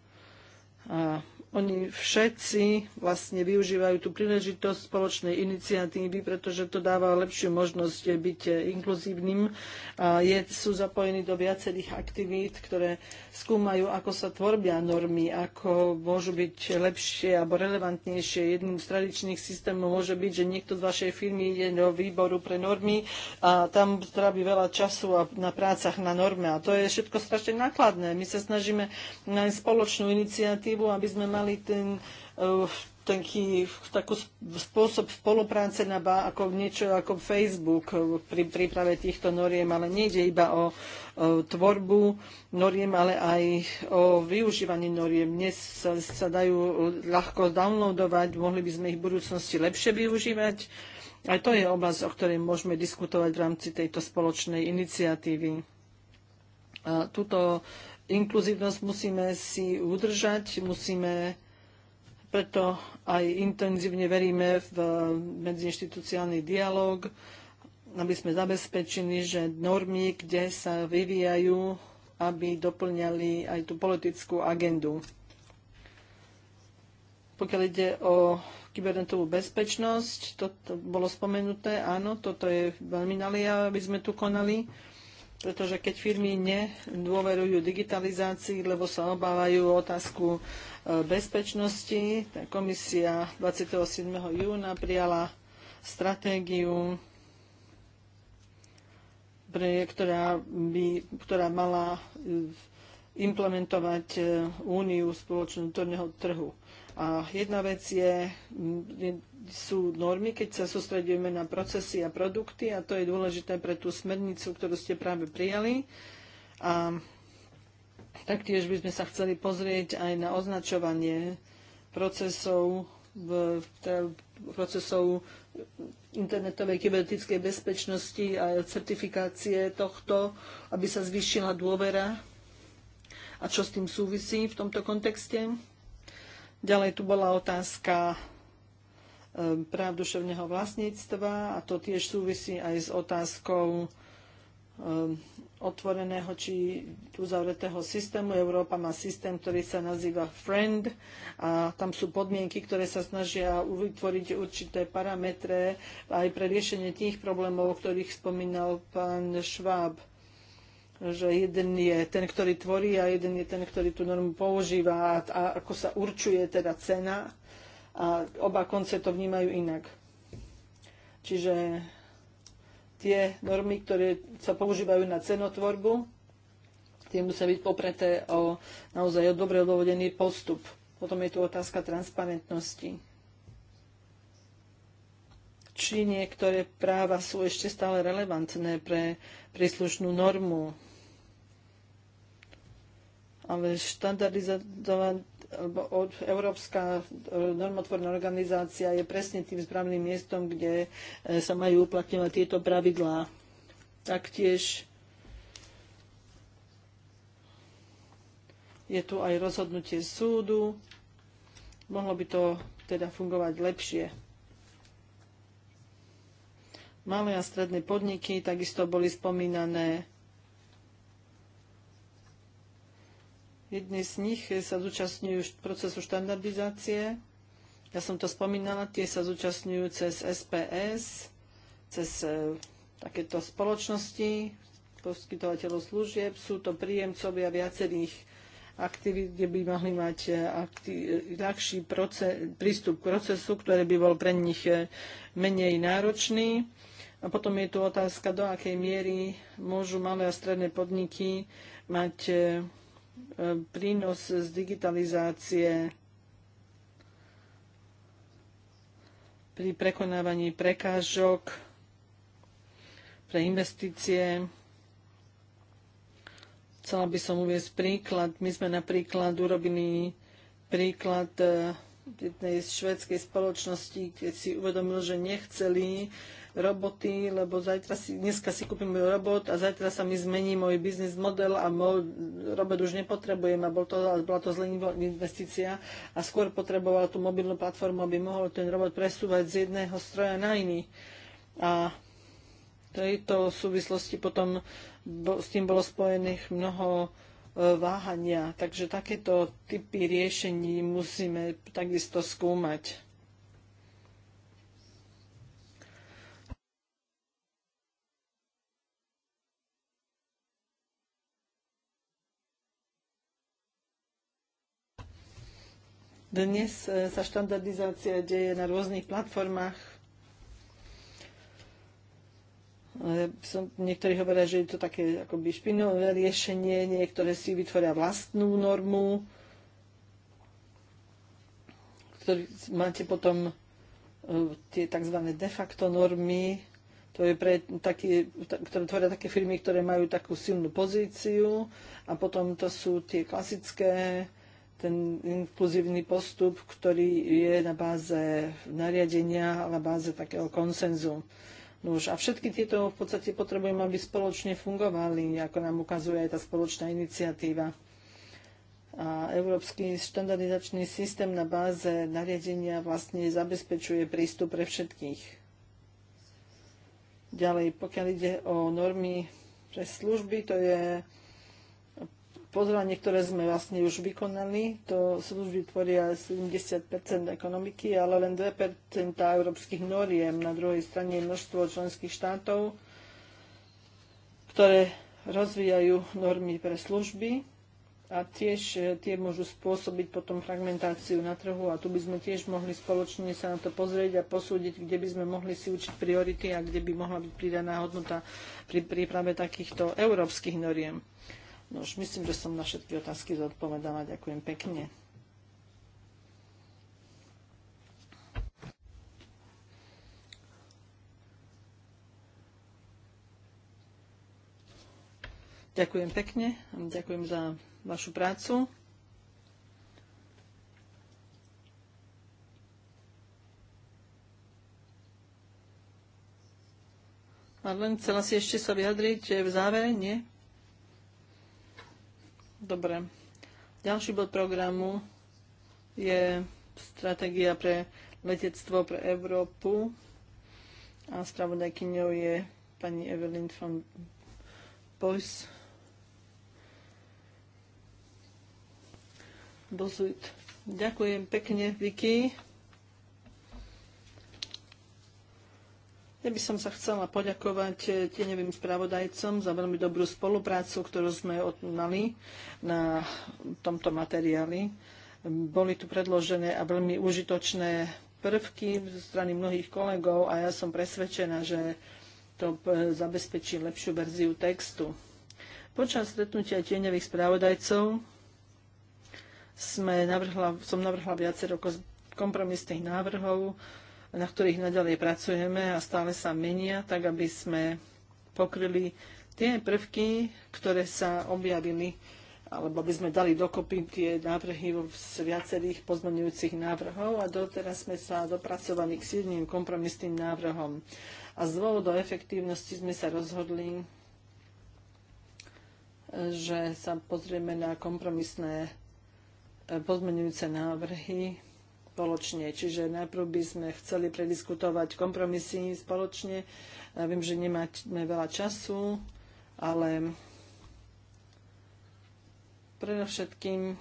Speaker 1: A oni všetci vlastne využívajú tú príležitosť spoločnej iniciatívy, pretože to dáva lepšiu možnosť byť inkluzívnym. A je, sú zapojení do viacerých aktivít, ktoré skúmajú, ako sa tvorbia normy, ako môžu byť lepšie alebo relevantnejšie. Jedným z tradičných systémov môže byť, že niekto z vašej firmy ide do výboru pre normy a tam trávi veľa času na prácach na norme. A to je všetko strašne nákladné. My sa snažíme nájsť spoločnú iniciatívu, aby sme mali mali ten eh, taký, takú spôsob spolupráce na ba, ako niečo ako Facebook eh, pri príprave týchto noriem, ale nejde iba o, o tvorbu noriem, ale aj o využívanie noriem. Dnes sa, sa dajú ľahko downloadovať, mohli by sme ich v budúcnosti lepšie využívať. A to je oblasť, o ktorej môžeme diskutovať v rámci tejto spoločnej iniciatívy. A tuto inkluzívnosť musíme si udržať, musíme preto aj intenzívne veríme v medziinstitucionálny dialog, aby sme zabezpečili, že normy, kde sa vyvíjajú, aby doplňali aj tú politickú agendu. Pokiaľ ide o kybernetovú bezpečnosť, toto bolo spomenuté, áno, toto je veľmi naliehavé, aby sme tu konali pretože keď firmy nedôverujú digitalizácii, lebo sa obávajú otázku e, bezpečnosti, tak komisia 27. júna prijala stratégiu, ktorá, by, ktorá mala e, implementovať e, úniu spoločného trhu. A jedna vec je, sú normy, keď sa sústredujeme na procesy a produkty a to je dôležité pre tú smernicu, ktorú ste práve prijali. A taktiež by sme sa chceli pozrieť aj na označovanie procesov v, procesov internetovej kybernetickej bezpečnosti a certifikácie tohto, aby sa zvýšila dôvera a čo s tým súvisí v tomto kontexte. Ďalej tu bola otázka ehm, práv duševného vlastníctva a to tiež súvisí aj s otázkou ehm, otvoreného či uzavretého systému. Európa má systém, ktorý sa nazýva FRIEND a tam sú podmienky, ktoré sa snažia vytvoriť určité parametre aj pre riešenie tých problémov, o ktorých spomínal pán Šváb že jeden je ten, ktorý tvorí a jeden je ten, ktorý tú normu používa a ako sa určuje teda cena a oba konce to vnímajú inak. Čiže tie normy, ktoré sa používajú na cenotvorbu, tie musia byť popreté o naozaj o dobre odôvodený postup. Potom je tu otázka transparentnosti. Či niektoré práva sú ešte stále relevantné pre príslušnú normu ale štandardizovaná alebo Európska e, normotvorná organizácia je presne tým správnym miestom, kde e, sa majú uplatňovať tieto pravidlá. Taktiež je tu aj rozhodnutie súdu. Mohlo by to teda fungovať lepšie. Malé a stredné podniky takisto boli spomínané Jedne z nich sa zúčastňujú procesu štandardizácie. Ja som to spomínala, tie sa zúčastňujú cez SPS, cez e, takéto spoločnosti, poskytovateľov služieb. Sú to príjemcovia viacerých aktivít, kde by mohli mať e, ľahší proces, prístup k procesu, ktorý by bol pre nich e, menej náročný. A potom je tu otázka, do akej miery môžu malé a stredné podniky mať prínos z digitalizácie pri prekonávaní prekážok pre investície. Chcela by som uviezť príklad. My sme napríklad urobili príklad eh, jednej z švedskej spoločnosti, keď si uvedomil, že nechceli roboty, lebo zajtra si, dneska si kúpim môj robot a zajtra sa mi zmení môj biznis model a môj robot už nepotrebujem a bol to, bola to zlenivá investícia a skôr potreboval tú mobilnú platformu, aby mohol ten robot presúvať z jedného stroja na iný. A tejto súvislosti potom bo, s tým bolo spojených mnoho e, váhania. Takže takéto typy riešení musíme takisto skúmať. Dnes e, sa štandardizácia deje na rôznych platformách. E, som, niektorí hovoria, že je to také akoby špinové riešenie, niektoré si vytvoria vlastnú normu, ktorý máte potom e, tie tzv. de facto normy, to je pre taký, ktoré tvoria také firmy, ktoré majú takú silnú pozíciu a potom to sú tie klasické ten inkluzívny postup, ktorý je na báze nariadenia a na báze takého konsenzu. No už, a všetky tieto v podstate potrebujeme, aby spoločne fungovali, ako nám ukazuje aj tá spoločná iniciatíva. A Európsky štandardizačný systém na báze nariadenia vlastne zabezpečuje prístup pre všetkých. Ďalej, pokiaľ ide o normy pre služby, to je pozvanie, ktoré sme vlastne už vykonali, to služby tvoria 70 ekonomiky, ale len 2 európskych noriem. Na druhej strane je množstvo členských štátov, ktoré rozvíjajú normy pre služby a tiež e, tie môžu spôsobiť potom fragmentáciu na trhu a tu by sme tiež mohli spoločne sa na to pozrieť a posúdiť, kde by sme mohli si učiť priority a kde by mohla byť pridaná hodnota pri príprave takýchto európskych noriem. No už myslím, že som na všetky otázky zodpovedala. Ďakujem pekne. Ďakujem pekne. Ďakujem za vašu prácu. Marlen, chcela si ešte sa vyjadriť v závere? Nie? Dobre. Ďalší bod programu je stratégia pre letectvo pre Európu. A spravodajkyňou je pani Evelyn von Bois. Bozut. Ďakujem pekne, Vicky. Ja by som sa chcela poďakovať eh, tieňovým spravodajcom za veľmi dobrú spoluprácu, ktorú sme mali na tomto materiáli. Boli tu predložené a veľmi užitočné prvky zo strany mnohých kolegov a ja som presvedčená, že to eh, zabezpečí lepšiu verziu textu. Počas stretnutia tieňových spravodajcov sme navrhla, som navrhla viacero kompromisných návrhov, na ktorých nadalej pracujeme a stále sa menia, tak aby sme pokryli tie prvky, ktoré sa objavili, alebo aby sme dali dokopy tie návrhy z viacerých pozmenujúcich návrhov a doteraz sme sa dopracovali k 7 kompromisným návrhom. A z dôvodu efektívnosti sme sa rozhodli, že sa pozrieme na kompromisné eh, pozmenujúce návrhy spoločne. Čiže najprv by sme chceli prediskutovať kompromisy spoločne. Ja viem, že nemáme veľa času, ale predovšetkým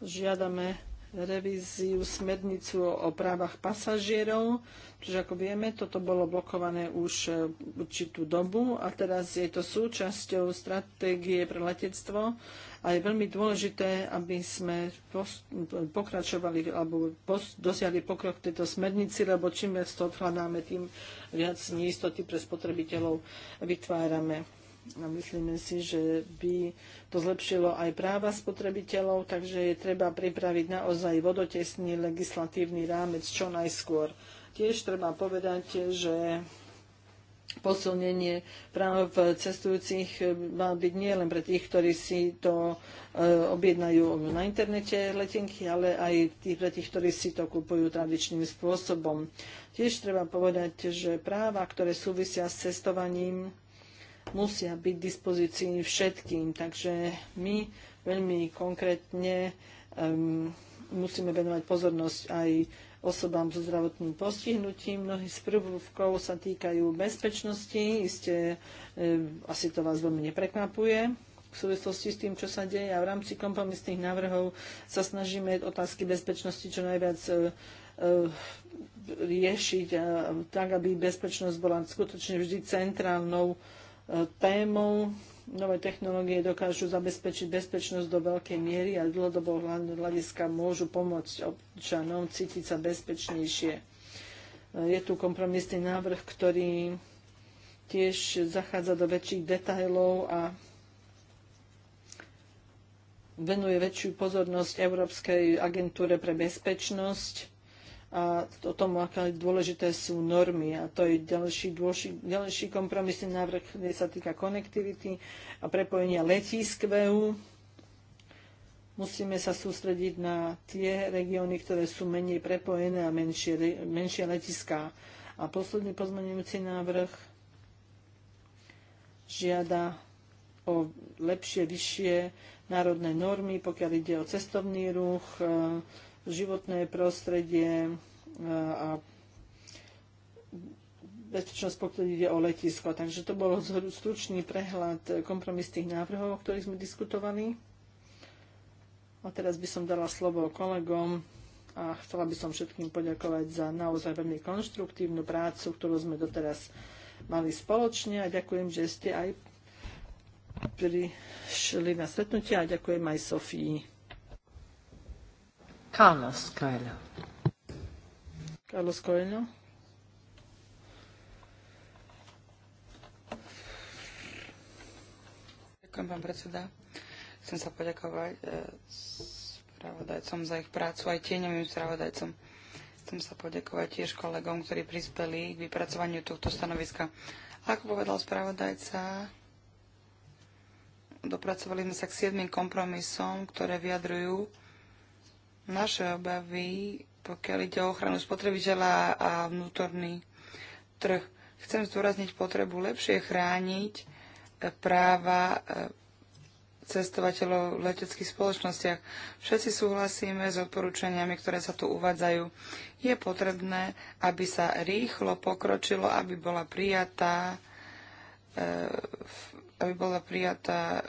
Speaker 1: žiadame revíziu smernicu o právach pasažierov. Čiže ako vieme, toto bolo blokované už e, určitú dobu a teraz je to súčasťou stratégie pre letectvo a je veľmi dôležité, aby sme pokračovali alebo dosiahli pokrok v tejto smernici, lebo čím viac to odkladáme, tým viac neistoty pre spotrebiteľov vytvárame. A myslíme si, že by to zlepšilo aj práva spotrebiteľov, takže je treba pripraviť naozaj vodotesný legislatívny rámec čo najskôr. Tiež treba povedať, že posilnenie práv cestujúcich mal byť nie len pre tých, ktorí si to e, objednajú na internete letenky, ale aj tých, pre tých, ktorí si to kupujú tradičným spôsobom. Tiež treba povedať, že práva, ktoré súvisia s cestovaním, musia byť dispozícii všetkým. Takže my veľmi konkrétne um, musíme venovať pozornosť aj osobám so zdravotným postihnutím. Mnohí z prvkov sa týkajú bezpečnosti. Isté, um, asi to vás veľmi neprekvapuje v súvislosti s tým, čo sa deje a v rámci kompromisných návrhov sa snažíme otázky bezpečnosti čo najviac e, e, riešiť tak, aby bezpečnosť bola skutočne vždy centrálnou témou. Nové technológie dokážu zabezpečiť bezpečnosť do veľkej miery a dlhodobo hľadiska môžu pomôcť občanom cítiť sa bezpečnejšie. Je tu kompromisný návrh, ktorý tiež zachádza do väčších detajlov a venuje väčšiu pozornosť Európskej agentúre pre bezpečnosť a o tom, aké dôležité sú normy. A to je ďalší, dôlší, ďalší kompromisný návrh, kde sa týka konektivity a prepojenia letísk v EU. Musíme sa sústrediť na tie regióny, ktoré sú menej prepojené a menšie, menšie letiská. A posledný pozmenujúci návrh žiada o lepšie, vyššie národné normy, pokiaľ ide o cestovný ruch, životné prostredie eh, a bezpečnosť, pokiaľ ide o letisko. Takže to bol stručný prehľad kompromisných návrhov, o ktorých sme diskutovali. A teraz by som dala slovo kolegom a chcela by som všetkým poďakovať za naozaj veľmi konštruktívnu prácu, ktorú sme doteraz mali spoločne a ďakujem, že ste aj prišli na stretnutie a ďakujem aj Sofii. Carlos Coelho. Carlos Coelho.
Speaker 2: Ďakujem, pán predseda. Chcem sa poďakovať eh, spravodajcom za ich prácu, aj tieňovým spravodajcom. Chcem sa poďakovať tiež kolegom, ktorí prispeli k vypracovaniu tohto stanoviska. Ako povedal spravodajca, dopracovali sme sa k siedmým kompromisom, ktoré vyjadrujú naše obavy, pokiaľ ide o ochranu spotrebiteľa a vnútorný trh. Chcem zdôrazniť potrebu lepšie chrániť eh, práva eh, cestovateľov v leteckých spoločnostiach. Všetci súhlasíme s odporúčaniami, ktoré sa tu uvádzajú. Je potrebné, aby sa rýchlo pokročilo, aby bola prijatá, eh, aby bola prijatá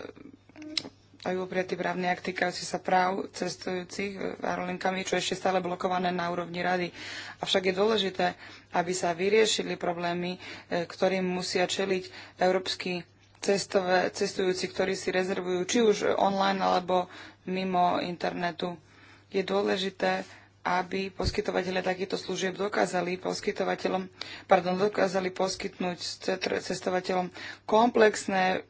Speaker 2: aj upretý právny akt týkajúci sa práv cestujúcich e, aerolinkami, čo ešte stále blokované na úrovni rady. Avšak je dôležité, aby sa vyriešili problémy, e, ktorým musia čeliť európsky cestové, cestujúci, ktorí si rezervujú či už online alebo mimo internetu. Je dôležité, aby poskytovateľe takýchto služieb dokázali poskytovateľom, pardon, dokázali poskytnúť cestovateľom komplexné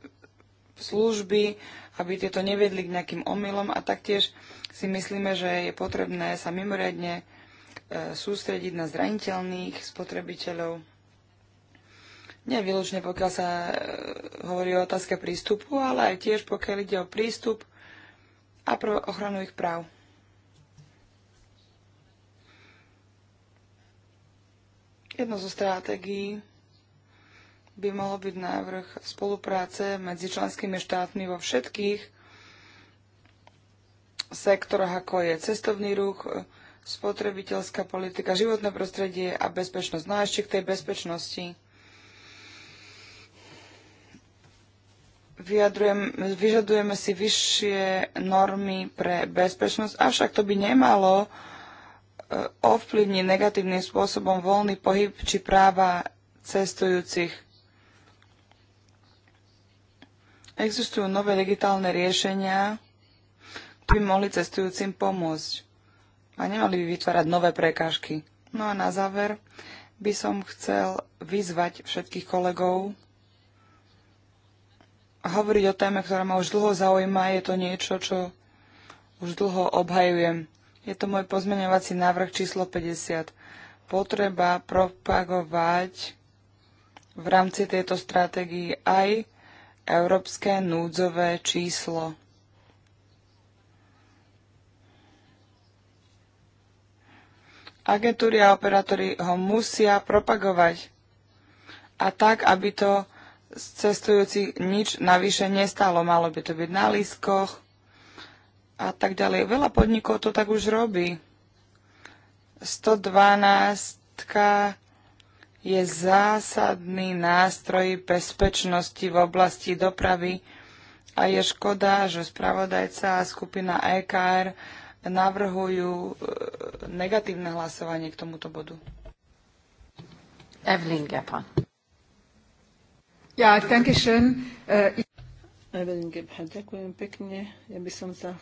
Speaker 2: služby, aby tieto nevedli k nejakým omylom a taktiež si myslíme, že je potrebné sa mimoriadne e, sústrediť na zraniteľných spotrebiteľov. Nevylučne pokiaľ sa e, hovorí o otázke prístupu, ale aj tiež pokiaľ ide o prístup a pro ochranu ich práv. Jedno zo stratégií by mohol byť návrh spolupráce medzi členskými štátmi vo všetkých sektoroch, ako je cestovný ruch, spotrebiteľská politika, životné prostredie a bezpečnosť. No a ešte k tej bezpečnosti. Vyjadrujem, vyžadujeme si vyššie normy pre bezpečnosť, avšak to by nemalo e, ovplyvniť negatívnym spôsobom voľný pohyb či práva cestujúcich. Existujú nové digitálne riešenia, ktoré by mohli cestujúcim pomôcť a nemali by vytvárať nové prekážky. No a na záver by som chcel vyzvať všetkých kolegov a hovoriť o téme, ktorá ma už dlho zaujíma. Je to niečo, čo už dlho obhajujem. Je to môj pozmeňovací návrh číslo 50. Potreba propagovať v rámci tejto stratégii aj Európske núdzové číslo. Agentúry a operátori ho musia propagovať. A tak, aby to z cestujúcich nič navyše nestalo. Malo by to byť na lískoch a tak ďalej. Veľa podnikov to tak už robí. 112 je zásadný nástroj bezpečnosti v oblasti dopravy a je škoda, že spravodajca a skupina EKR navrhujú e, negatívne hlasovanie k tomuto bodu. Evelyn Gephardt. Ja, ďakujem.
Speaker 1: Äh, Evelyn Gephardt, ďakujem pekne. Ja by som sa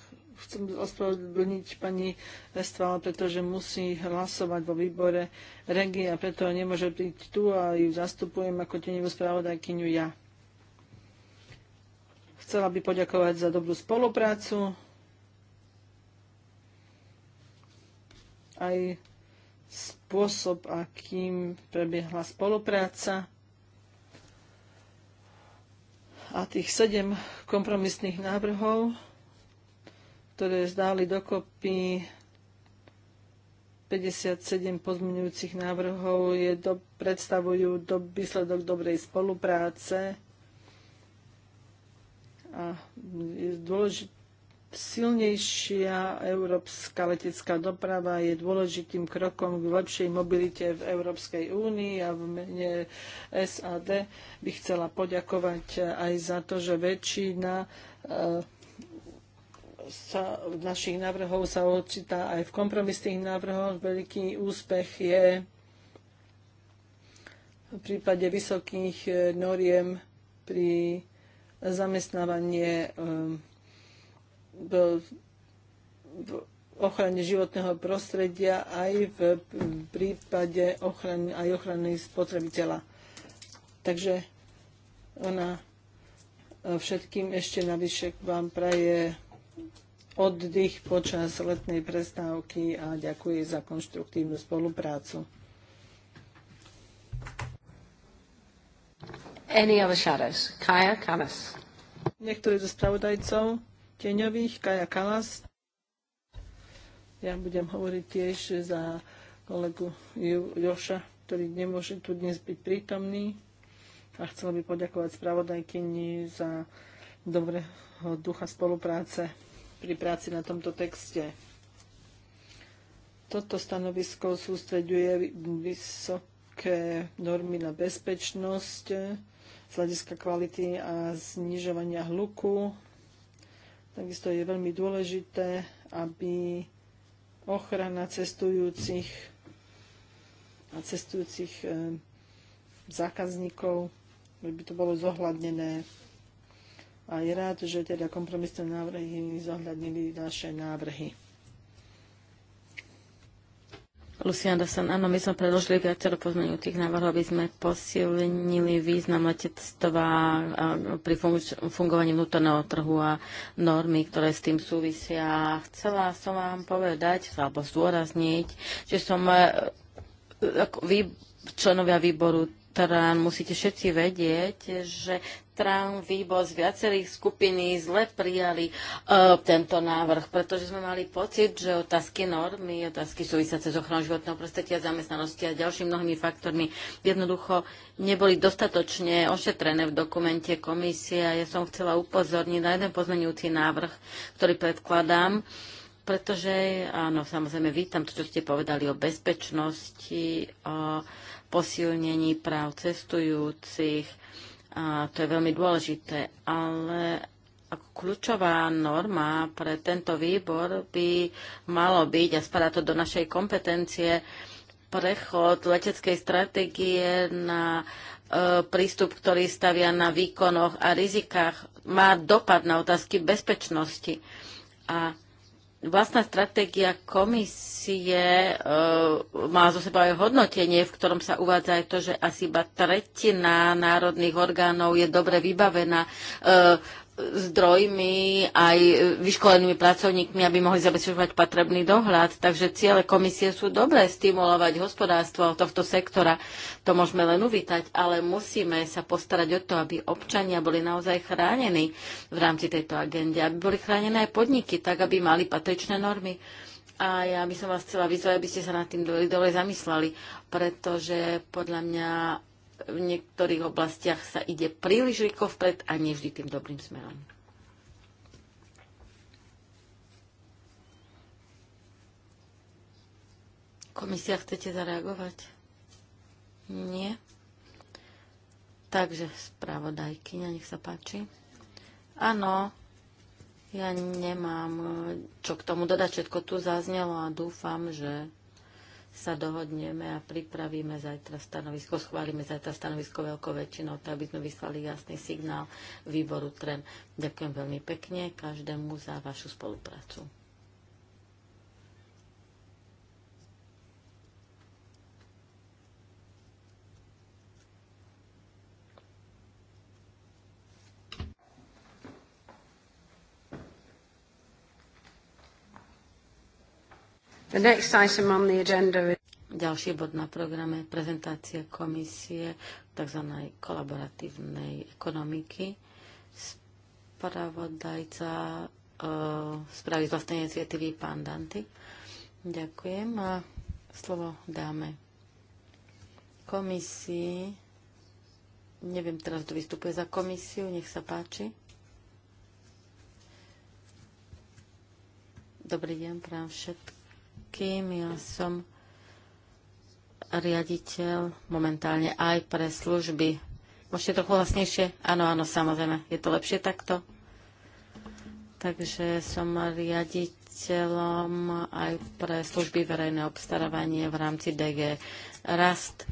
Speaker 1: chcem ospravedlniť pani Estval, pretože musí hlasovať vo výbore regie a preto nemôže byť tu a ju zastupujem ako tenivú spravodajkyňu ja. Chcela by poďakovať za dobrú spoluprácu aj spôsob, akým prebiehla spolupráca a tých sedem kompromisných návrhov ktoré zdáli dokopy 57 pozmeňujúcich návrhov je do, predstavujú do, výsledok dobrej spolupráce a je dôležité Silnejšia európska letecká doprava je dôležitým krokom k lepšej mobilite v Európskej únii a v mene SAD by chcela poďakovať aj za to, že väčšina e, sa, našich návrhov sa odčíta aj v kompromisných návrhoch. Veľký úspech je v prípade vysokých e, noriem pri zamestnávanie e, v, v ochrane životného prostredia aj v prípade ochrany, aj ochrany spotrebiteľa. Takže ona e, všetkým ešte navyše vám praje oddych počas letnej prestávky a ďakujem za konštruktívnu spoluprácu. Any other shadows? Kaja Kalas. Niektorí zo spravodajcov tieňových, Kaja Kalas. Ja budem hovoriť tiež za kolegu jo Joša, ktorý nemôže tu dnes byť prítomný. A chcel by poďakovať spravodajkyni za dobre ducha spolupráce pri práci na tomto texte. Toto stanovisko sústreďuje vysoké normy na bezpečnosť z hľadiska kvality a znižovania hluku. Takisto je veľmi dôležité, aby ochrana cestujúcich a cestujúcich eh, zákazníkov, aby to bolo zohľadnené a je rád, že teda kompromisné návrhy zohľadnili naše návrhy.
Speaker 3: Lucian Dosan, áno, my sme predložili viacero pozmeňujúcich návrhov, aby sme posilnili význam letectva pri fungovaní vnútorného trhu a normy, ktoré s tým súvisia. Chcela som vám povedať, alebo zdôrazniť, že som e, e, ako vy, členovia výboru teda musíte všetci vedieť, že strán, výbor z viacerých skupiny zle prijali e, tento návrh, pretože sme mali pocit, že otázky normy, otázky súvisiace s ochranou životného prostredia, zamestnanosti a ďalšími mnohými faktormi jednoducho neboli dostatočne ošetrené v dokumente komisie. Ja som chcela upozorniť na jeden pozmenujúci návrh, ktorý predkladám pretože áno, samozrejme vítam to, čo ste povedali o bezpečnosti, o posilnení práv cestujúcich, a to je veľmi dôležité, ale ako kľúčová norma pre tento výbor by malo byť, a spadá to do našej kompetencie, prechod leteckej stratégie na e, prístup, ktorý stavia na výkonoch a rizikách, má dopad na otázky bezpečnosti. A vlastná stratégia komisie e, má zo seba aj hodnotenie, v ktorom sa uvádza aj to, že asi iba tretina národných orgánov je dobre vybavená e, zdrojmi aj vyškolenými pracovníkmi, aby mohli zabezpečovať potrebný dohľad. Takže ciele komisie sú dobré stimulovať hospodárstvo tohto sektora. To môžeme len uvítať, ale musíme sa postarať o to, aby občania boli naozaj chránení v rámci tejto agende, aby boli chránené aj podniky, tak aby mali patričné normy. A ja by som vás chcela vyzvať, aby ste sa nad tým dole zamysleli, pretože podľa mňa v niektorých oblastiach sa ide príliš rýchlo vpred a nie vždy tým dobrým smerom. Komisia, chcete zareagovať? Nie? Takže spravodajkyňa, nech sa páči. Áno, ja nemám čo k tomu dodať, všetko tu zaznelo a dúfam, že sa dohodneme a pripravíme zajtra stanovisko, schválime zajtra stanovisko veľkou väčšinou, tak aby sme vyslali jasný signál výboru TREM. Ďakujem veľmi pekne každému za vašu spoluprácu. Ďalší bod na programe je prezentácia komisie tzv. kolaboratívnej ekonomiky. Spravodajca e, spraví z vlastnej iniciatívy pán Danty. Ďakujem a slovo dáme komisii. Neviem teraz, kto vystupuje za komisiu, nech sa páči. Dobrý deň, prám všetkým všetkým. Ja som riaditeľ momentálne aj pre služby. Môžete trochu hlasnejšie? Áno, áno, samozrejme. Je to lepšie takto? Takže som riaditeľom aj pre služby verejné obstarávanie v rámci DG Rast.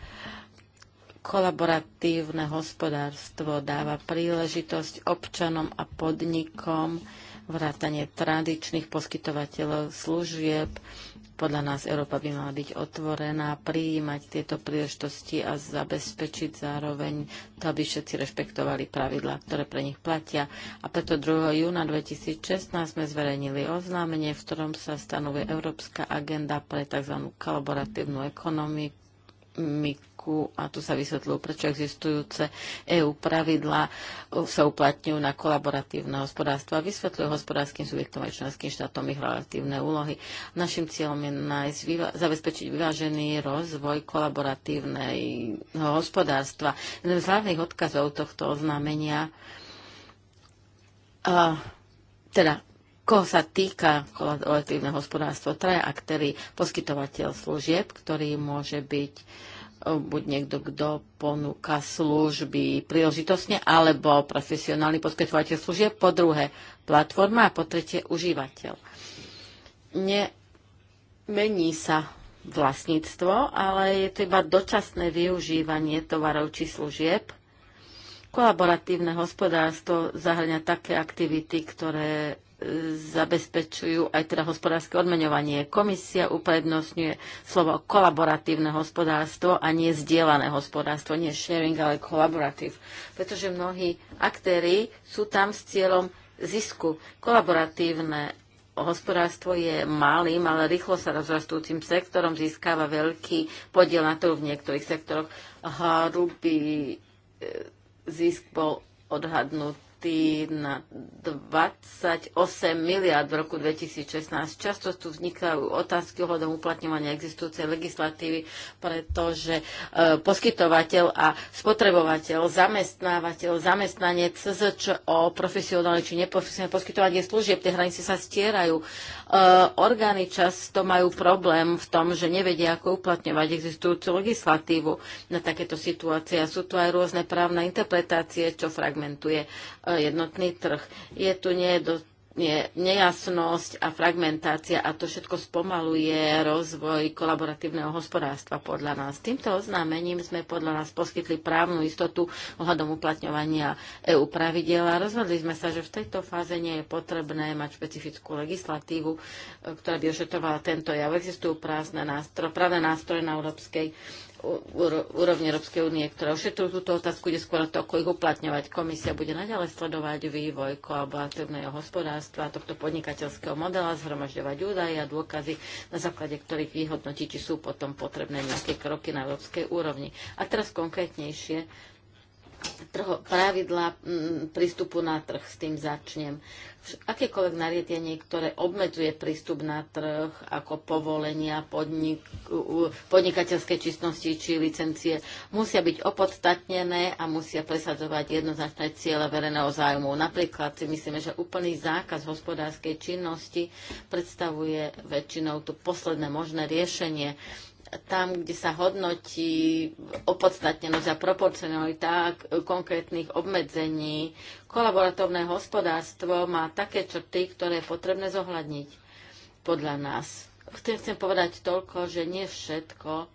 Speaker 3: Kolaboratívne hospodárstvo dáva príležitosť občanom a podnikom vrátanie tradičných poskytovateľov služieb. Podľa nás Európa by mala byť otvorená, prijímať tieto príležitosti a zabezpečiť zároveň to, aby všetci rešpektovali pravidlá, ktoré pre nich platia. A preto 2. júna 2016 sme zverejnili oznámenie, v ktorom sa stanovuje Európska agenda pre tzv. kolaboratívnu ekonomiku roku a tu sa vysvetľujú, prečo existujúce EU pravidlá uh, sa uplatňujú na kolaboratívne hospodárstvo a vysvetľujú hospodárskym subjektom aj členským štátom ich relatívne úlohy. Našim cieľom je nájsť, vyva- zabezpečiť vyvážený rozvoj kolaboratívneho hospodárstva. Jeden z hlavných odkazov tohto oznámenia a, teda koho sa týka kolektívne hospodárstvo, traja aktéry, poskytovateľ služieb, ktorý môže byť buď niekto, kto ponúka služby príležitosne, alebo profesionálny poskytovateľ služieb, po druhé platforma a po tretie užívateľ. Nemení sa vlastníctvo, ale je to iba dočasné využívanie tovarov či služieb. Kolaboratívne hospodárstvo zahrňa také aktivity, ktoré zabezpečujú aj teda hospodárske odmeňovanie. Komisia uprednostňuje slovo kolaboratívne hospodárstvo a nie zdieľané hospodárstvo, nie sharing, ale kolaboratív. Pretože mnohí aktéry sú tam s cieľom zisku. Kolaboratívne hospodárstvo je malým, ale rýchlo sa rozrastúcim sektorom, získava veľký podiel na trhu v niektorých sektoroch. Hruby e, zisk bol odhadnutý hodnoty na 28 miliard v roku 2016. Často tu vznikajú otázky ohľadom uplatňovania existujúcej legislatívy, pretože e, poskytovateľ a spotrebovateľ, zamestnávateľ, zamestnanec SZČO, profesionálne či neprofesionálne poskytovanie služieb, tie hranice sa stierajú. E, orgány často majú problém v tom, že nevedia, ako uplatňovať existujúcu legislatívu na takéto situácie. A sú tu aj rôzne právne interpretácie, čo fragmentuje e, E, jednotný trh. Je tu do, nie, nejasnosť a fragmentácia a to všetko spomaluje rozvoj kolaboratívneho hospodárstva podľa nás. Týmto oznámením sme podľa nás poskytli právnu istotu ohľadom uplatňovania EU pravidel a rozhodli sme sa, že v tejto fáze nie je potrebné mať špecifickú legislatívu, e, ktorá by ošetrovala tento jav. Existujú právne nástroje, právne nástroje na európskej úrovni Európskej únie, ktorá ošetruje túto otázku, ide skôr to, ako ich uplatňovať. Komisia bude naďalej sledovať vývoj koagulatívneho hospodárstva, tohto podnikateľského modela, zhromažďovať údaje a dôkazy, na základe ktorých vyhodnotí, či sú potom potrebné nejaké kroky na európskej úrovni. A teraz konkrétnejšie trho, pravidla mm, prístupu na trh, s tým začnem. Akékoľvek nariadenie, ktoré obmedzuje prístup na trh, ako povolenia, podnik, podnikateľskej čistnosti či licencie, musia byť opodstatnené a musia presadzovať jednoznačné ciele verejného zájmu. Napríklad si myslíme, že úplný zákaz hospodárskej činnosti predstavuje väčšinou to posledné možné riešenie tam, kde sa hodnotí opodstatnenosť a proporcionalita konkrétnych obmedzení. Kolaboratívne hospodárstvo má také črty, ktoré je potrebné zohľadniť podľa nás. Chcem, chcem povedať toľko, že nie všetko,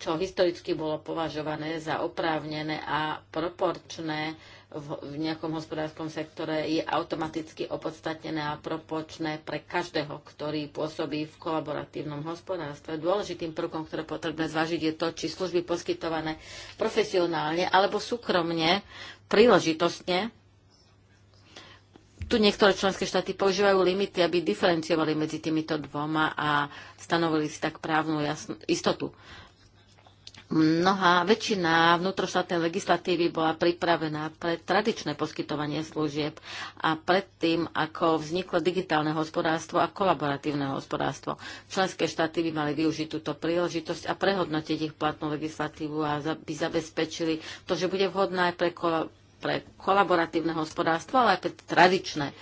Speaker 3: čo historicky bolo považované za oprávnené a proporčné, v, v nejakom hospodárskom sektore je automaticky opodstatnené a propočné pre každého, ktorý pôsobí v kolaboratívnom hospodárstve. Dôležitým prvkom, ktoré potrebné zvážiť, je to, či služby poskytované profesionálne alebo súkromne, príležitostne. Tu niektoré členské štáty používajú limity, aby diferenciovali medzi týmito dvoma a stanovili si tak právnu jasn- istotu mnoha, väčšina vnútroštátnej legislatívy bola pripravená pre tradičné poskytovanie služieb a predtým, ako vzniklo digitálne hospodárstvo a kolaboratívne hospodárstvo. Členské štáty by mali využiť túto príležitosť a prehodnotiť ich platnú legislatívu a by zabezpečili to, že bude vhodná aj pre, kol- pre kolaboratívne hospodárstvo, ale aj pre tradičné e,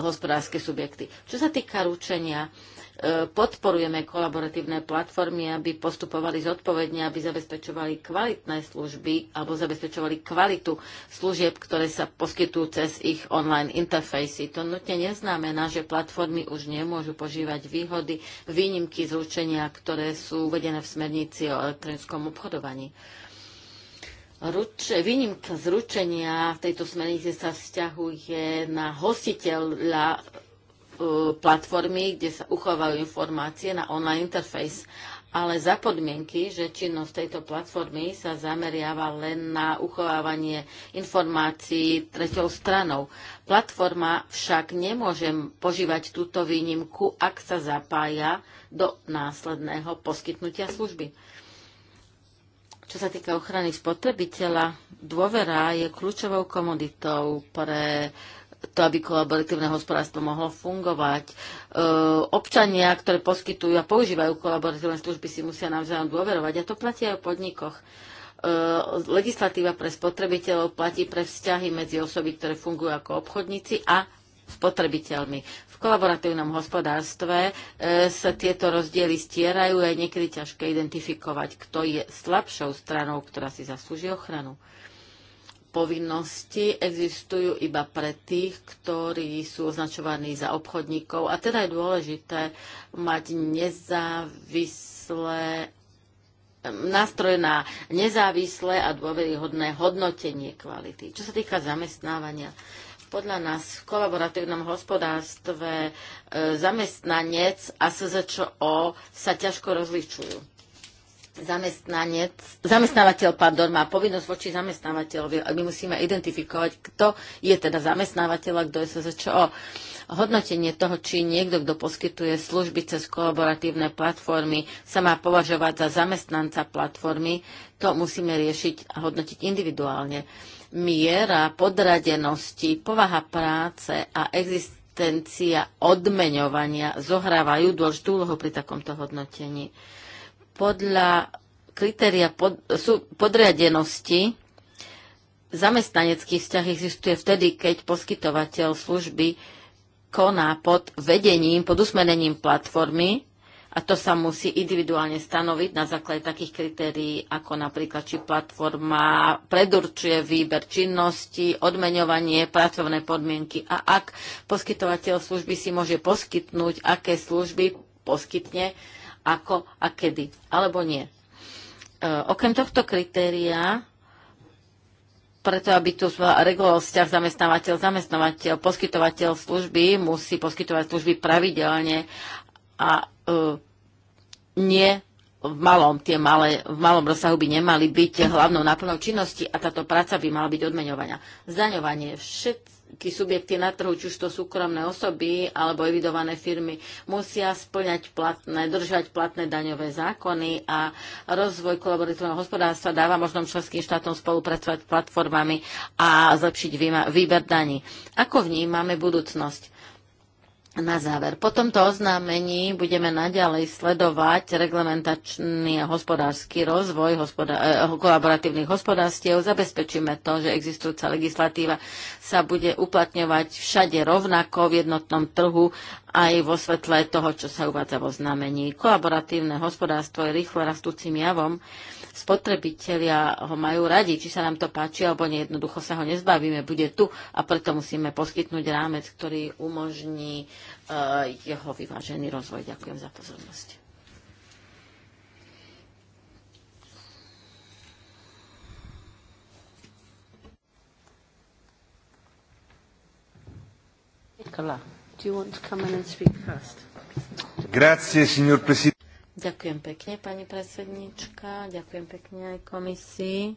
Speaker 3: hospodárske subjekty. Čo sa týka ručenia, E, podporujeme kolaboratívne platformy, aby postupovali zodpovedne, aby zabezpečovali kvalitné služby alebo zabezpečovali kvalitu služieb, ktoré sa poskytujú cez ich online interfejsy. To nutne neznamená, že platformy už nemôžu požívať výhody, výnimky zručenia, ktoré sú uvedené v smernici o elektronickom obchodovaní. Ruče, výnimka zručenia v tejto smernici sa vzťahuje na hostiteľa E, platformy, kde sa uchovajú informácie na online interface ale za podmienky, že činnosť tejto platformy sa zameriava len na uchovávanie informácií treťou stranou. Platforma však nemôže požívať túto výnimku, ak sa zapája do následného poskytnutia služby. Čo sa týka ochrany spotrebiteľa, dôvera je kľúčovou komoditou pre to, aby kolaboratívne hospodárstvo mohlo fungovať. E, občania, ktoré poskytujú a používajú kolaboratívne služby, si musia navzájom dôverovať a to platí aj o podnikoch. E, legislatíva pre spotrebiteľov platí pre vzťahy medzi osoby, ktoré fungujú ako obchodníci a spotrebiteľmi. V kolaboratívnom hospodárstve e, sa tieto rozdiely stierajú a je niekedy ťažké identifikovať, kto je slabšou stranou, ktorá si zaslúži ochranu povinnosti existujú iba pre tých, ktorí sú označovaní za obchodníkov. A teda je dôležité mať nezávislé nástroje na nezávislé a dôveryhodné hodnotenie kvality. Čo sa týka zamestnávania, podľa nás v kolaboratívnom hospodárstve e, zamestnanec a SZČO sa ťažko rozličujú zamestnanec, zamestnávateľ pardon, má povinnosť voči zamestnávateľovi my musíme identifikovať, kto je teda zamestnávateľ a kto je SZČO. Hodnotenie toho, či niekto, kto poskytuje služby cez kolaboratívne platformy, sa má považovať za zamestnanca platformy, to musíme riešiť a hodnotiť individuálne. Miera podradenosti, povaha práce a existencia odmeňovania zohrávajú dôležitú úlohu pri takomto hodnotení podľa kritéria pod, sú podriadenosti zamestnanecký vzťah existuje vtedy, keď poskytovateľ služby koná pod vedením, pod usmerením platformy a to sa musí individuálne stanoviť na základe takých kritérií, ako napríklad, či platforma predurčuje výber činnosti, odmeňovanie, pracovné podmienky a ak poskytovateľ služby si môže poskytnúť, aké služby poskytne ako a kedy, alebo nie. E, okrem tohto kritéria, preto aby tu reguloval vzťah zamestnávateľ, zamestnávateľ, poskytovateľ služby musí poskytovať služby pravidelne a e, nie v malom, tie malé, v malom rozsahu by nemali byť hlavnou náplnou činnosti a táto práca by mala byť odmeňovaná. Zdaňovanie. Všetci všetky subjekty na trhu, či už to súkromné osoby alebo evidované firmy, musia splňať platné, držať platné daňové zákony a rozvoj kolaboratívneho hospodárstva dáva možnom členským štátom spolupracovať s platformami a zlepšiť výber daní. Ako vnímame budúcnosť? na záver. Po tomto oznámení budeme naďalej sledovať reglementačný a hospodársky rozvoj hospodá- e, kolaboratívnych hospodárstiev. Zabezpečíme to, že existujúca legislatíva sa bude uplatňovať všade rovnako v jednotnom trhu aj vo svetle toho, čo sa uvádza vo znamení. Kolaboratívne hospodárstvo je rýchlo rastúcim javom spotrebitelia ho majú radi, či sa nám to páči alebo nie, jednoducho sa ho nezbavíme, bude tu a preto musíme poskytnúť rámec, ktorý umožní e, jeho vyvážený rozvoj. Ďakujem za pozornosť. do you want to come in and speak first? Grazie, signor Presidente. Ďakujem pekne, pani predsednička. Ďakujem pekne aj komisii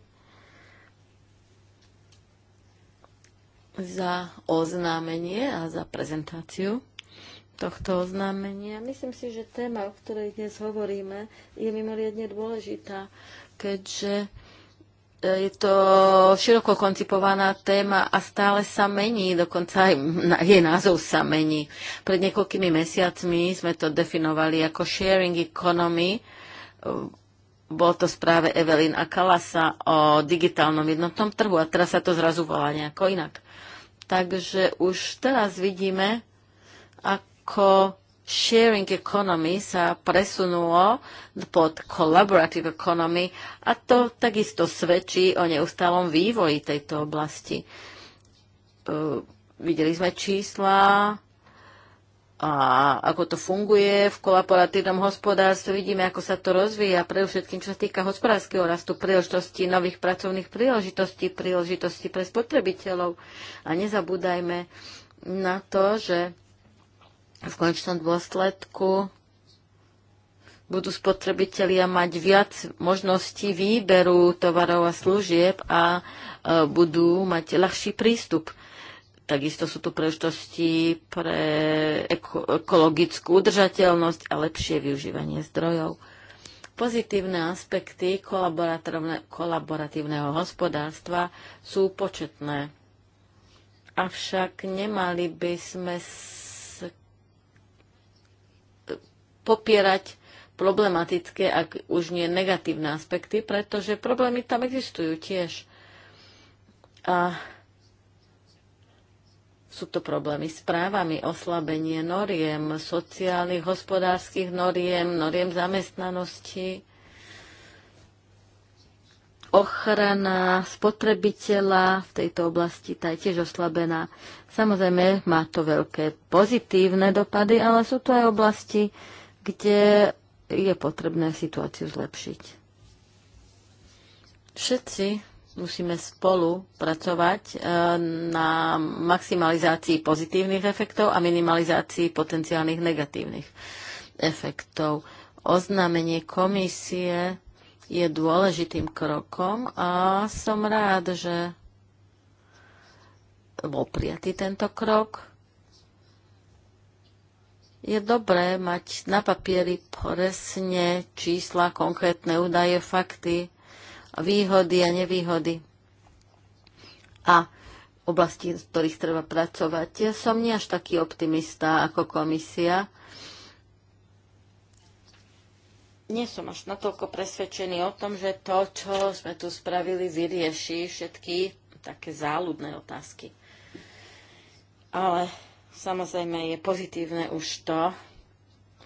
Speaker 3: za oznámenie a za prezentáciu tohto oznámenia. Myslím si, že téma, o ktorej dnes hovoríme, je mimoriadne dôležitá, keďže je to široko koncipovaná téma a stále sa mení, dokonca aj jej názov sa mení. Pred niekoľkými mesiacmi sme to definovali ako sharing economy. Bolo to správe Evelyn a Kalasa o digitálnom jednotnom trhu a teraz sa to zrazu volá nejako inak. Takže už teraz vidíme, ako sharing economy sa presunulo pod collaborative economy a to takisto svedčí o neustálom vývoji tejto oblasti. Uh, videli sme čísla a ako to funguje v kolaboratívnom hospodárstve, vidíme, ako sa to rozvíja, predovšetkým čo sa týka hospodárskeho rastu, príležitosti nových pracovných príležitostí, príležitosti pre spotrebiteľov. A nezabúdajme na to, že v konečnom dôsledku budú spotrebitelia mať viac možností výberu tovarov a služieb a e, budú mať ľahší prístup. Takisto sú tu príležitosti pre ekologickú udržateľnosť a lepšie využívanie zdrojov. Pozitívne aspekty kolaboratívneho hospodárstva sú početné. Avšak nemali by sme popierať problematické, ak už nie negatívne aspekty, pretože problémy tam existujú tiež. A sú to problémy s právami, oslabenie noriem, sociálnych, hospodárskych noriem, noriem zamestnanosti, ochrana spotrebiteľa v tejto oblasti, tá je tiež oslabená. Samozrejme, má to veľké pozitívne dopady, ale sú to aj oblasti, kde je potrebné situáciu zlepšiť. Všetci musíme spolu pracovať eh, na maximalizácii pozitívnych efektov a minimalizácii potenciálnych negatívnych efektov. Oznámenie komisie je dôležitým krokom a som rád, že bol prijatý tento krok je dobré mať na papieri presne čísla, konkrétne údaje, fakty, výhody a nevýhody. A oblasti, v ktorých treba pracovať. Ja som nie až taký optimista ako komisia. Nie som až natoľko presvedčený o tom, že to, čo sme tu spravili, vyrieši všetky také záľudné otázky. Ale Samozrejme je pozitívne už to,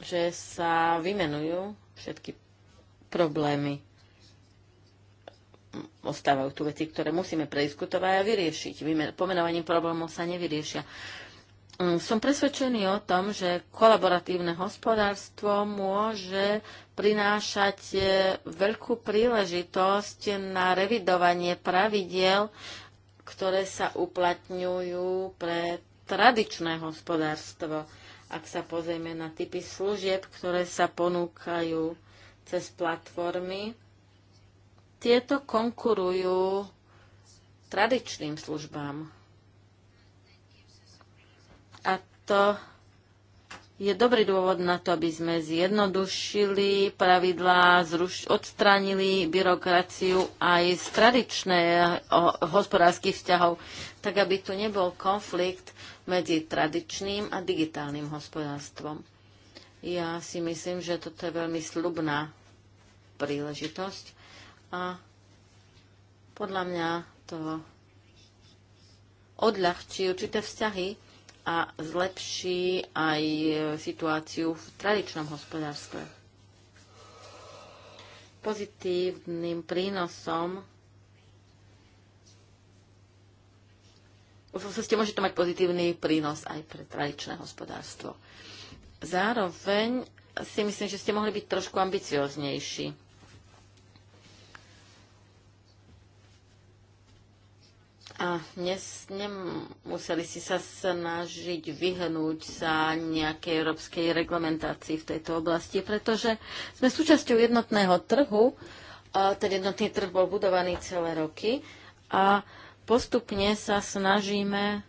Speaker 3: že sa vymenujú všetky problémy. Ostávajú tu veci, ktoré musíme prediskutovať a vyriešiť. Pomenovaním problémov sa nevyriešia. Mm, som presvedčený o tom, že kolaboratívne hospodárstvo môže prinášať e, veľkú príležitosť na revidovanie pravidiel, ktoré sa uplatňujú pre tradičné hospodárstvo. Ak sa pozrieme na typy služieb, ktoré sa ponúkajú cez platformy, tieto konkurujú tradičným službám. A to je dobrý dôvod na to, aby sme zjednodušili pravidlá, zruš- odstránili byrokraciu aj z tradičných hospodárskych vzťahov, tak aby tu nebol konflikt medzi tradičným a digitálnym hospodárstvom. Ja si myslím, že toto je veľmi slubná príležitosť a podľa mňa to odľahčí určité vzťahy a zlepší aj situáciu v tradičnom hospodárstve pozitívnym prínosom v podstate môže to mať pozitívny prínos aj pre tradičné hospodárstvo. Zároveň si myslím, že ste mohli byť trošku ambicioznejší. A dnes nemuseli si sa snažiť vyhnúť sa nejakej európskej reglementácii v tejto oblasti, pretože sme súčasťou jednotného trhu, ten jednotný trh bol budovaný celé roky a Postupne sa snažíme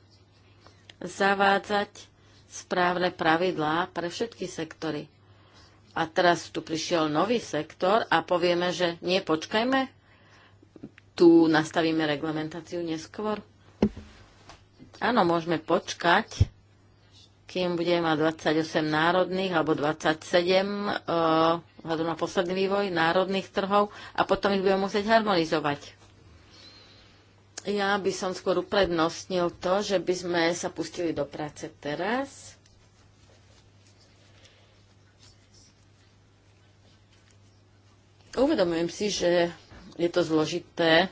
Speaker 3: zavádzať správne pravidlá pre všetky sektory. A teraz tu prišiel nový sektor a povieme, že nie, počkajme, tu nastavíme reglementáciu neskôr. Áno, môžeme počkať, kým budeme mať 28 národných alebo 27 uh, eh, na posledný vývoj národných trhov a potom ich budeme musieť harmonizovať. Ja by som skôr uprednostnil to, že by sme sa pustili do práce teraz. Uvedomujem si, že je to zložité,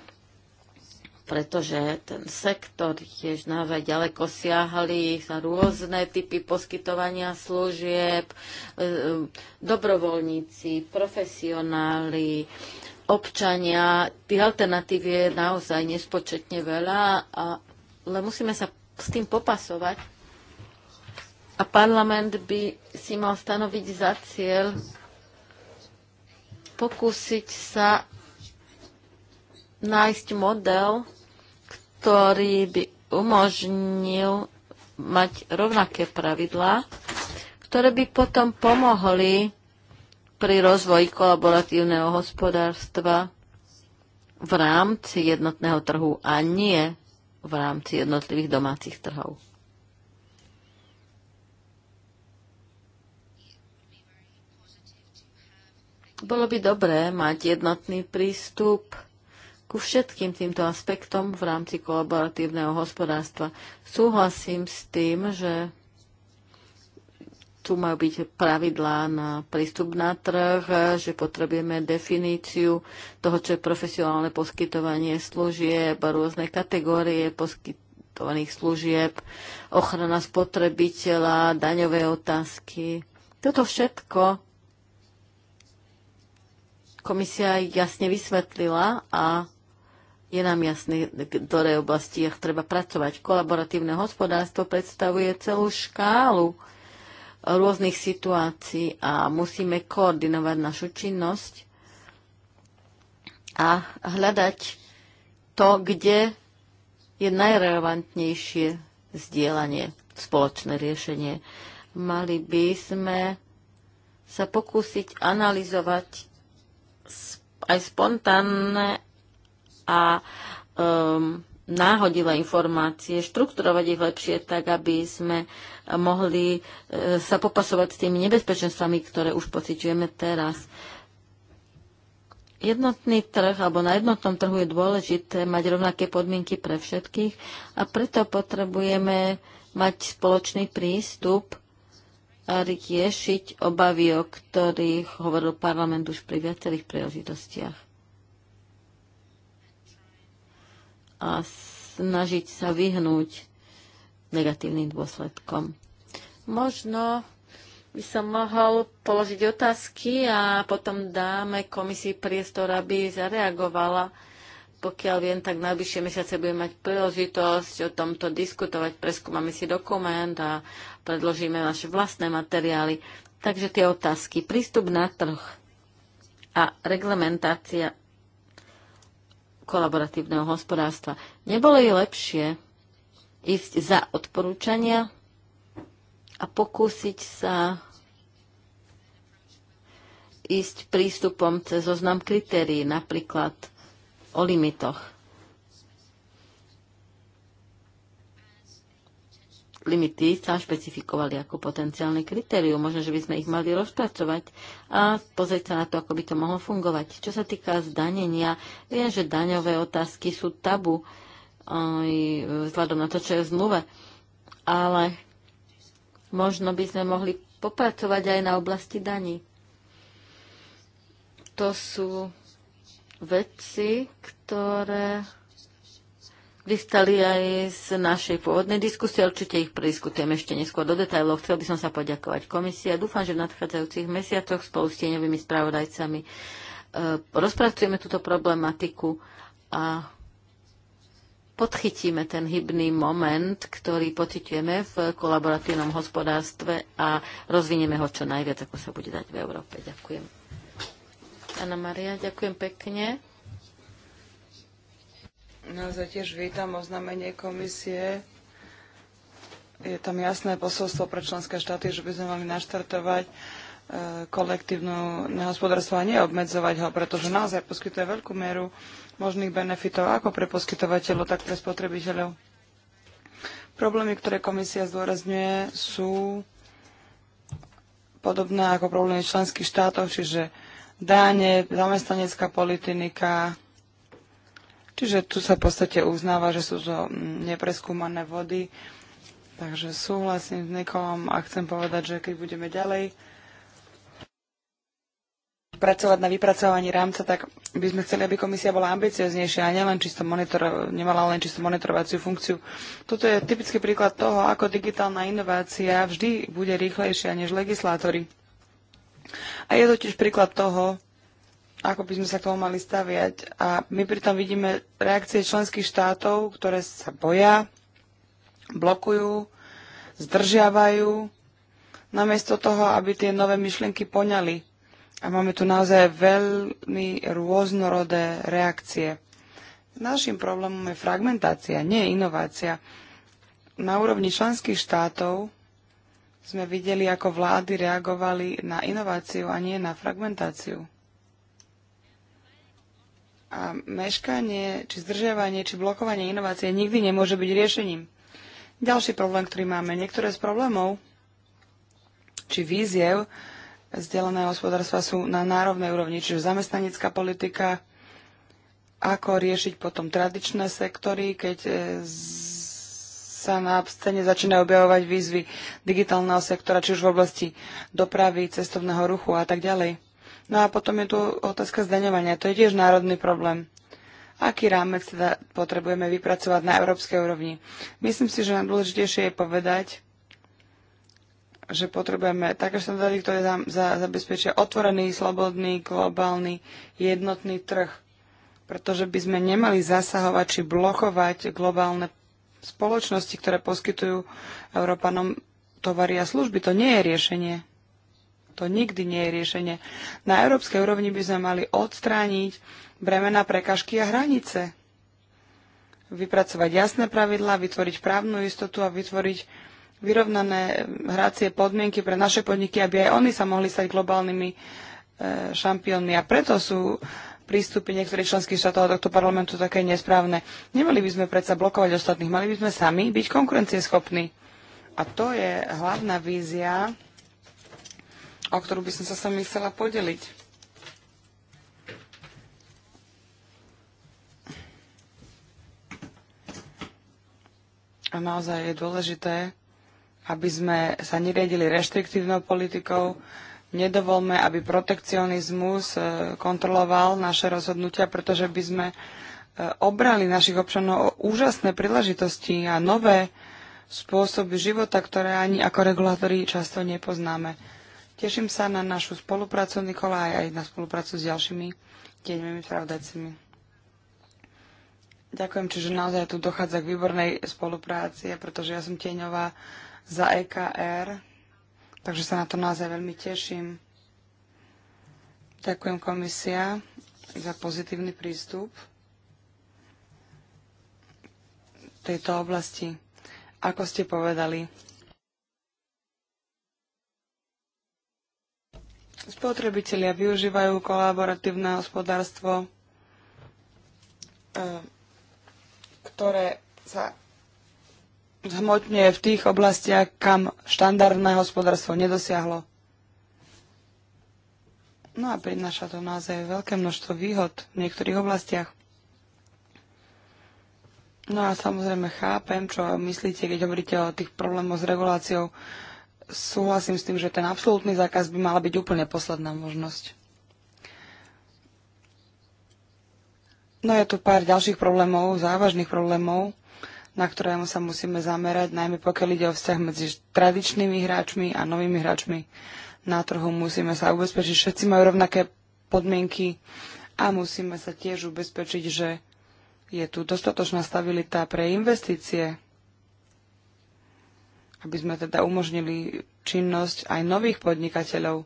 Speaker 3: pretože ten sektor tiež naozaj ďaleko siahali za rôzne typy poskytovania služieb, e, e, dobrovoľníci, profesionáli, občania. Tých alternatív je naozaj nespočetne veľa, a, ale musíme sa s tým popasovať. A parlament by si mal stanoviť za cieľ pokúsiť sa nájsť model, ktorý by umožnil mať rovnaké pravidlá, ktoré by potom pomohli pri rozvoji kolaboratívneho hospodárstva v rámci jednotného trhu a nie v rámci jednotlivých domácich trhov. Bolo by dobré mať jednotný prístup ku všetkým týmto aspektom v rámci kolaboratívneho hospodárstva. Súhlasím s tým, že tu majú byť pravidlá na prístup na trh, že potrebujeme definíciu toho, čo je profesionálne poskytovanie služieb, rôzne kategórie poskytovaných služieb, ochrana spotrebiteľa, daňové otázky. Toto všetko komisia jasne vysvetlila a je nám jasné, ktoré oblasti treba pracovať. Kolaboratívne hospodárstvo predstavuje celú škálu rôznych situácií a musíme koordinovať našu činnosť a hľadať to, kde je najrelevantnejšie zdieľanie, spoločné riešenie. Mali by sme sa pokúsiť analyzovať aj spontánne a um, náhodivé informácie, štrukturovať ich lepšie tak, aby sme mohli e, sa popasovať s tými nebezpečenstvami, ktoré už pociťujeme teraz. Jednotný trh alebo na jednotnom trhu je dôležité mať rovnaké podmienky pre všetkých a preto potrebujeme mať spoločný prístup a riešiť obavy, o ktorých hovoril parlament už pri viacerých príležitostiach. a snažiť sa vyhnúť negatívnym dôsledkom. Možno by som mohol položiť otázky a potom dáme komisii priestor, aby zareagovala. Pokiaľ viem, tak najbližšie mesiace budeme mať príležitosť o tomto diskutovať. Preskúmame si dokument a predložíme naše vlastné materiály. Takže tie otázky. Prístup na trh a reglementácia kolaboratívneho hospodárstva. Nebolo je lepšie ísť za odporúčania a pokúsiť sa ísť prístupom cez zoznam kritérií, napríklad o limitoch limity sa špecifikovali ako potenciálne kritérium. Možno, že by sme ich mali rozpracovať a pozrieť sa na to, ako by to mohlo fungovať. Čo sa týka zdanenia, viem, že daňové otázky sú tabu aj e, vzhľadom na to, čo je v zmluve. Ale možno by sme mohli popracovať aj na oblasti daní. To sú veci, ktoré vystali aj z našej pôvodnej diskusie. Určite ich prediskutujeme ešte neskôr do detajlov. Chcel by som sa poďakovať komisii a dúfam, že v nadchádzajúcich mesiacoch spolu s tieňovými spravodajcami e, rozpracujeme túto problematiku a podchytíme ten hybný moment, ktorý pociťujeme v kolaboratívnom hospodárstve a rozvinieme ho čo najviac, ako sa bude dať v Európe. Ďakujem. Anna Maria, ďakujem pekne.
Speaker 2: Naozaj tiež vítam oznámenie komisie. Je tam jasné posolstvo pre členské štáty, že by sme mali naštartovať e, kolektívnu hospodárstvo a neobmedzovať ho, pretože naozaj poskytuje veľkú mieru možných benefitov ako pre poskytovateľov, tak pre spotrebiteľov. Problémy, ktoré komisia zdôrazňuje, sú podobné ako problémy v členských štátoch, čiže dáne, zamestnanecká politika, Čiže tu sa v podstate uznáva, že sú to mm, nepreskúmané vody. Takže súhlasím s Nikolom a chcem povedať, že keď budeme ďalej pracovať na vypracovaní rámca, tak by sme chceli, aby komisia bola ambicioznejšia a nielen čisto monitor, nemala len čisto monitorovaciu funkciu. Toto je typický príklad toho, ako digitálna inovácia vždy bude rýchlejšia než legislátori. A je to tiež príklad toho, ako by sme sa k tomu mali staviať. A my pritom vidíme reakcie členských štátov, ktoré sa boja, blokujú, zdržiavajú, namiesto toho, aby tie nové myšlienky poňali. A máme tu naozaj veľmi rôznorodé reakcie. Našim problémom je fragmentácia, nie inovácia. Na úrovni členských štátov sme videli, ako vlády reagovali na inováciu a nie na fragmentáciu. A meškanie, či zdržiavanie, či blokovanie inovácie nikdy nemôže byť riešením. Ďalší problém, ktorý máme, niektoré z problémov či víziev vzdelaného hospodárstva sú na nárovnej úrovni, čiže zamestnanecká politika, ako riešiť potom tradičné sektory, keď e, sa na scéne začínajú objavovať výzvy digitálneho sektora, či už v oblasti dopravy, cestovného ruchu a tak ďalej. No a potom je tu otázka zdaňovania. To je tiež národný problém. Aký rámec teda potrebujeme vypracovať na európskej úrovni? Myslím si, že najdôležitejšie je povedať, že potrebujeme také štandardy, ktoré za, za, zabezpečia otvorený, slobodný, globálny, jednotný trh. Pretože by sme nemali zasahovať či blokovať globálne spoločnosti, ktoré poskytujú Európanom tovary a služby. To nie je riešenie. To nikdy nie je riešenie. Na európskej úrovni by sme mali odstrániť bremena prekažky a hranice. Vypracovať jasné pravidlá, vytvoriť právnu istotu a vytvoriť vyrovnané eh, hracie podmienky pre naše podniky, aby aj oni sa mohli stať globálnymi eh, šampiónmi. A preto sú prístupy niektorých členských štátov a tohto parlamentu také nesprávne. Nemali by sme predsa blokovať ostatných, mali by sme sami byť konkurencieschopní. A to je hlavná vízia o ktorú by som sa s vami chcela podeliť. A naozaj je dôležité, aby sme sa neriadili reštriktívnou politikou, nedovolme, aby protekcionizmus e, kontroloval naše rozhodnutia, pretože by sme e, obrali našich občanov o úžasné príležitosti a nové spôsoby života, ktoré ani ako regulátori často nepoznáme. Teším sa na našu spoluprácu, Nikola, aj, aj na spoluprácu s ďalšími deňovými pravdacimi. Ďakujem, čiže naozaj tu dochádza k výbornej spolupráci, pretože ja som tieňová za EKR, takže sa na to naozaj veľmi teším. Ďakujem komisia za pozitívny prístup tejto oblasti. Ako ste povedali, Spotrebitelia využívajú kolaboratívne hospodárstvo, e, ktoré sa zhmotňuje v tých oblastiach, kam štandardné hospodárstvo nedosiahlo. No a prináša to naozaj veľké množstvo výhod v niektorých oblastiach. No a samozrejme chápem, čo myslíte, keď hovoríte o tých problémoch s reguláciou. Uh, súhlasím s tým, že ten absolútny zákaz by mala byť úplne posledná možnosť. No je tu pár ďalších problémov, závažných problémov, na ktoré sa musíme zamerať, najmä pokiaľ ide o vzťah medzi tradičnými hráčmi a novými hráčmi na trhu. Musíme sa ubezpečiť, všetci majú rovnaké podmienky a musíme sa tiež ubezpečiť, že je tu dostatočná stabilita pre investície aby sme teda umožnili činnosť aj nových podnikateľov.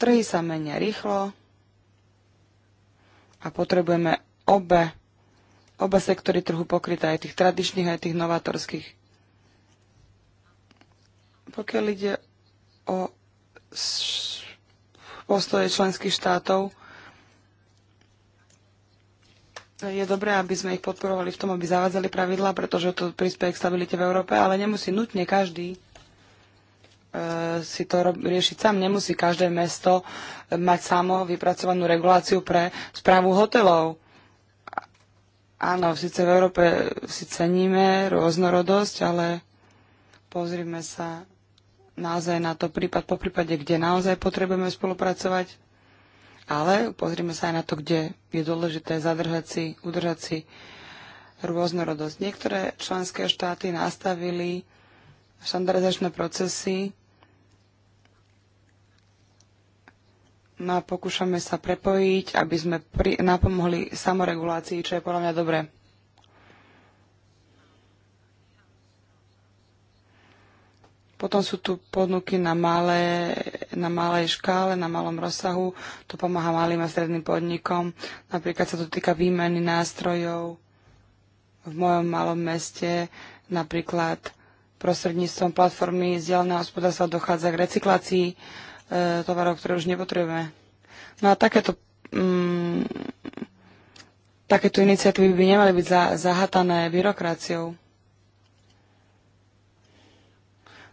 Speaker 2: Trhy sa menia rýchlo a potrebujeme obe, oba sektory trhu pokryté, aj tých tradičných, aj tých novatorských. Pokiaľ ide o postoje členských štátov, je dobré, aby sme ich podporovali v tom, aby zavádzali pravidlá, pretože to prispieje k stabilite v Európe, ale nemusí nutne každý e, si to riešiť sám. Nemusí každé mesto e, mať samo vypracovanú reguláciu pre správu hotelov. Áno, síce v Európe si ceníme rôznorodosť, ale pozrime sa naozaj na to prípad po prípade, kde naozaj potrebujeme spolupracovať ale pozrime sa aj na to, kde je dôležité zadržať si, udržať si rôznorodosť. Niektoré členské štáty nastavili štandardizačné procesy no a pokúšame sa prepojiť, aby sme pri, napomohli samoregulácii, čo je podľa mňa dobré. Potom sú tu ponuky na, malé, na malej škále, na malom rozsahu. To pomáha malým a stredným podnikom. Napríklad sa to týka výmeny nástrojov v mojom malom meste. Napríklad prostredníctvom platformy zdieľaného hospodárstva dochádza k recyklácii e, tovarov, ktoré už nepotrebujeme. No a takéto, mm, takéto iniciatívy by nemali byť za, zahatané byrokraciou.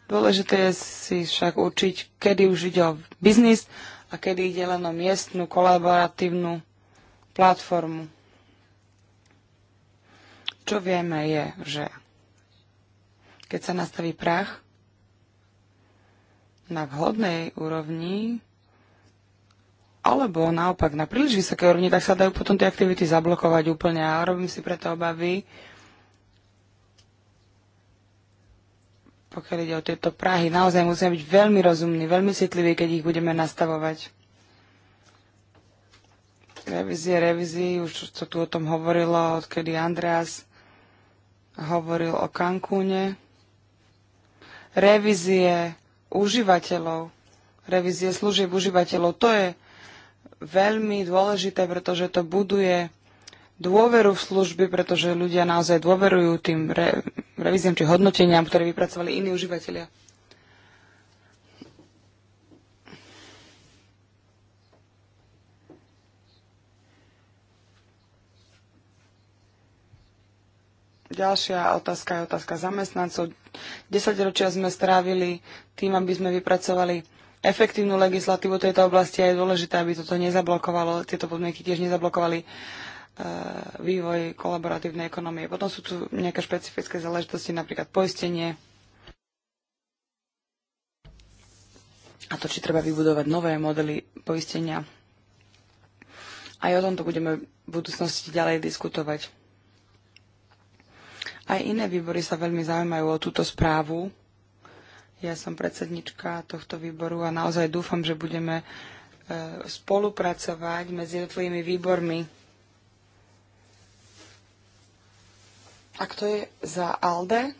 Speaker 2: Dôležité je si však určiť, kedy už ide o biznis a kedy ide len o miestnu kolaboratívnu platformu. Čo vieme je, že keď sa nastaví prach na vhodnej úrovni, alebo naopak na príliš vysokej úrovni, tak sa dajú potom tie aktivity zablokovať úplne. A robím si preto obavy, pokiaľ ide o tieto Prahy. Naozaj musíme byť veľmi rozumní, veľmi citliví, keď ich budeme nastavovať. Revízie, revízie, už sa tu o tom hovorilo, odkedy Andreas hovoril o Cancúne. Revízie užívateľov, revízie služieb užívateľov, to je veľmi dôležité, pretože to buduje dôveru v služby, pretože ľudia naozaj dôverujú tým re, revíziám či hodnoteniam, ktoré vypracovali iní užívateľia. Ďalšia otázka je otázka zamestnancov. 10 ročia sme strávili tým, aby sme vypracovali efektívnu legislatívu tejto oblasti a je dôležité, aby toto nezablokovalo, tieto podmienky tiež nezablokovali uh, E, vývoj kolaboratívnej ekonomie. Potom sú tu nejaké špecifické záležitosti, napríklad poistenie a to, či treba vybudovať nové modely poistenia. Aj o tomto budeme v budúcnosti ďalej diskutovať. Aj iné výbory sa veľmi zaujímajú o túto správu. Ja som predsednička tohto výboru a naozaj dúfam, že budeme e, spolupracovať medzi jednotlivými výbormi A kto je za ALDE?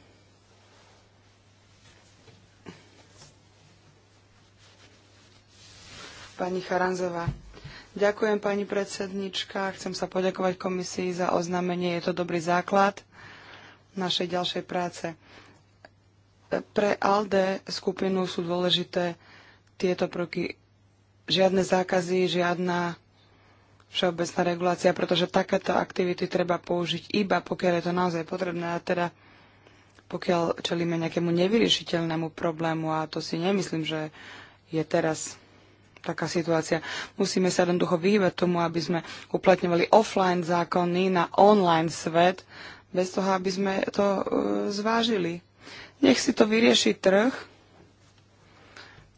Speaker 2: Pani Charanzová. Ďakujem, pani predsednička. Chcem sa poďakovať komisii za oznámenie. Je to dobrý základ našej ďalšej práce. Pre ALDE skupinu sú dôležité tieto proky. Žiadne zákazy, žiadna všeobecná regulácia, pretože takéto aktivity treba použiť iba, pokiaľ je to naozaj potrebné a teda pokiaľ čelíme nejakému nevyriešiteľnému problému a to si nemyslím, že je teraz taká situácia. Musíme sa jednoducho vyhýbať tomu, aby sme uplatňovali offline zákony na online svet, bez toho, aby sme to uh, zvážili. Nech si to vyrieši trh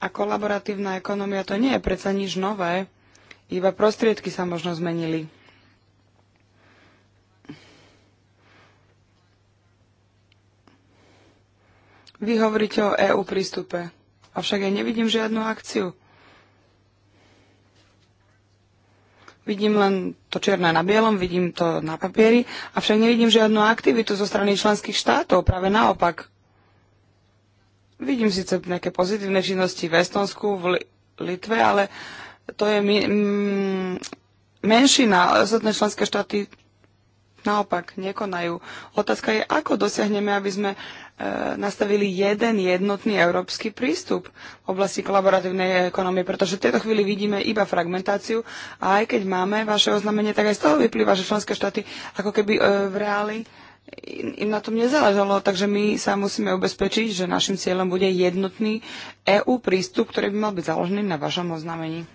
Speaker 2: a kolaboratívna ekonomia to nie je predsa nič nové iba prostriedky sa možno zmenili. Vy hovoríte o EU prístupe, avšak ja nevidím žiadnu akciu. Vidím len to čierne na bielom, vidím to na papieri, avšak nevidím žiadnu aktivitu zo strany členských štátov, práve naopak. Vidím síce nejaké pozitívne činnosti v Estonsku, v Litve, ale to je mi, mm, menšina. Ostatné členské štáty naopak nekonajú. Otázka je, ako dosiahneme, aby sme e, nastavili jeden jednotný európsky prístup v oblasti kolaboratívnej ekonomie, pretože v tejto chvíli vidíme iba fragmentáciu a aj keď máme vaše oznámenie, tak aj z toho vyplýva, že členské štáty ako keby e, v reáli im na tom nezáležalo, takže my sa musíme ubezpečiť, že našim cieľom bude jednotný EU prístup, ktorý by mal byť založený na vašom oznámení.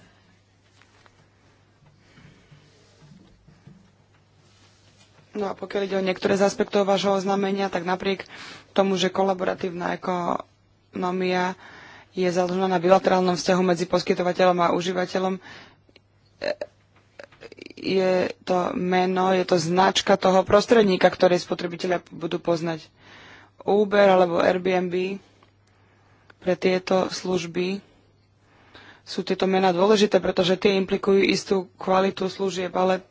Speaker 2: No a pokiaľ ide o niektoré z aspektov vášho oznámenia, tak napriek tomu, že kolaboratívna ekonomia je založená na bilaterálnom vzťahu medzi poskytovateľom a užívateľom, e, je to meno, je to značka toho prostredníka, ktorý spotrebitelia budú poznať. Uber alebo Airbnb pre tieto služby sú tieto mená dôležité, pretože tie implikujú istú kvalitu služieb, ale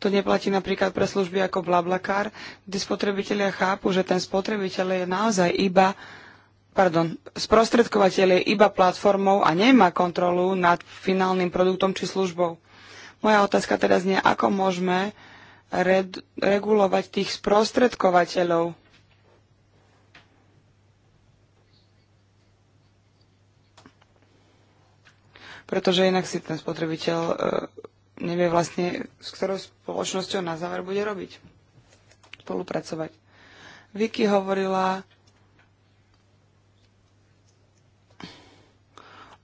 Speaker 2: to neplatí napríklad pre služby ako Blablakar, kde spotrebitelia chápu, že ten spotrebiteľ je naozaj iba pardon, sprostredkovateľ je iba platformou a nemá kontrolu nad finálnym produktom či službou. Moja otázka teraz nie, ako môžeme red, regulovať tých sprostredkovateľov. Pretože inak si ten spotrebiteľ e, nevie vlastne, s ktorou spoločnosťou na záver bude robiť. Spolupracovať. Vicky hovorila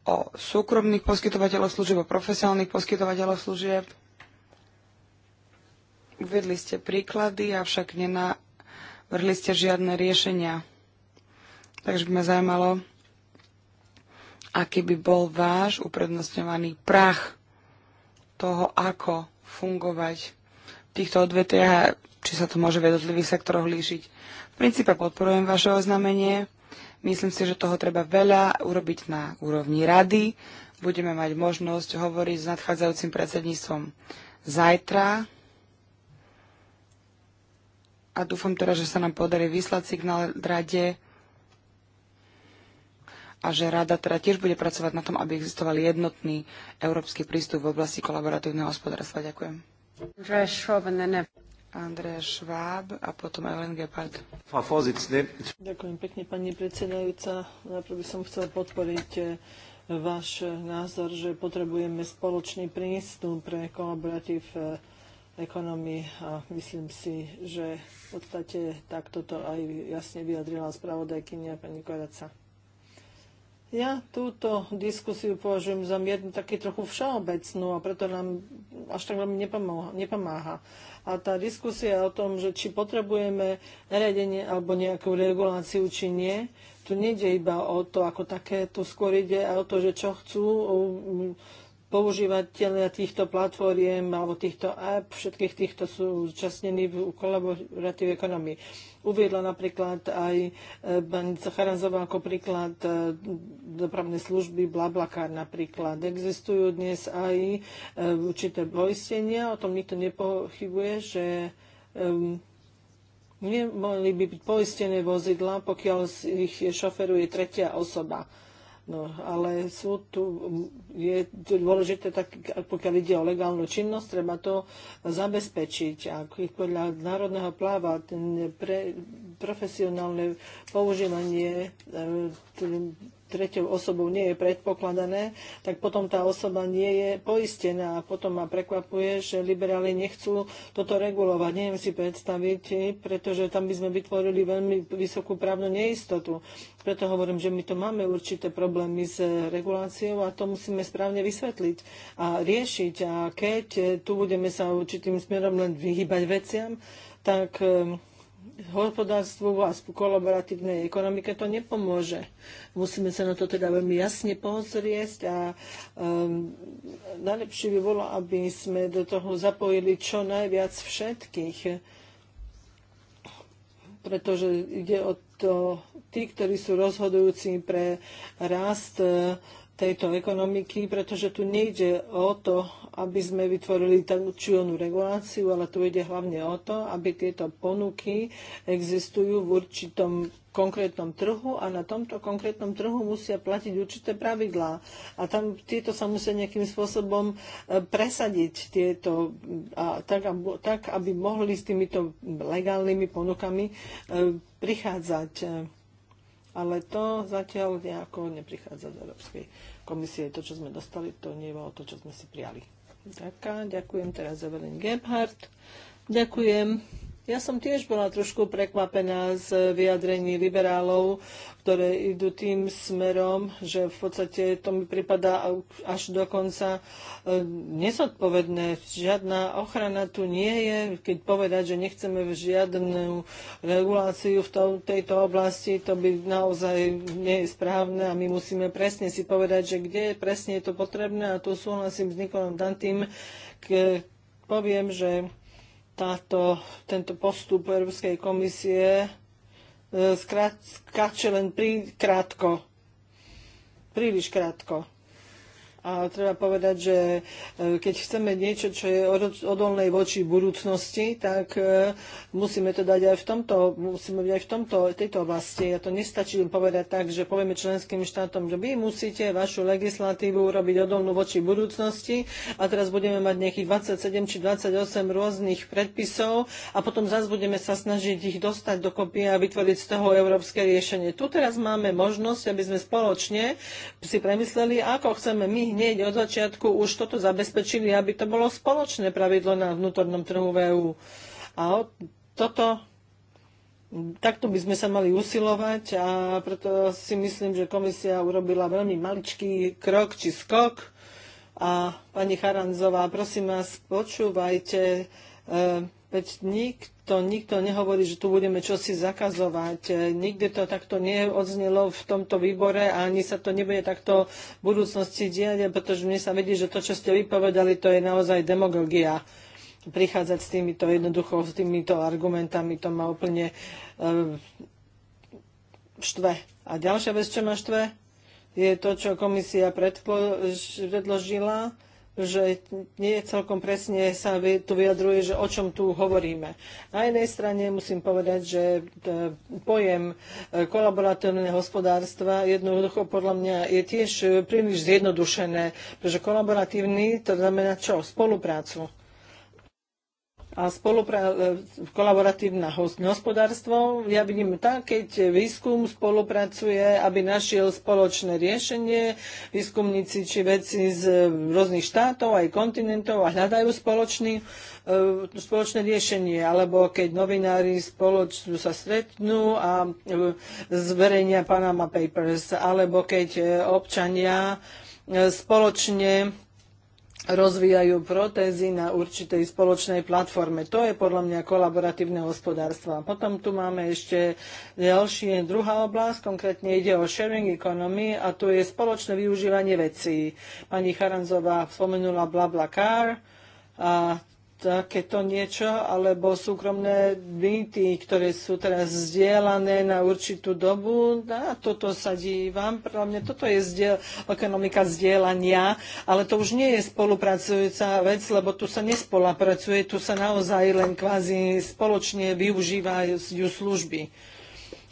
Speaker 2: o súkromných poskytovateľov služieb, o profesionálnych poskytovateľov služieb. Uvedli ste príklady, avšak nenavrhli ste žiadne riešenia. Takže by ma zaujímalo, aký by bol váš uprednostňovaný prach toho, ako fungovať v týchto odvetiach a či sa to môže v jednotlivých sektoroch líšiť. V princípe podporujem vaše oznámenie. Myslím si, že toho treba veľa urobiť na úrovni rady. Budeme mať možnosť hovoriť s nadchádzajúcim predsedníctvom zajtra. A dúfam teda, že sa nám podarí vyslať signál rade, a že rada teda tiež bude pracovať na tom, aby existoval jednotný európsky prístup v oblasti kolaboratívneho hospodárstva. Ďakujem. Andrea
Speaker 1: Schwab a potom
Speaker 2: Ellen Gepard. Ďakujem
Speaker 1: pekne, pani predsedajúca. Najprv by som chcel podporiť eh, váš názor, že potrebujeme spoločný prístup pre kolaboratív eh, ekonomii a myslím si, že v podstate takto to aj jasne vyjadrila spravodajkynia pani Koraca. Ja túto diskusiu považujem za jednu taký trochu všeobecnú a preto nám až tak veľmi nepomáha. A tá diskusia o tom, že či potrebujeme nariadenie alebo nejakú reguláciu, či nie, tu nejde iba o to, ako také, tu skôr ide aj o to, že čo chcú používateľia týchto platformiem alebo týchto app, všetkých týchto sú zúčastnení v kolaboratív ekonomii. Uviedla napríklad aj e, pani Zacharanzová ako príklad e, dopravné služby Blablakar napríklad. Existujú dnes aj e, určité poistenia, o tom nikto nepochybuje, že nemohli by byť poistené vozidla, pokiaľ ich šoferuje tretia osoba No, ale sú tu, je tu dôležité, tak, pokiaľ ide o legálnu činnosť, treba to zabezpečiť. A podľa národného pláva ten pre, profesionálne používanie e, tretou osobou nie je predpokladané, tak potom tá osoba nie je poistená. A potom ma prekvapuje, že liberáli nechcú toto regulovať. Neviem si predstaviť, pretože tam by sme vytvorili veľmi vysokú právnu neistotu. Preto hovorím, že my to máme určité problémy s reguláciou a to musíme správne vysvetliť a riešiť. A keď tu budeme sa určitým smerom len vyhýbať veciam, tak hospodárstvu a kolaboratívnej ekonomike to nepomôže. Musíme sa na to teda veľmi jasne pozrieť a um, najlepšie by bolo, aby sme do toho zapojili čo najviac všetkých, pretože ide o to, tí, ktorí sú rozhodujúci pre rast uh, tejto ekonomiky, pretože tu nejde o to, aby sme vytvorili či onú reguláciu, ale tu ide hlavne o to, aby tieto ponuky existujú v určitom konkrétnom trhu a na tomto konkrétnom trhu musia platiť určité pravidlá. A tam tieto sa musia nejakým spôsobom e, presadiť tieto, a tak, tak, aby mohli s týmito legálnymi ponukami e, prichádzať. E, ale to zatiaľ nejako neprichádza z Európskej komisie. To, čo sme dostali, to nie bolo to, čo sme si prijali. Taká, ďakujem teraz Evelyn Gebhardt. Ďakujem. Ja som tiež bola trošku prekvapená z vyjadrení liberálov, ktoré idú tým smerom, že v podstate to mi pripadá až dokonca e, nezodpovedné. Žiadna ochrana tu nie je. Keď povedať, že nechceme žiadnu reguláciu v tejto oblasti, to by naozaj nie je správne a my musíme presne si povedať, že kde je presne je to potrebné a tu súhlasím s Nikolom Dantým, poviem, že táto, tento postup Európskej komisie e, skáče len pri, krátko. Príliš krátko. A treba povedať, že e, keď chceme niečo, čo je odolné voči budúcnosti, tak e, musíme to dať aj v tomto, musíme byť aj v tomto, tejto oblasti. A to nestačí len povedať tak, že povieme členským štátom, že vy musíte vašu legislatívu robiť odolnú voči budúcnosti a teraz budeme mať nejakých 27 či 28 rôznych predpisov a potom zase budeme sa snažiť ich dostať do kopie a vytvoriť z toho európske riešenie. Tu teraz máme možnosť, aby sme spoločne si premysleli, ako chceme my hneď od začiatku už toto zabezpečili, aby to bolo spoločné pravidlo na vnútornom trhu v EÚ. A toto takto by sme sa mali usilovať a preto si myslím, že komisia urobila veľmi maličký krok či skok. A pani Charanzová, prosím vás, počúvajte e, Veď nikto, nikto nehovorí, že tu budeme čosi zakazovať. Nikde to takto neodznelo v tomto výbore a ani sa to nebude takto v budúcnosti diať, pretože mne sa vedí, že to, čo ste vypovedali, to je naozaj demagogia. Prichádzať s týmito jednoducho, s týmito argumentami, to ma úplne um, štve. A ďalšia vec, čo ma štve, je to, čo komisia predložila že nie celkom presne sa tu vyjadruje, že o čom tu hovoríme. Na jednej strane musím povedať, že e, pojem e, kolaboratívneho hospodárstva jednoducho podľa mňa je tiež príliš zjednodušené, pretože kolaboratívny to znamená čo? Spoluprácu a spolupra- e, kolaboratívna hospodárstvo. Ja vidím tak, keď výskum spolupracuje, aby našiel spoločné riešenie. Výskumníci či vedci z rôznych štátov aj kontinentov a hľadajú spoločný, e, spoločné riešenie. Alebo keď novinári spoloč sa stretnú a e, zverejnia Panama Papers. Alebo keď občania spoločne rozvíjajú protézy na určitej spoločnej platforme. To je podľa mňa kolaboratívne hospodárstvo. A potom tu máme ešte ďalšie, druhá oblasť, konkrétne ide o sharing economy a to je spoločné využívanie vecí. Pani Charanzová spomenula BlaBlaCar a takéto niečo, alebo súkromné byty, ktoré sú teraz zdieľané na určitú dobu. Na toto sa dívam. Pre mňa toto je zdieľ, ekonomika zdieľania, ale to už nie je spolupracujúca vec, lebo tu sa nespolupracuje, tu sa naozaj len kvázi spoločne využívajú služby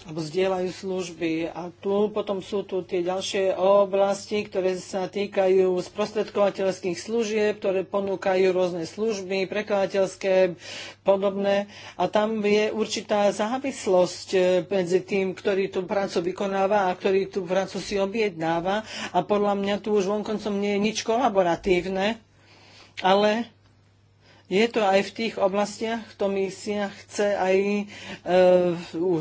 Speaker 1: alebo zdieľajú služby. A tu potom sú tu tie ďalšie oblasti, ktoré sa týkajú sprostredkovateľských služieb, ktoré ponúkajú rôzne služby, prekladateľské, podobné. A tam je určitá závislosť e, medzi tým, ktorý tú prácu vykonáva a ktorý tú prácu si objednáva. A podľa mňa tu už vonkoncom nie je nič kolaboratívne, ale je to aj v tých oblastiach, misia chce aj e,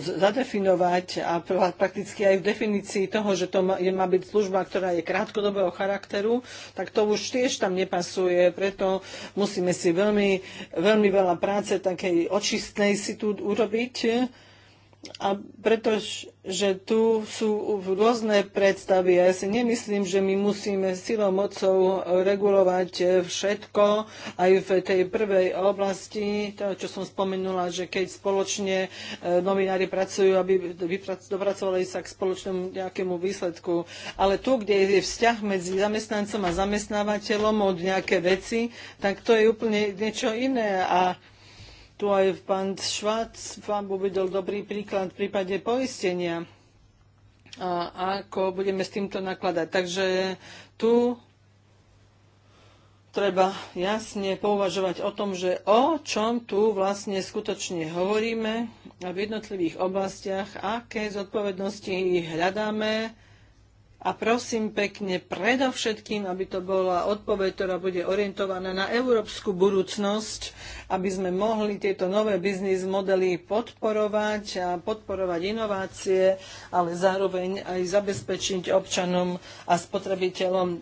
Speaker 1: zadefinovať a prakticky aj v definícii toho, že to má, má byť služba, ktorá je krátkodobého charakteru, tak to už tiež tam nepasuje. Preto musíme si veľmi, veľmi veľa práce takej očistnej si tu urobiť a pretože tu sú rôzne predstavy. Ja si nemyslím, že my musíme silou mocou regulovať všetko, aj v tej prvej oblasti, to, čo som spomenula, že keď spoločne e, novinári pracujú, aby dopracovali sa k spoločnému nejakému výsledku. Ale tu, kde je vzťah medzi zamestnancom a zamestnávateľom od nejaké veci, tak to je úplne niečo iné. A tu aj pán Švác vám uvedol dobrý príklad v prípade poistenia a ako budeme s týmto nakladať. Takže tu treba jasne pouvažovať o tom, že o čom tu vlastne skutočne hovoríme a v jednotlivých oblastiach, aké zodpovednosti hľadáme a prosím pekne, predovšetkým, aby to bola odpoveď, ktorá bude orientovaná na európsku budúcnosť, aby sme mohli tieto nové biznis modely podporovať a podporovať inovácie, ale zároveň aj zabezpečiť občanom a spotrebiteľom e,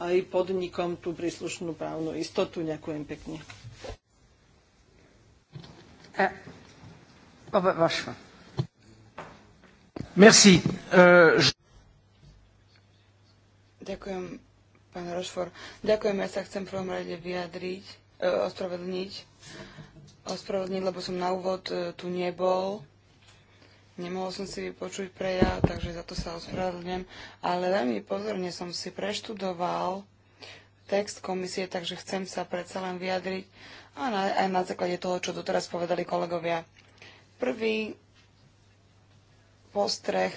Speaker 1: aj podnikom tú príslušnú právnu istotu. Ďakujem pekne. Eh, Merci. Euh,
Speaker 2: Ďakujem, pán Rošfor. Ďakujem, ja sa chcem v prvom rade vyjadriť, e, ospravedlniť. Ospravedlniť, lebo som na úvod e, tu nebol. Nemohol som si vypočuť prejav, takže za to sa ospravedlňujem. Ale veľmi pozorne som si preštudoval text komisie, takže chcem sa predsa len vyjadriť a na, aj na základe toho, čo doteraz povedali kolegovia. Prvý postreh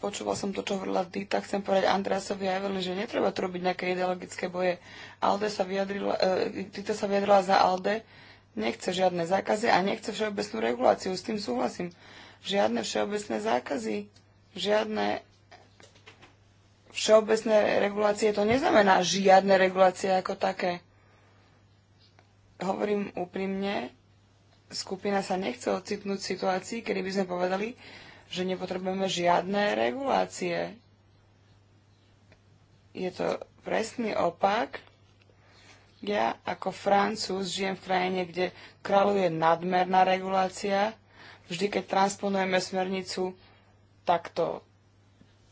Speaker 2: počúval som to, čo hovorila Dita, chcem povedať Andreasovi a Evelyn, že netreba tu robiť nejaké ideologické boje. Alde sa vyjadrila, e, Dita sa vyjadrila za Alde, nechce žiadne zákazy a nechce všeobecnú reguláciu, s tým súhlasím. Žiadne všeobecné zákazy, žiadne všeobecné regulácie, to neznamená žiadne regulácie ako také. Hovorím úprimne, skupina sa nechce ocitnúť v situácii, kedy by sme povedali, že nepotrebujeme žiadne regulácie. Je to presný opak. Ja ako francúz žijem v krajine, kde kráľuje nadmerná regulácia. Vždy, keď transponujeme smernicu, tak, to,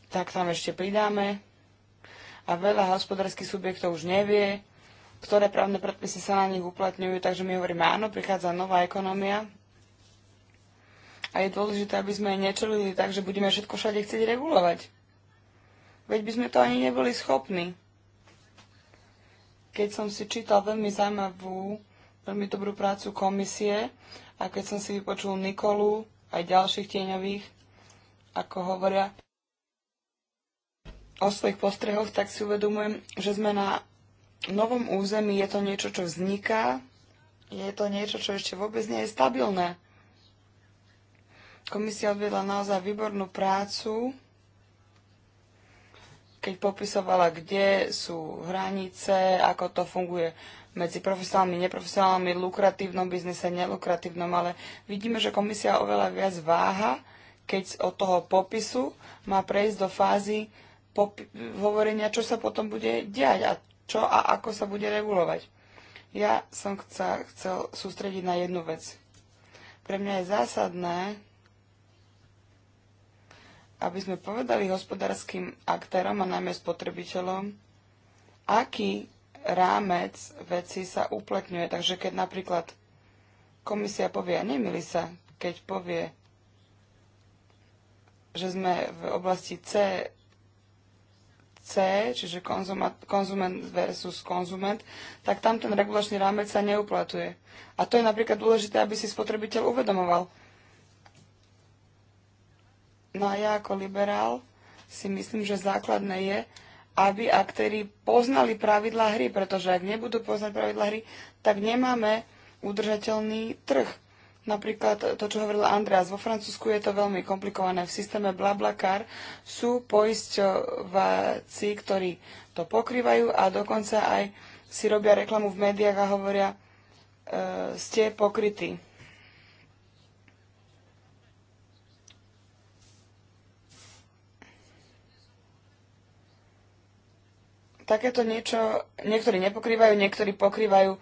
Speaker 2: tak tam ešte pridáme. A veľa hospodárskych subjektov už nevie, ktoré právne predpisy sa na nich uplatňujú, takže my hovoríme, áno, prichádza nová ekonomia, a je dôležité, aby sme nečelili tak, že budeme všetko všade chcieť regulovať. Veď by sme to ani neboli schopní. Keď som si čítal veľmi zaujímavú, veľmi dobrú prácu komisie a keď som si vypočul Nikolu aj ďalších tieňových, ako hovoria o svojich postrehoch, tak si uvedomujem, že sme na novom území, je to niečo, čo vzniká, je to niečo, čo ešte vôbec nie je stabilné. Komisia odvedla naozaj výbornú prácu, keď popisovala, kde sú hranice, ako to funguje medzi profesionálmi, neprofesionálmi, lukratívnom biznise, nelukratívnom, ale vidíme, že komisia oveľa viac váha, keď od toho popisu má prejsť do fázy hovorenia, čo sa potom bude diať a čo a ako sa bude regulovať. Ja som sa chcel sústrediť na jednu vec. Pre mňa je zásadné, aby sme povedali hospodárskym aktérom a najmä spotrebiteľom, aký rámec veci sa uplatňuje. Takže keď napríklad komisia povie, a nemili sa, keď povie, že sme v oblasti C, C čiže konzument versus konzument, tak tam ten regulačný rámec sa neuplatuje. A to je napríklad dôležité, aby si spotrebiteľ uvedomoval, No a ja ako liberál si myslím, že základné je, aby aktéri poznali pravidlá hry, pretože ak nebudú poznať pravidlá hry, tak nemáme udržateľný trh. Napríklad to, čo hovoril Andreas, vo Francúzsku je to veľmi komplikované. V systéme BlaBlaCar sú poisťovací, ktorí to pokrývajú a dokonca aj si robia reklamu v médiách a hovoria, e, ste pokrytí. takéto niečo niektorí nepokrývajú, niektorí pokrývajú e,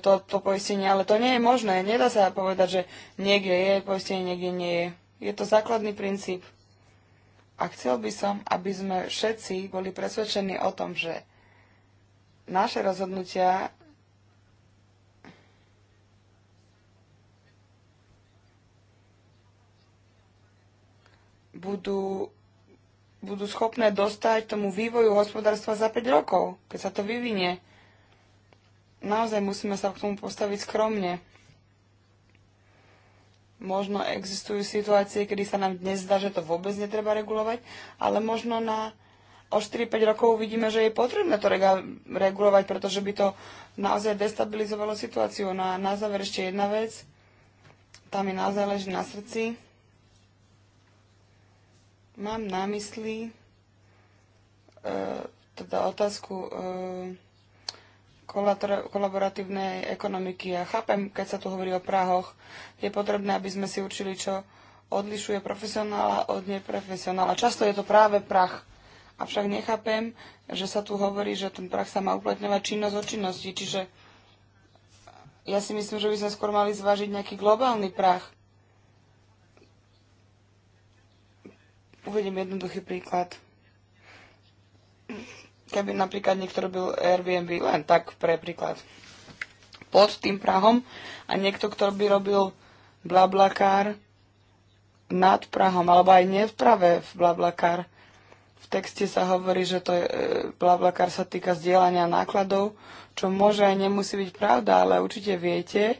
Speaker 2: to, to poistenie, ale to nie je možné. Nedá sa povedať, že niekde je poistenie, niekde nie je. Je to základný princíp. A chcel by som, aby sme všetci boli presvedčení o tom, že naše rozhodnutia budú budú schopné dostať tomu vývoju hospodárstva za 5 rokov, keď sa to vyvinie. Naozaj musíme sa k tomu postaviť skromne. Možno existujú situácie, kedy sa nám dnes zdá, že to vôbec netreba regulovať, ale možno na o 4-5 rokov uvidíme, že je potrebné to regulovať, pretože by to naozaj destabilizovalo situáciu. No a na záver ešte jedna vec, tam mi naozaj leží na srdci. Mám na mysli e, teda otázku e, kolaboratívnej ekonomiky. Ja chápem, keď sa tu hovorí o Prahoch, je potrebné, aby sme si určili, čo odlišuje profesionála od neprofesionála. Často je to práve prach. Avšak nechápem, že sa tu hovorí, že ten prach sa má uplatňovať činnosť od činnosti. Čiže ja si myslím, že by sme skôr mali zvážiť nejaký globálny prach Uvediem jednoduchý príklad. Keby napríklad niekto robil Airbnb len tak pre príklad pod tým Prahom a niekto, kto by robil blablakár nad Prahom, alebo aj nie v Prave v blablakár. V texte sa hovorí, že to je, e, blablakár sa týka zdieľania nákladov, čo môže aj nemusí byť pravda, ale určite viete,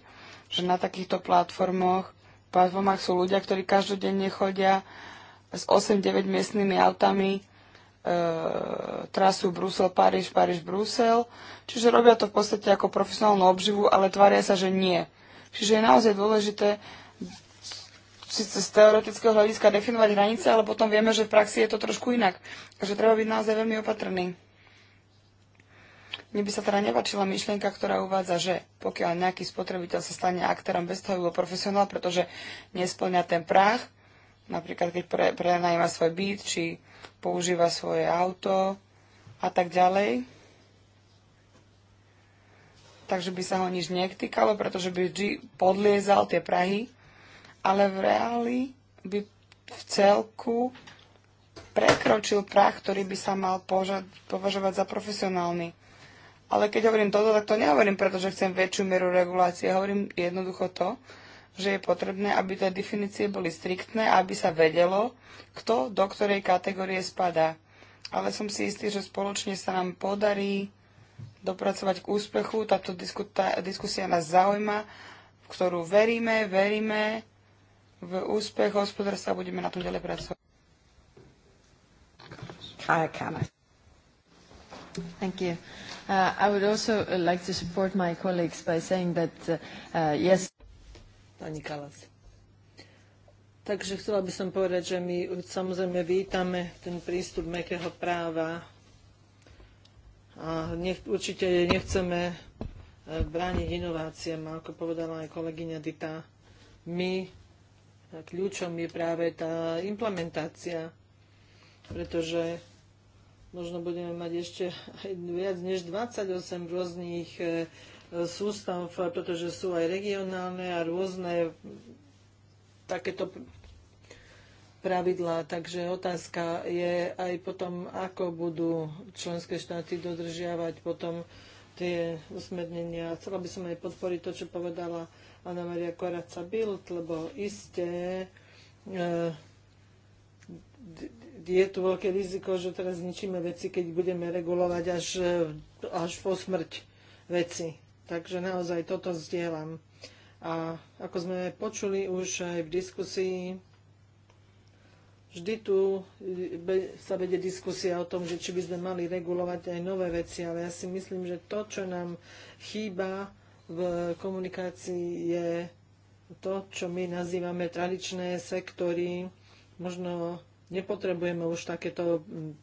Speaker 2: že na takýchto platformoch platformách sú ľudia, ktorí každodenne chodia s 8-9 miestnymi autami e, trasu Brusel-Paríž, Paríž-Brusel. Čiže robia to v podstate ako profesionálnu obživu, ale tvária sa, že nie. Čiže je naozaj dôležité síce z teoretického hľadiska definovať hranice, ale potom vieme, že v praxi je to trošku inak. Takže treba byť naozaj veľmi opatrný. Mne by sa teda nevačila myšlienka, ktorá uvádza, že pokiaľ nejaký spotrebiteľ sa stane aktérom bez toho, bol profesionál, pretože nesplňa ten práh, napríklad keď pre, prenajíma svoj byt, či používa svoje auto a tak ďalej. Takže by sa ho nič netýkalo, pretože by G podliezal tie Prahy, ale v reáli by v celku prekročil prach, ktorý by sa mal považovať za profesionálny. Ale keď hovorím toto, tak to nehovorím, pretože chcem väčšiu mieru regulácie. Hovorím jednoducho to, že je potrebné, aby tie definície boli striktné, aby sa vedelo, kto do ktorej kategórie spadá. Ale som si istý, že spoločne sa nám podarí dopracovať k úspechu. Táto diskusia nás zaujíma, v ktorú veríme, veríme v úspech hospodárstva a budeme na tom ďalej pracovať.
Speaker 1: Thank you. Uh, I would also uh, like to support my colleagues by saying that, uh, uh yes pani Kalas. Takže chcela by som povedať, že my samozrejme vítame ten prístup mekého práva a nech, určite nechceme eh, brániť inováciám, ako povedala aj kolegyňa Dita. My, eh, kľúčom je práve tá implementácia, pretože možno budeme mať ešte aj viac než 28 rôznych eh, sústav, pretože sú aj regionálne a rôzne takéto pravidlá. Takže otázka je aj potom, ako budú členské štáty dodržiavať potom tie usmernenia. Chcela by som aj podporiť to, čo povedala Anna Maria Koraca Bild, lebo isté e, je tu veľké riziko, že teraz zničíme veci, keď budeme regulovať až, e, až po smrť veci. Takže naozaj toto zdieľam. A ako sme počuli už aj v diskusii, vždy tu sa vedie diskusia o tom, že či by sme mali regulovať aj nové veci, ale ja si myslím, že to, čo nám chýba v komunikácii, je to, čo my nazývame tradičné sektory. Možno nepotrebujeme už takéto mm,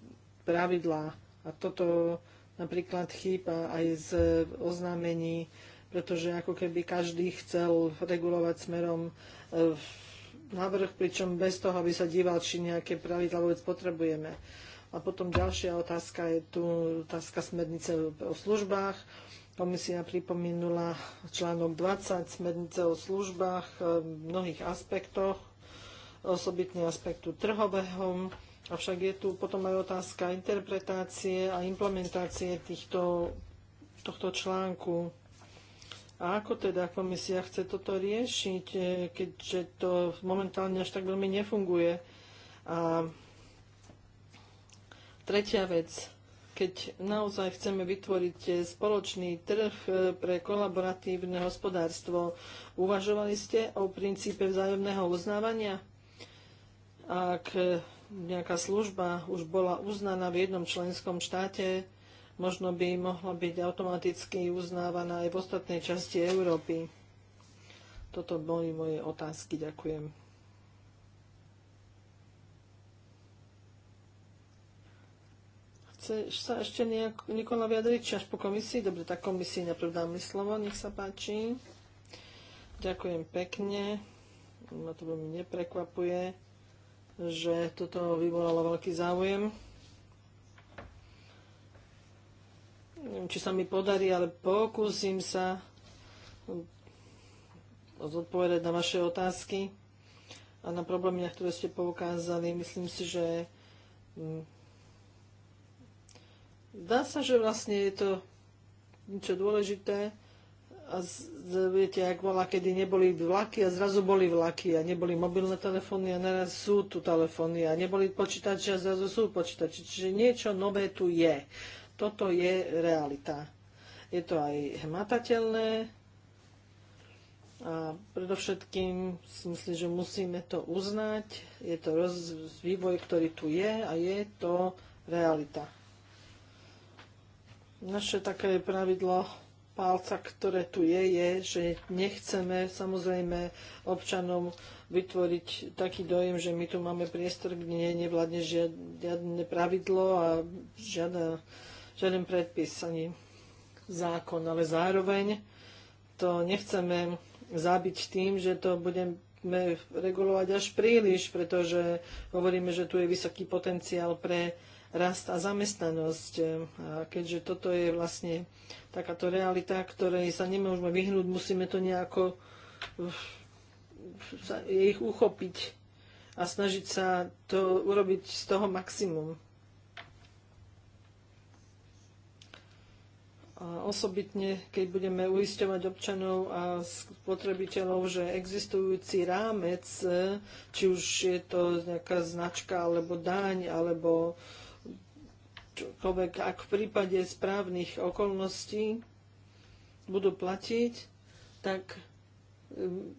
Speaker 1: pravidlá. A toto napríklad chýb aj z oznámení, pretože ako keby každý chcel regulovať smerom e, návrh, pričom bez toho, aby sa díval, či nejaké pravidla vôbec potrebujeme. A potom ďalšia otázka je tu otázka smernice o službách. Komisia pripomínula článok 20 smernice o službách e, v mnohých aspektoch, osobitne aspektu trhového, Avšak je tu potom aj otázka interpretácie a implementácie týchto, tohto článku. A ako teda komisia chce toto riešiť, eh, keďže to momentálne až tak veľmi nefunguje? A tretia vec, keď naozaj chceme vytvoriť eh, spoločný trh eh, pre kolaboratívne hospodárstvo, uvažovali ste o princípe vzájomného uznávania? Ak nejaká služba už bola uznaná v jednom členskom štáte, možno by mohla byť automaticky uznávaná aj v ostatnej časti Európy. Toto boli moje otázky. Ďakujem. Chceš sa ešte nejak, Nikola vyjadriť až po komisii? Dobre, tak komisii najprv mi slovo, nech sa páči. Ďakujem pekne. Ma to veľmi neprekvapuje že toto vyvolalo veľký záujem. Neviem, či sa mi podarí, ale pokúsim sa zodpovedať na vaše otázky a na problémy, na ktoré ste poukázali. Myslím si, že mm, zdá sa, že vlastne je to niečo dôležité a z, viete, ak bola, kedy neboli vlaky a zrazu boli vlaky a neboli mobilné telefóny a naraz sú tu telefóny a neboli počítače a zrazu sú počítače. Čiže niečo nové tu je. Toto je realita. Je to aj hmatateľné a predovšetkým si myslím, že musíme to uznať. Je to roz, vývoj, ktorý tu je a je to realita. Naše také pravidlo palca, ktoré tu je, je, že nechceme samozrejme občanom vytvoriť taký dojem, že my tu máme priestor, kde nevládne žiadne pravidlo a žiadna, žiaden predpis ani zákon, ale zároveň to nechceme zabiť tým, že to budem regulovať až príliš, pretože hovoríme, že tu je vysoký potenciál pre rast a zamestnanosť. A keďže toto je vlastne takáto realita, ktorej sa nemôžeme vyhnúť, musíme to nejako sa ich uchopiť a snažiť sa to urobiť z toho maximum. A osobitne, keď budeme uisťovať občanov a spotrebiteľov, že existujúci rámec, či už je to nejaká značka, alebo daň, alebo čokoľvek, ak v prípade správnych okolností budú platiť, tak um,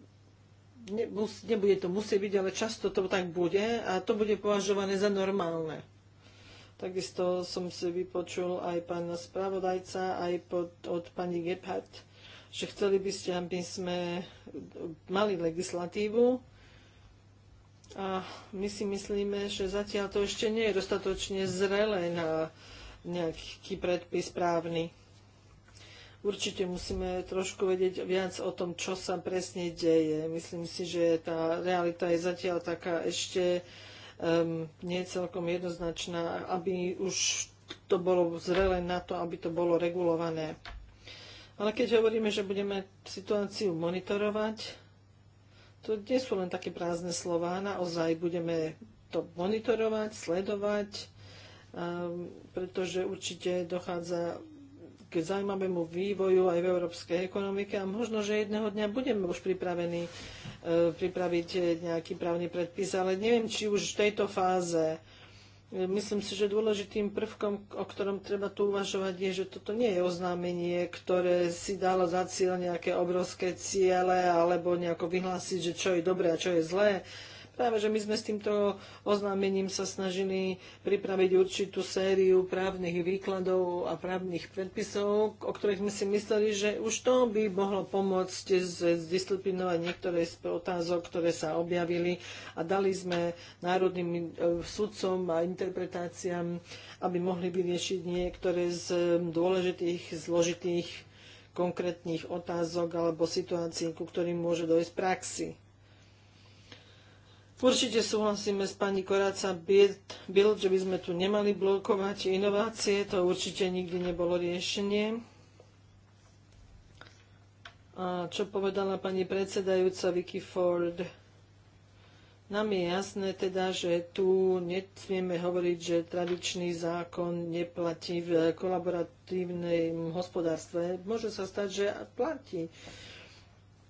Speaker 1: nebude to musieť byť, ale často to tak bude a to bude považované za normálne. Takisto som si vypočul aj pána spravodajca, aj pod, od pani Gebhardt, že chceli by ste, aby sme mali legislatívu, a my si myslíme, že zatiaľ to ešte nie je dostatočne zrelé na nejaký predpis právny. Určite musíme trošku vedieť viac o tom, čo sa presne deje. Myslím si, že tá realita je zatiaľ taká ešte um, nie celkom jednoznačná, aby už to bolo zrelé na to, aby to bolo regulované. Ale keď hovoríme, že budeme situáciu monitorovať, to nie sú len také prázdne slova, naozaj budeme to monitorovať, sledovať, um, pretože určite dochádza k zaujímavému vývoju aj v európskej ekonomike a možno, že jedného dňa budeme už pripravení ehm, pripraviť nejaký právny predpis, ale neviem, či už v tejto fáze Myslím si, že dôležitým prvkom, o ktorom treba tu uvažovať, je, že toto nie je oznámenie, ktoré si dalo za cieľ nejaké obrovské ciele alebo nejako vyhlásiť, že čo je dobré a čo je zlé. Práve, že my sme s týmto oznámením sa snažili pripraviť určitú sériu právnych výkladov a právnych predpisov, o ktorých sme si mysleli, že už to by mohlo pomôcť zdisciplinovať niektoré z otázok, ktoré sa objavili a dali sme národným eh, sudcom a interpretáciám, aby mohli vyriešiť niektoré z dôležitých, zložitých konkrétnych otázok alebo situácií, ku ktorým môže dojsť praxi. Určite súhlasíme s pani Koráca Bild, že by sme tu nemali blokovať inovácie, to určite nikdy nebolo riešenie. A čo povedala pani predsedajúca Vicky Ford? Nám je jasné teda, že tu nesmieme hovoriť, že tradičný zákon neplatí v kolaboratívnej hospodárstve. Môže sa stať, že platí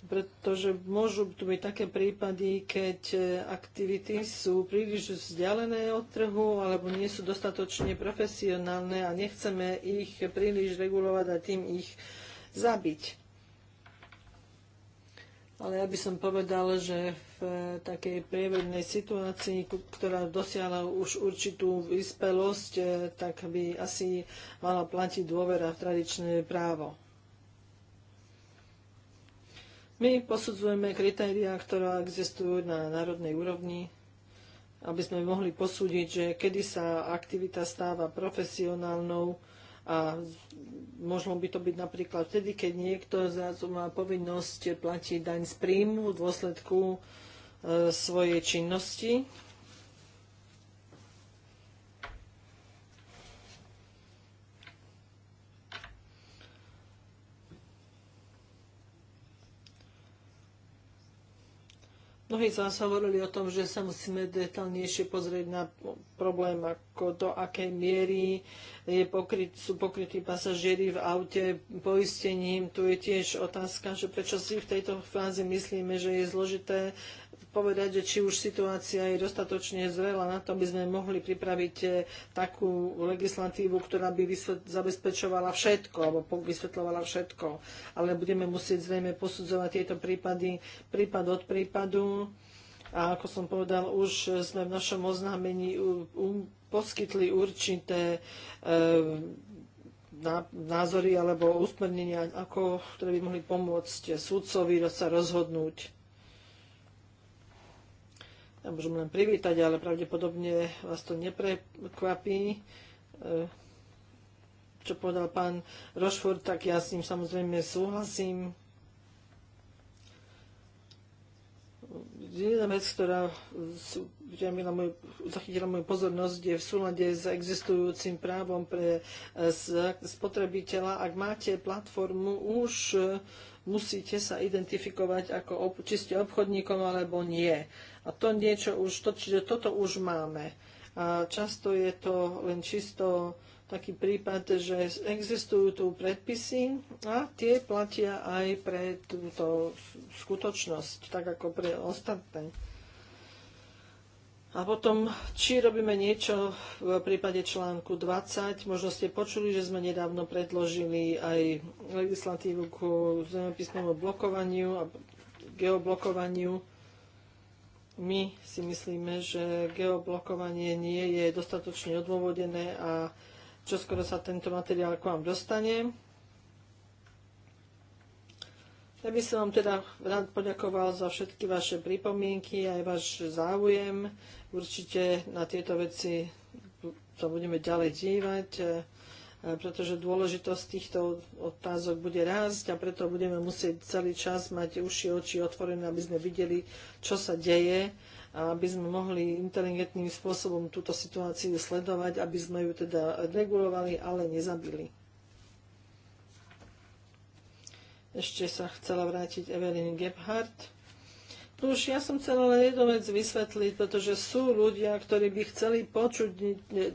Speaker 1: pretože môžu tu byť také prípady, keď e, aktivity sú príliš vzdialené od trhu alebo nie sú dostatočne profesionálne a nechceme ich príliš regulovať a tým ich zabiť. Ale ja by som povedal, že v e, takej prievednej situácii, ktorá dosiahla už určitú vyspelosť, e, tak by asi mala platiť dôvera v tradičné právo. My posudzujeme kritériá, ktoré existujú na národnej úrovni, aby sme mohli posúdiť, že kedy sa aktivita stáva profesionálnou a možno by to byť napríklad vtedy, keď niekto zrazu má povinnosť platiť daň z príjmu v dôsledku e, svojej činnosti Mnohí z vás hovorili o tom, že sa musíme detálnejšie pozrieť na problém, ako do akej miery je pokryt, sú pokrytí pasažieri v aute poistením. Tu je tiež otázka, že prečo si v tejto fáze myslíme, že je zložité povedať, že či už situácia je dostatočne zrela na to, aby sme mohli pripraviť e, takú legislatívu, ktorá by zabezpečovala všetko alebo vysvetľovala všetko. Ale budeme musieť zrejme posudzovať tieto prípady prípad od prípadu. A ako som povedal, už sme v našom oznámení poskytli určité e, názory alebo usmernenia, ako, ktoré by mohli pomôcť sudcovi sa rozhodnúť ja môžem len privítať, ale pravdepodobne vás to neprekvapí. E, čo povedal pán Rošford, tak ja s ním samozrejme súhlasím. Jediná vec, ktorá zachytila moju pozornosť, je v súlade s existujúcim právom pre e, spotrebiteľa. Ak máte platformu už musíte sa identifikovať ako ob, či ste obchodníkom alebo nie. A to niečo už, to, čiže toto už máme. A často je to len čisto taký prípad, že existujú tu predpisy a tie platia aj pre túto skutočnosť, tak ako pre ostatné. A potom, či robíme niečo v prípade článku 20, možno ste počuli, že sme nedávno predložili aj legislatívu k zemepisnému blokovaniu a geoblokovaniu. My si myslíme, že geoblokovanie nie je dostatočne odôvodené a čoskoro sa tento materiál k vám dostane. Ja by som vám teda rád poďakoval za všetky vaše pripomienky, aj váš záujem. Určite na tieto veci sa budeme ďalej dívať, e, e, pretože dôležitosť týchto otázok bude rásť a preto budeme musieť celý čas mať uši, oči otvorené, aby sme videli, čo sa deje a aby sme mohli inteligentným spôsobom túto situáciu sledovať, aby sme ju teda regulovali, ale nezabili. Ešte sa chcela vrátiť Evelyn Gebhardt. Tu no už ja som chcela len jednu vec vysvetliť, pretože sú ľudia, ktorí by chceli počuť,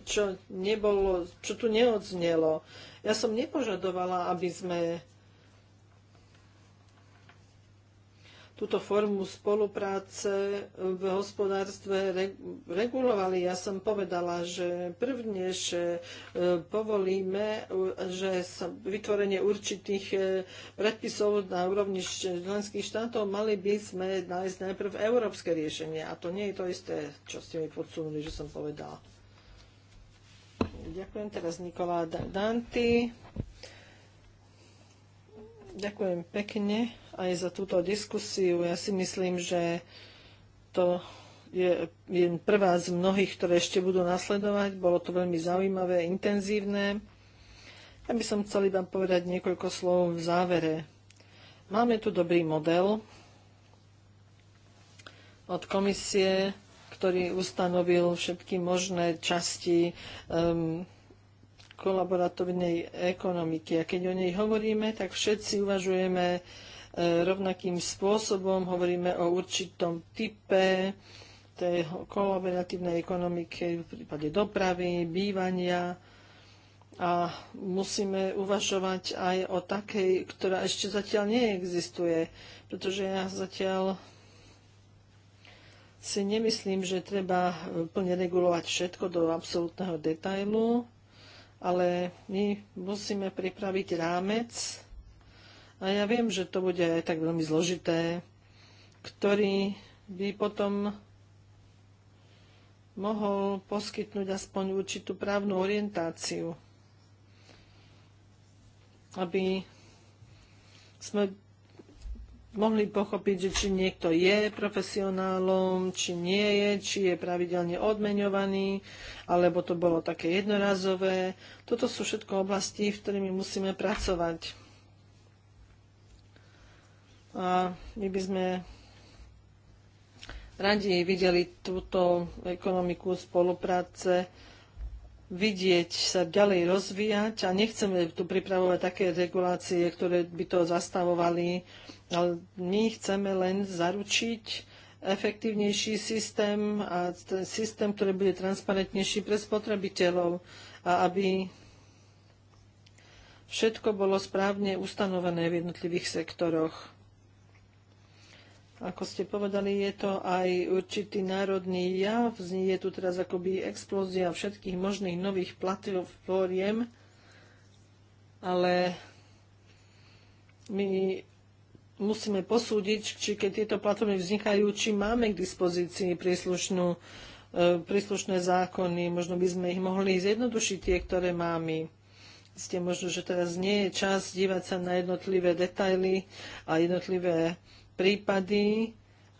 Speaker 1: čo nebolo, čo tu neodznelo. Ja som nepožadovala, aby sme túto formu spolupráce v hospodárstve regulovali. Ja som povedala, že prvne, že e, povolíme, že vytvorenie určitých e, predpisov na úrovni členských štátov, mali by sme nájsť najprv európske riešenie. A to nie je to isté, čo ste mi podsunuli, že som povedala. Ďakujem teraz Nikola Danti. Ďakujem pekne aj za túto diskusiu. Ja si myslím, že to je, je prvá z mnohých, ktoré ešte budú nasledovať. Bolo to veľmi zaujímavé, intenzívne. Ja by som chcel iba povedať niekoľko slov v závere. Máme tu dobrý model od komisie, ktorý ustanovil všetky možné časti um, kolaboratívnej ekonomiky. A keď o nej hovoríme, tak všetci uvažujeme e, rovnakým spôsobom, hovoríme o určitom type tej kolaboratívnej ekonomiky v prípade dopravy, bývania, a musíme uvažovať aj o takej, ktorá ešte zatiaľ neexistuje, pretože ja zatiaľ si nemyslím, že treba plne regulovať všetko do absolútneho detailu ale my musíme pripraviť rámec a ja viem, že to bude aj tak veľmi zložité, ktorý by potom mohol poskytnúť aspoň určitú právnu orientáciu, aby sme mohli pochopiť, že či niekto je profesionálom, či nie je, či je pravidelne odmeňovaný, alebo to bolo také jednorazové. Toto sú všetko oblasti, v ktorými musíme pracovať. A my by sme radi videli túto ekonomiku spolupráce vidieť sa ďalej rozvíjať a nechceme tu pripravovať také regulácie, ktoré by to zastavovali, ale my chceme len zaručiť efektívnejší systém a ten systém, ktorý bude transparentnejší pre spotrebiteľov a aby všetko bolo správne ustanovené v jednotlivých sektoroch. Ako ste povedali, je to aj určitý národný jav. Je tu teraz akoby explózia všetkých možných nových platform, ale my musíme posúdiť, či keď tieto platformy vznikajú, či máme k dispozícii príslušnú, e, príslušné zákony. Možno by sme ich mohli zjednodušiť tie, ktoré máme. Ste možno, že teraz nie je čas dívať sa na jednotlivé detaily a jednotlivé prípady,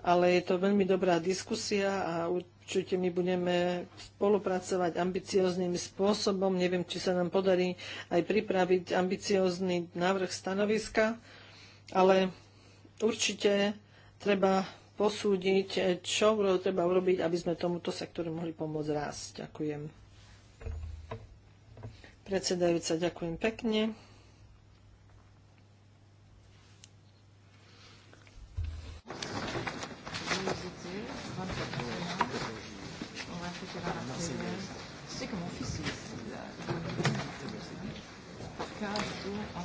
Speaker 1: ale je to veľmi dobrá diskusia a určite my budeme spolupracovať ambiciozným spôsobom. Neviem, či sa nám podarí aj pripraviť ambiciózny návrh stanoviska, ale určite treba posúdiť, čo treba urobiť, aby sme tomuto sektoru mohli pomôcť rásť. Ďakujem. Predsedajúca, ďakujem pekne.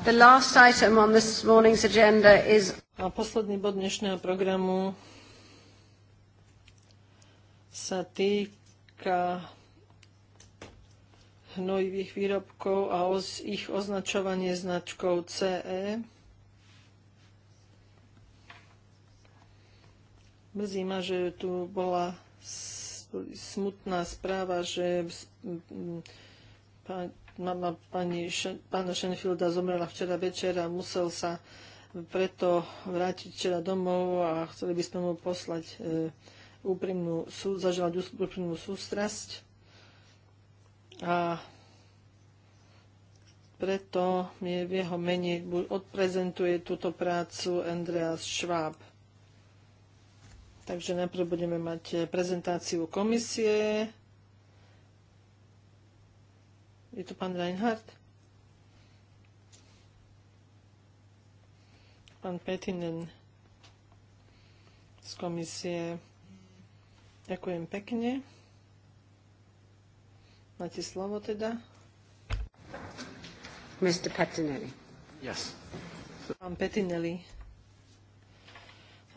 Speaker 1: The last item on this morning's agenda is... A posledný bod dnešného programu sa týka hnojivých výrobkov a ich označovanie značkou CE. Mrzí ma, že tu bola smutná správa, že pán mama pani, pána Schenfielda zomrela včera večer a musel sa preto vrátiť včera domov a chceli by sme mu poslať e, úprimnú, sú, zaželať úprimnú sústrasť. A preto mi v jeho mene odprezentuje túto prácu Andreas Schwab. Takže najprv budeme mať prezentáciu komisie, je tu pán Reinhardt? Pán Petinen z komisie. Ďakujem pekne. Máte slovo teda. Mr. Petinelli. Yes. Pán Petinelli.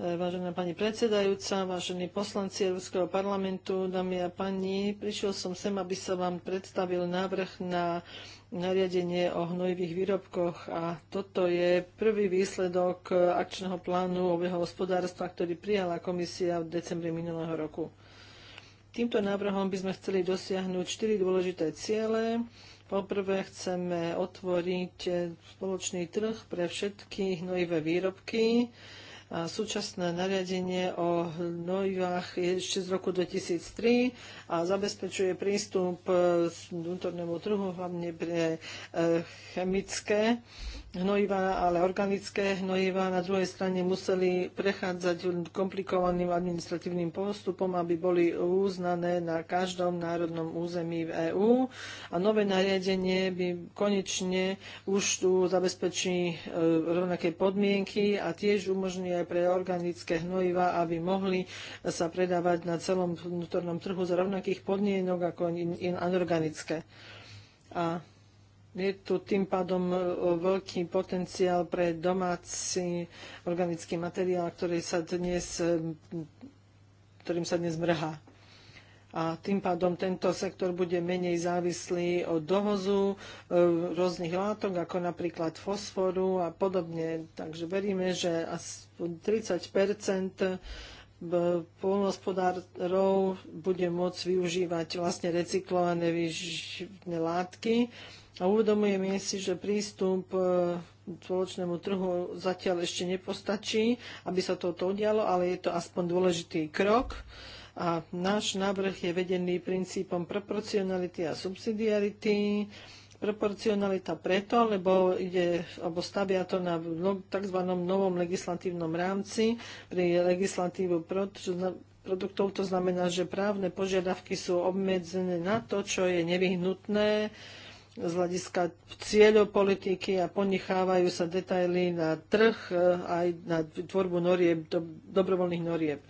Speaker 1: Eh, vážená pani predsedajúca, vážení poslanci Európskeho parlamentu, dámy a pani, prišiel som sem, aby som vám predstavil návrh na nariadenie o hnojivých výrobkoch a toto je prvý výsledok akčného plánu obeho hospodárstva, ktorý prijala komisia v decembri minulého roku. Týmto návrhom by sme chceli dosiahnuť štyri dôležité ciele. Poprvé chceme otvoriť spoločný trh pre všetky hnojivé výrobky, súčasné nariadenie o hnojivách je ešte z roku 2003 a zabezpečuje prístup k e, vnútornému trhu, hlavne pre e, chemické hnojiva, ale organické hnojiva na druhej strane museli prechádzať komplikovaným administratívnym postupom, aby boli uznané na každom národnom území v EÚ a nové nariadenie by konečne už tu zabezpečí e, rovnaké podmienky a tiež umožní aj pre organické hnojiva, aby mohli sa predávať na celom vnútornom trhu za rovnaké rovnakých podmienok ako anorganické. A je tu tým pádom e, veľký potenciál pre domáci organický materiál, ktorý sa dnes, e, ktorým sa dnes mrhá. A tým pádom tento sektor bude menej závislý od dohozu e, rôznych látok, ako napríklad fosforu a podobne. Takže veríme, že asi 30 polnospodárov bude môcť využívať vlastne recyklované výživné látky. A uvedomujeme si, že prístup e, spoločnému trhu zatiaľ ešte nepostačí, aby sa toto udialo, ale je to aspoň dôležitý krok. A náš návrh je vedený princípom proporcionality a subsidiarity. Proporcionalita preto, lebo ide, alebo stavia to na no, tzv. novom legislatívnom rámci pri legislatívu produktov. To znamená, že právne požiadavky sú obmedzené na to, čo je nevyhnutné z hľadiska cieľov politiky a ponichávajú sa detaily na trh eh, aj na tvorbu norieb, dobrovoľných norieb.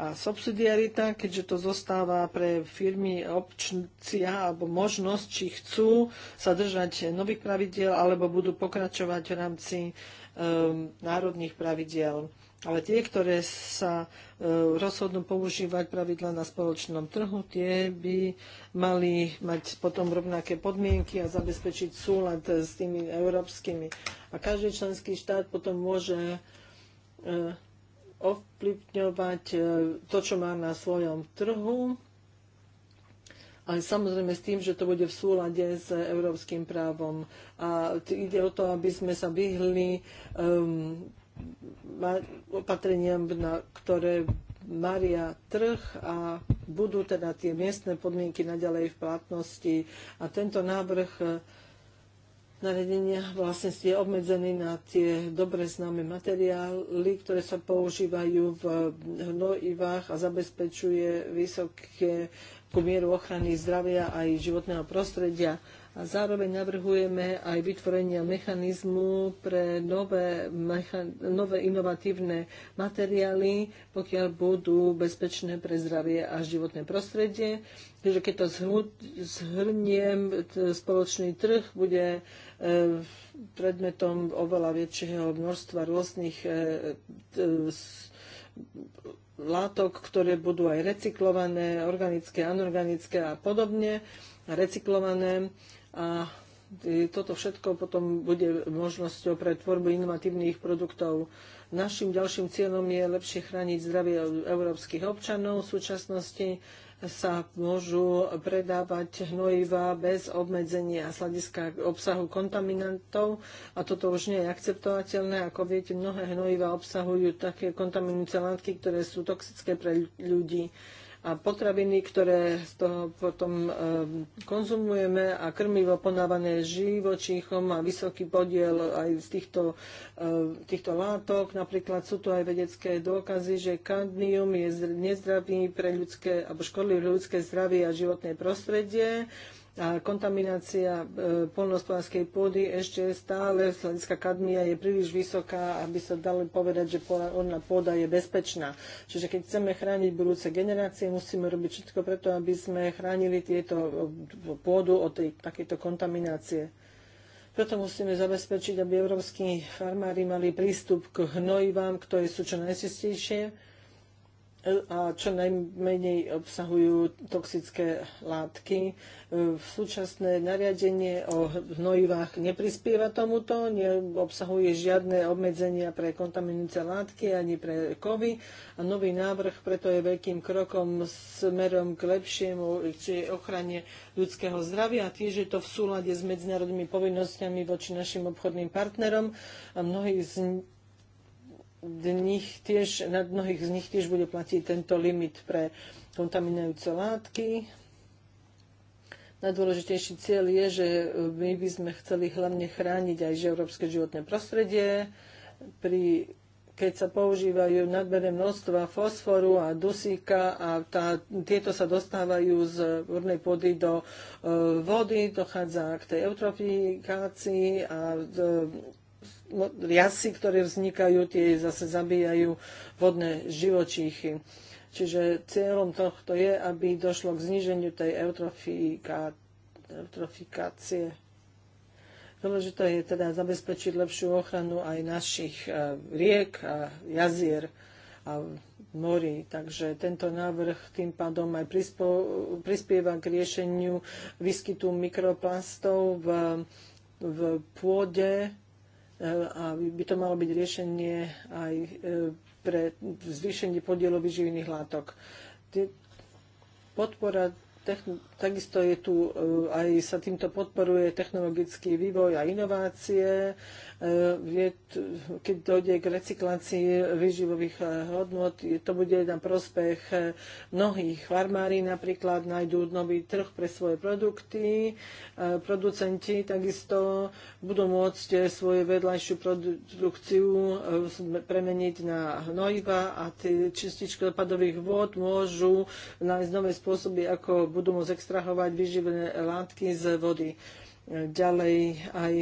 Speaker 1: A subsidiarita, keďže to zostáva pre firmy občia alebo možnosť, či chcú sa držať nových pravidiel alebo budú pokračovať v rámci um, národných pravidiel. Ale tie, ktoré sa e, rozhodnú používať pravidla na spoločnom trhu, tie by mali mať potom rovnaké podmienky a zabezpečiť súlad s tými európskymi. A každý členský štát potom môže e, ovplyvňovať e, to, čo má na svojom trhu, ale samozrejme s tým, že to bude v súlade s európskym právom. A ide o to, aby sme sa vyhli um, opatreniam, na ktoré maria trh a budú teda tie miestne podmienky naďalej v platnosti. A tento návrh e, nariadenia vlastne je obmedzený na tie dobre známe materiály, ktoré sa používajú v hnojivách a zabezpečuje vysoké mieru ochrany zdravia aj životného prostredia. A zároveň navrhujeme aj vytvorenia mechanizmu pre nové, mechan- nové inovatívne materiály, pokiaľ budú bezpečné pre zdravie a životné prostredie. Takže keď to zhrniem, spoločný trh bude E, predmetom oveľa väčšieho množstva rôznych e, e, látok, ktoré budú aj recyklované, organické, anorganické a podobne, recyklované. A toto všetko potom bude možnosťou pre tvorbu inovatívnych produktov. Našim ďalším cieľom je lepšie chrániť zdravie európskych občanov v súčasnosti sa môžu predávať hnojiva bez obmedzenia z hľadiska obsahu kontaminantov a toto už nie je akceptovateľné. Ako viete, mnohé hnojiva obsahujú také kontaminujúce látky, ktoré sú toxické pre ľudí a potraviny, ktoré z toho potom e, konzumujeme a krmivo ponávané živočíchom a vysoký podiel aj z týchto, e, týchto látok. Napríklad sú tu aj vedecké dôkazy, že kadmium je nezdravý pre ľudské, alebo škodlivý ľudské zdravie a životné prostredie a kontaminácia e, polnohospodárskej pôdy ešte stále z hľadiska kadmia je príliš vysoká, aby sa dalo povedať, že orná pôda je bezpečná. Čiže keď chceme chrániť budúce generácie, musíme robiť všetko preto, aby sme chránili tieto e, pôdu od tej, takéto kontaminácie. Preto musíme zabezpečiť, aby európsky farmári mali prístup k hnojivám, ktoré sú čo najčistejšie, a čo najmenej obsahujú toxické látky. E, v súčasné nariadenie o hnojivách neprispieva tomuto, neobsahuje žiadne obmedzenia pre kontaminujúce látky ani pre kovy a nový návrh preto je veľkým krokom smerom k lepšiemu či ochrane ľudského zdravia a tiež je to v súlade s medzinárodnými povinnosťami voči našim obchodným partnerom a mnohí z nich tiež, na mnohých z nich tiež bude platiť tento limit pre kontaminujúce látky. Najdôležitejší cieľ je, že my by sme chceli hlavne chrániť aj európske životné prostredie, pri, keď sa používajú nadmerné množstva fosforu a dusíka a tá, tieto sa dostávajú z vodnej pôdy do e, vody, dochádza k tej eutrofikácii a e, riasy, ktoré vznikajú, tie zase zabíjajú vodné živočíchy. Čiže cieľom tohto je, aby došlo k zniženiu tej eutrofikácie. Dôležité je teda zabezpečiť lepšiu ochranu aj našich e, riek a jazier a morí. Takže tento návrh tým pádom aj prispieva k riešeniu výskytu mikroplastov v, v pôde a by to malo byť riešenie aj e, pre zvýšenie podielu vyživených látok. Podpora takisto je tu, e, aj sa týmto podporuje technologický vývoj a inovácie. E, je, keď dojde k recyklácii výživových e, hodnot, to bude na prospech mnohých farmári, napríklad nájdú nový trh pre svoje produkty. Producenti takisto budú môcť svoju vedľajšiu produkciu premeniť na hnojiva a tie čističky odpadových vôd môžu nájsť nové spôsoby, ako budú môcť extrahovať vyživené látky z vody. Ďalej aj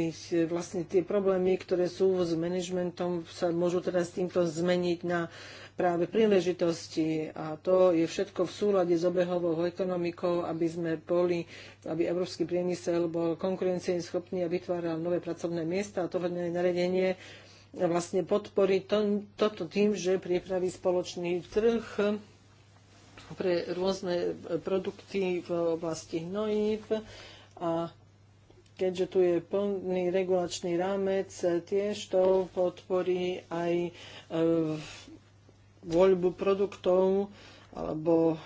Speaker 1: vlastne tie problémy, ktoré sú s manažmentom, sa môžu teraz týmto zmeniť na práve príležitosti. A to je všetko v súlade s obehovou ekonomikou, aby sme boli, aby európsky priemysel bol konkurencieschopný a vytváral nové pracovné miesta. A toho nariadenie vlastne podporiť to, toto tým, že pripraví spoločný trh pre rôzne produkty v oblasti hnojív a keďže tu je plný regulačný rámec, tiež to podporí aj e, voľbu produktov alebo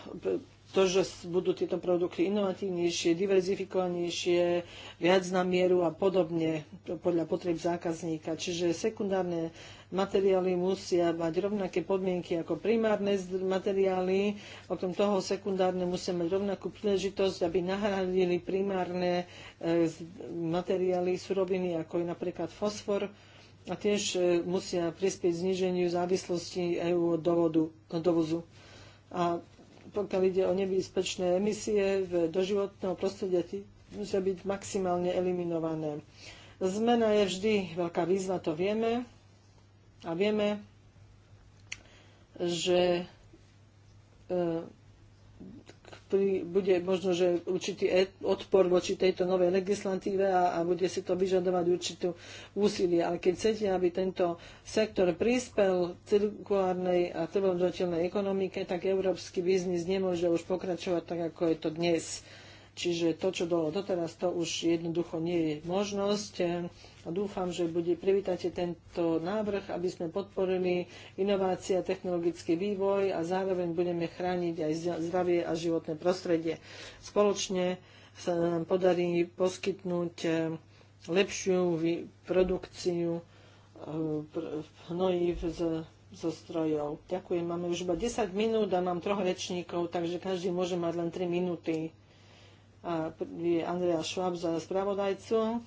Speaker 1: to, že budú tieto produkty inovatívnejšie, diverzifikovanejšie, viac na mieru a podobne podľa potreb zákazníka. Čiže sekundárne materiály musia mať rovnaké podmienky ako primárne materiály, okrem toho sekundárne musia mať rovnakú príležitosť, aby nahradili primárne e, materiály suroviny, ako je napríklad fosfor, a tiež e, musia prispieť zniženiu závislosti EÚ od dovodu, dovozu. A pokiaľ ide o nebezpečné emisie do životného prostredia, musia byť maximálne eliminované. Zmena je vždy veľká výzva, to vieme. A vieme, že e, bude možno, že určitý e, odpor voči tejto novej legislatíve a, a bude si to vyžadovať určitú úsilie. Ale keď chcete, aby tento sektor prispel cirkulárnej a trvalodržateľnej ekonomike, tak európsky biznis nemôže už pokračovať tak, ako je to dnes. Čiže to, čo bolo doteraz, to už jednoducho nie je možnosť. A dúfam, že bude, privítate tento návrh, aby sme podporili inovácia, technologický vývoj a zároveň budeme chrániť aj zdravie a životné prostredie. Spoločne sa nám podarí poskytnúť eh, lepšiu produkciu eh, hnojív z zo strojov. Ďakujem, máme už iba 10 minút a mám troch rečníkov, takže každý môže mať len 3 minúty je Andrea Schwab za spravodajcu.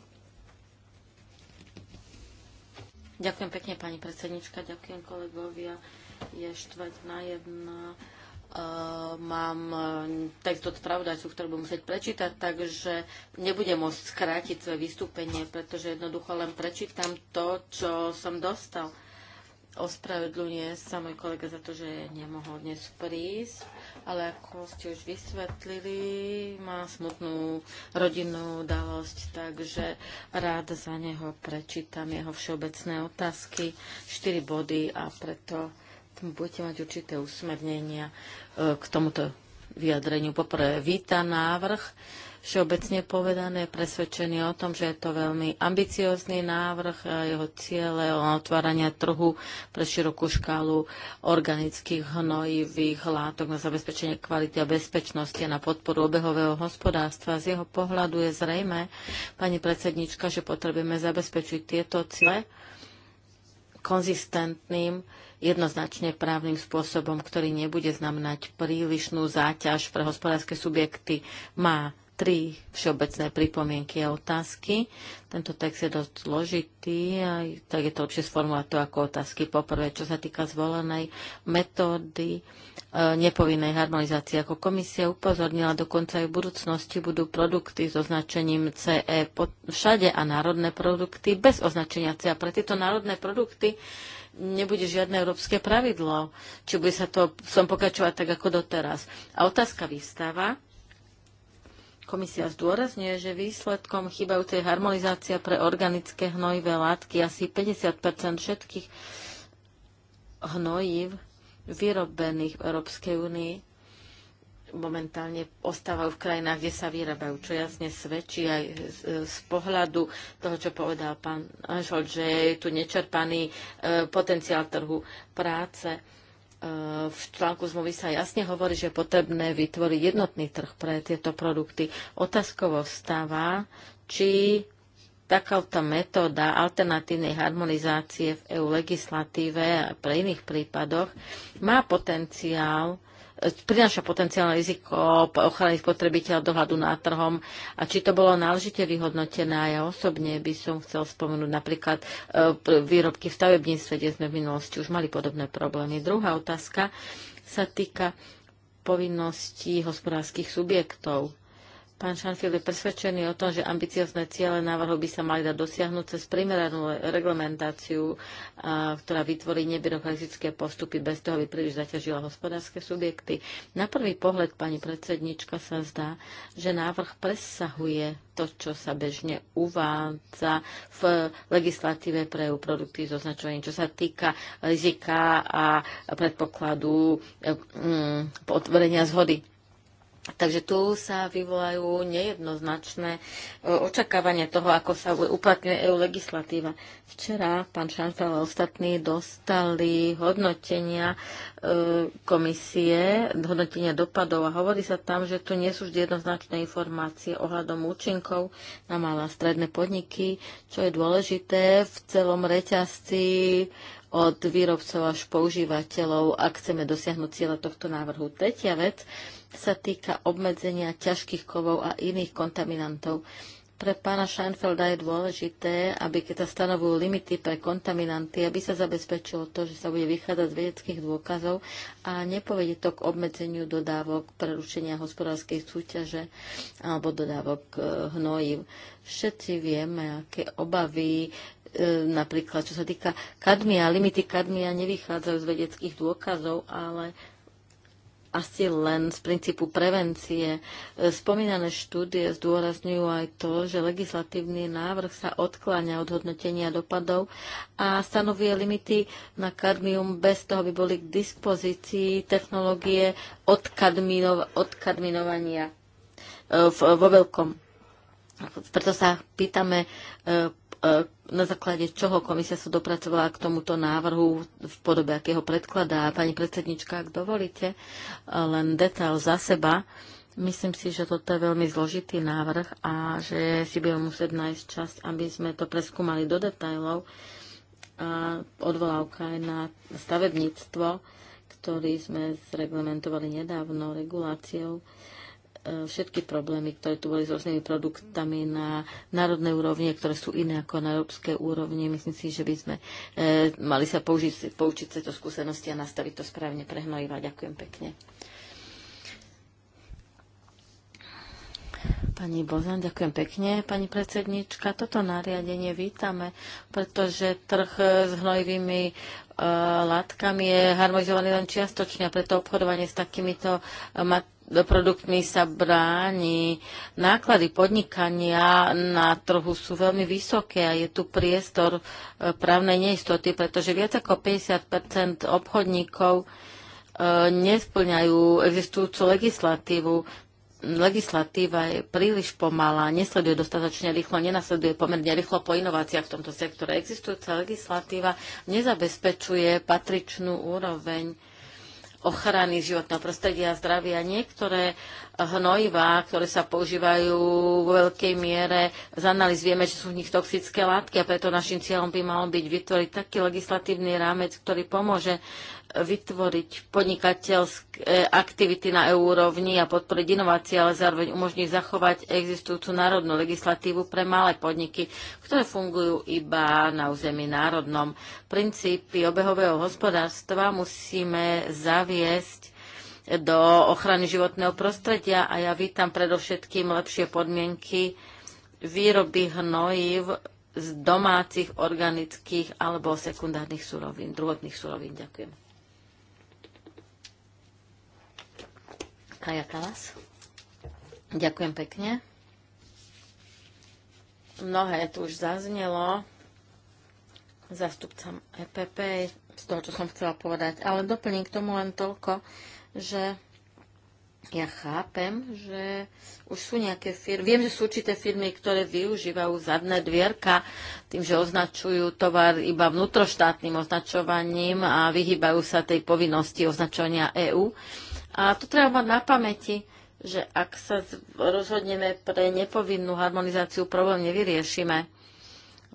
Speaker 3: Ďakujem pekne, pani predsednička, ďakujem kolegovia. Je štvrť na jedna. Uh, mám e, text od spravodajcu, ktorý budem musieť prečítať, takže nebudem môcť skrátiť svoje vystúpenie, pretože jednoducho len prečítam to, čo som dostal. Ospravedlňuje sa môj kolega za to, že nemohol dnes prísť, ale ako ste už vysvetlili, má smutnú rodinnú udalosť, takže rád za neho prečítam jeho všeobecné otázky, 4 body a preto budete mať určité usmernenia e, k tomuto vyjadreniu. Poprvé, víta návrh všeobecne povedané, presvedčený o tom, že je to veľmi ambiciózny návrh a jeho cieľe o otvárania trhu pre širokú škálu organických hnojivých látok na zabezpečenie kvality a bezpečnosti a na podporu obehového hospodárstva. Z jeho pohľadu je zrejme, pani predsednička, že potrebujeme zabezpečiť tieto cieľe konzistentným jednoznačne právnym spôsobom, ktorý nebude znamenať prílišnú záťaž pre hospodárske subjekty, má tri všeobecné pripomienky a otázky. Tento text je dosť zložitý, a tak je to lepšie sformulovať to ako otázky. Poprvé, čo sa týka zvolenej metódy e, nepovinnej harmonizácie, ako komisia upozornila, dokonca aj v budúcnosti budú produkty s označením CE pod, všade a národné produkty bez označenia CE. A pre tieto národné produkty nebude žiadne európske pravidlo. Či bude sa to som pokračovať tak ako doteraz. A otázka výstava. Komisia zdôrazňuje, že výsledkom chýbajúcej harmonizácia pre organické hnojivé látky asi 50 všetkých hnojív vyrobených v Európskej únii momentálne ostávajú v krajinách, kde sa vyrábajú, čo jasne svedčí aj z, z pohľadu toho, čo povedal pán Anžol, že je tu nečerpaný e, potenciál trhu práce Eh, v článku zmluvy sa jasne hovorí, že je potrebné vytvoriť jednotný trh pre tieto produkty. Otázkovo vstáva, či takáto metóda alternatívnej harmonizácie v EU legislatíve a pre iných prípadoch má potenciál prináša potenciálne riziko ochrany spotrebiteľa dohľadu na trhom a či to bolo náležite vyhodnotené. Ja osobne by som chcel spomenúť napríklad e, výrobky v stavebníctve, kde sme v minulosti už mali podobné problémy. Druhá otázka sa týka povinností hospodárskych subjektov Pán Šanfil je presvedčený o tom, že ambiciozne ciele návrhu by sa mali dať dosiahnuť cez primeranú reglementáciu, ktorá vytvorí nebyrokratické postupy bez toho, aby príliš zaťažila hospodárske subjekty. Na prvý pohľad, pani predsednička, sa zdá, že návrh presahuje to, čo sa bežne uvádza v legislatíve pre produkty s označovaním, čo sa týka rizika a predpokladu mm, potvorenia zhody Takže tu sa vyvolajú nejednoznačné e, očakávania toho, ako sa uplatňuje EU legislatíva. Včera pán Šantal a ostatní dostali hodnotenia e, komisie, hodnotenia dopadov a hovorí sa tam, že tu nie sú vždy jednoznačné informácie ohľadom účinkov na malé a stredné podniky, čo je dôležité v celom reťazci od výrobcov až používateľov, ak chceme dosiahnuť cieľa tohto návrhu. Tretia vec, sa týka obmedzenia ťažkých kovov a iných kontaminantov. Pre pána Scheinfelda je dôležité, aby keď sa stanovujú limity pre kontaminanty, aby sa zabezpečilo to, že sa bude vychádzať z vedeckých dôkazov a nepovedie to k obmedzeniu dodávok prerušenia hospodárskej súťaže alebo dodávok e, hnojív. Všetci vieme, aké obavy e, napríklad čo sa týka kadmia, limity kadmia nevychádzajú z vedeckých dôkazov, ale asi len z princípu prevencie. Spomínané štúdie zdôrazňujú aj to, že legislatívny návrh sa odkláňa od hodnotenia dopadov a stanovuje limity na kadmium bez toho, aby boli k dispozícii technológie odkadminov- odkadminovania e, v, vo veľkom. Preto sa pýtame, e, E, na základe čoho komisia sa dopracovala k tomuto návrhu v podobe, akého predkladá. Pani predsednička, ak dovolíte, e, len detail za seba. Myslím si, že toto je veľmi zložitý návrh a že si budeme musieť nájsť čas, aby sme to preskúmali do detajlov. A e, odvolávka aj na stavebníctvo, ktorý sme zreglementovali nedávno reguláciou E, všetky problémy, ktoré tu boli s rôznymi produktami na národnej úrovni, ktoré sú iné ako na európskej úrovni. Myslím si, že by sme e, mali sa použiť, poučiť sa to skúsenosti a nastaviť to správne pre hnojiva. Ďakujem pekne. Pani Bozan, ďakujem pekne. Pani predsednička, toto nariadenie vítame, pretože trh s hnojivými e, látkami je harmonizovaný len čiastočne a preto obchodovanie s takýmito mat- produktmi sa bráni. Náklady podnikania na trhu sú veľmi vysoké a je tu priestor e, právnej neistoty, pretože viac ako 50 obchodníkov e, nesplňajú existujúcu legislatívu. Legislatíva je príliš pomalá, nesleduje dostatočne rýchlo, nenasleduje pomerne rýchlo po inováciách v tomto sektore. Existujúca legislatíva nezabezpečuje patričnú úroveň ochrany životného prostredia a zdravia. Niektoré hnojivá, ktoré sa používajú vo veľkej miere, z analýz vieme, že sú v nich toxické látky a preto našim cieľom by malo byť vytvoriť taký legislatívny rámec, ktorý pomôže vytvoriť podnikateľské aktivity na EU úrovni a podporiť inovácie, ale zároveň umožní zachovať existujúcu národnú legislatívu pre malé podniky, ktoré fungujú iba na území národnom. Princípy obehového hospodárstva musíme zaviesť do ochrany životného prostredia a ja vítam predovšetkým lepšie podmienky výroby hnojív z domácich organických alebo sekundárnych surovín, druhotných surovín. Ďakujem. Kaja Kalas. Ďakujem pekne. Mnohé tu už zaznelo zastupcom EPP z toho, čo som chcela povedať. Ale doplním k tomu len toľko, že ja chápem, že už sú nejaké firmy, viem, že sú určité firmy, ktoré využívajú zadné dvierka tým, že označujú tovar iba vnútroštátnym označovaním a vyhýbajú sa tej povinnosti označovania EÚ. A to treba mať na pamäti, že ak sa rozhodneme pre nepovinnú harmonizáciu, problém nevyriešime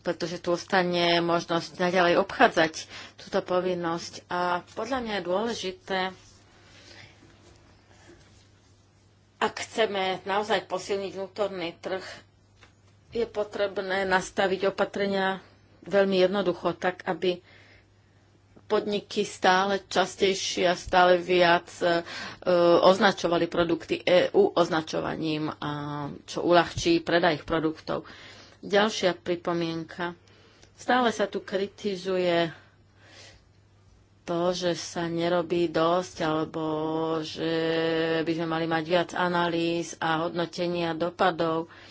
Speaker 3: pretože tu ostane možnosť naďalej obchádzať túto povinnosť. A podľa mňa je dôležité, ak chceme naozaj posilniť vnútorný trh, je potrebné nastaviť opatrenia veľmi jednoducho, tak aby podniky stále častejšie a stále viac e, e, označovali produkty EU označovaním, a čo uľahčí predaj ich produktov. Ďalšia pripomienka. Stále sa tu kritizuje to, že sa nerobí dosť, alebo že by sme mali mať viac analýz a hodnotenia dopadov. E,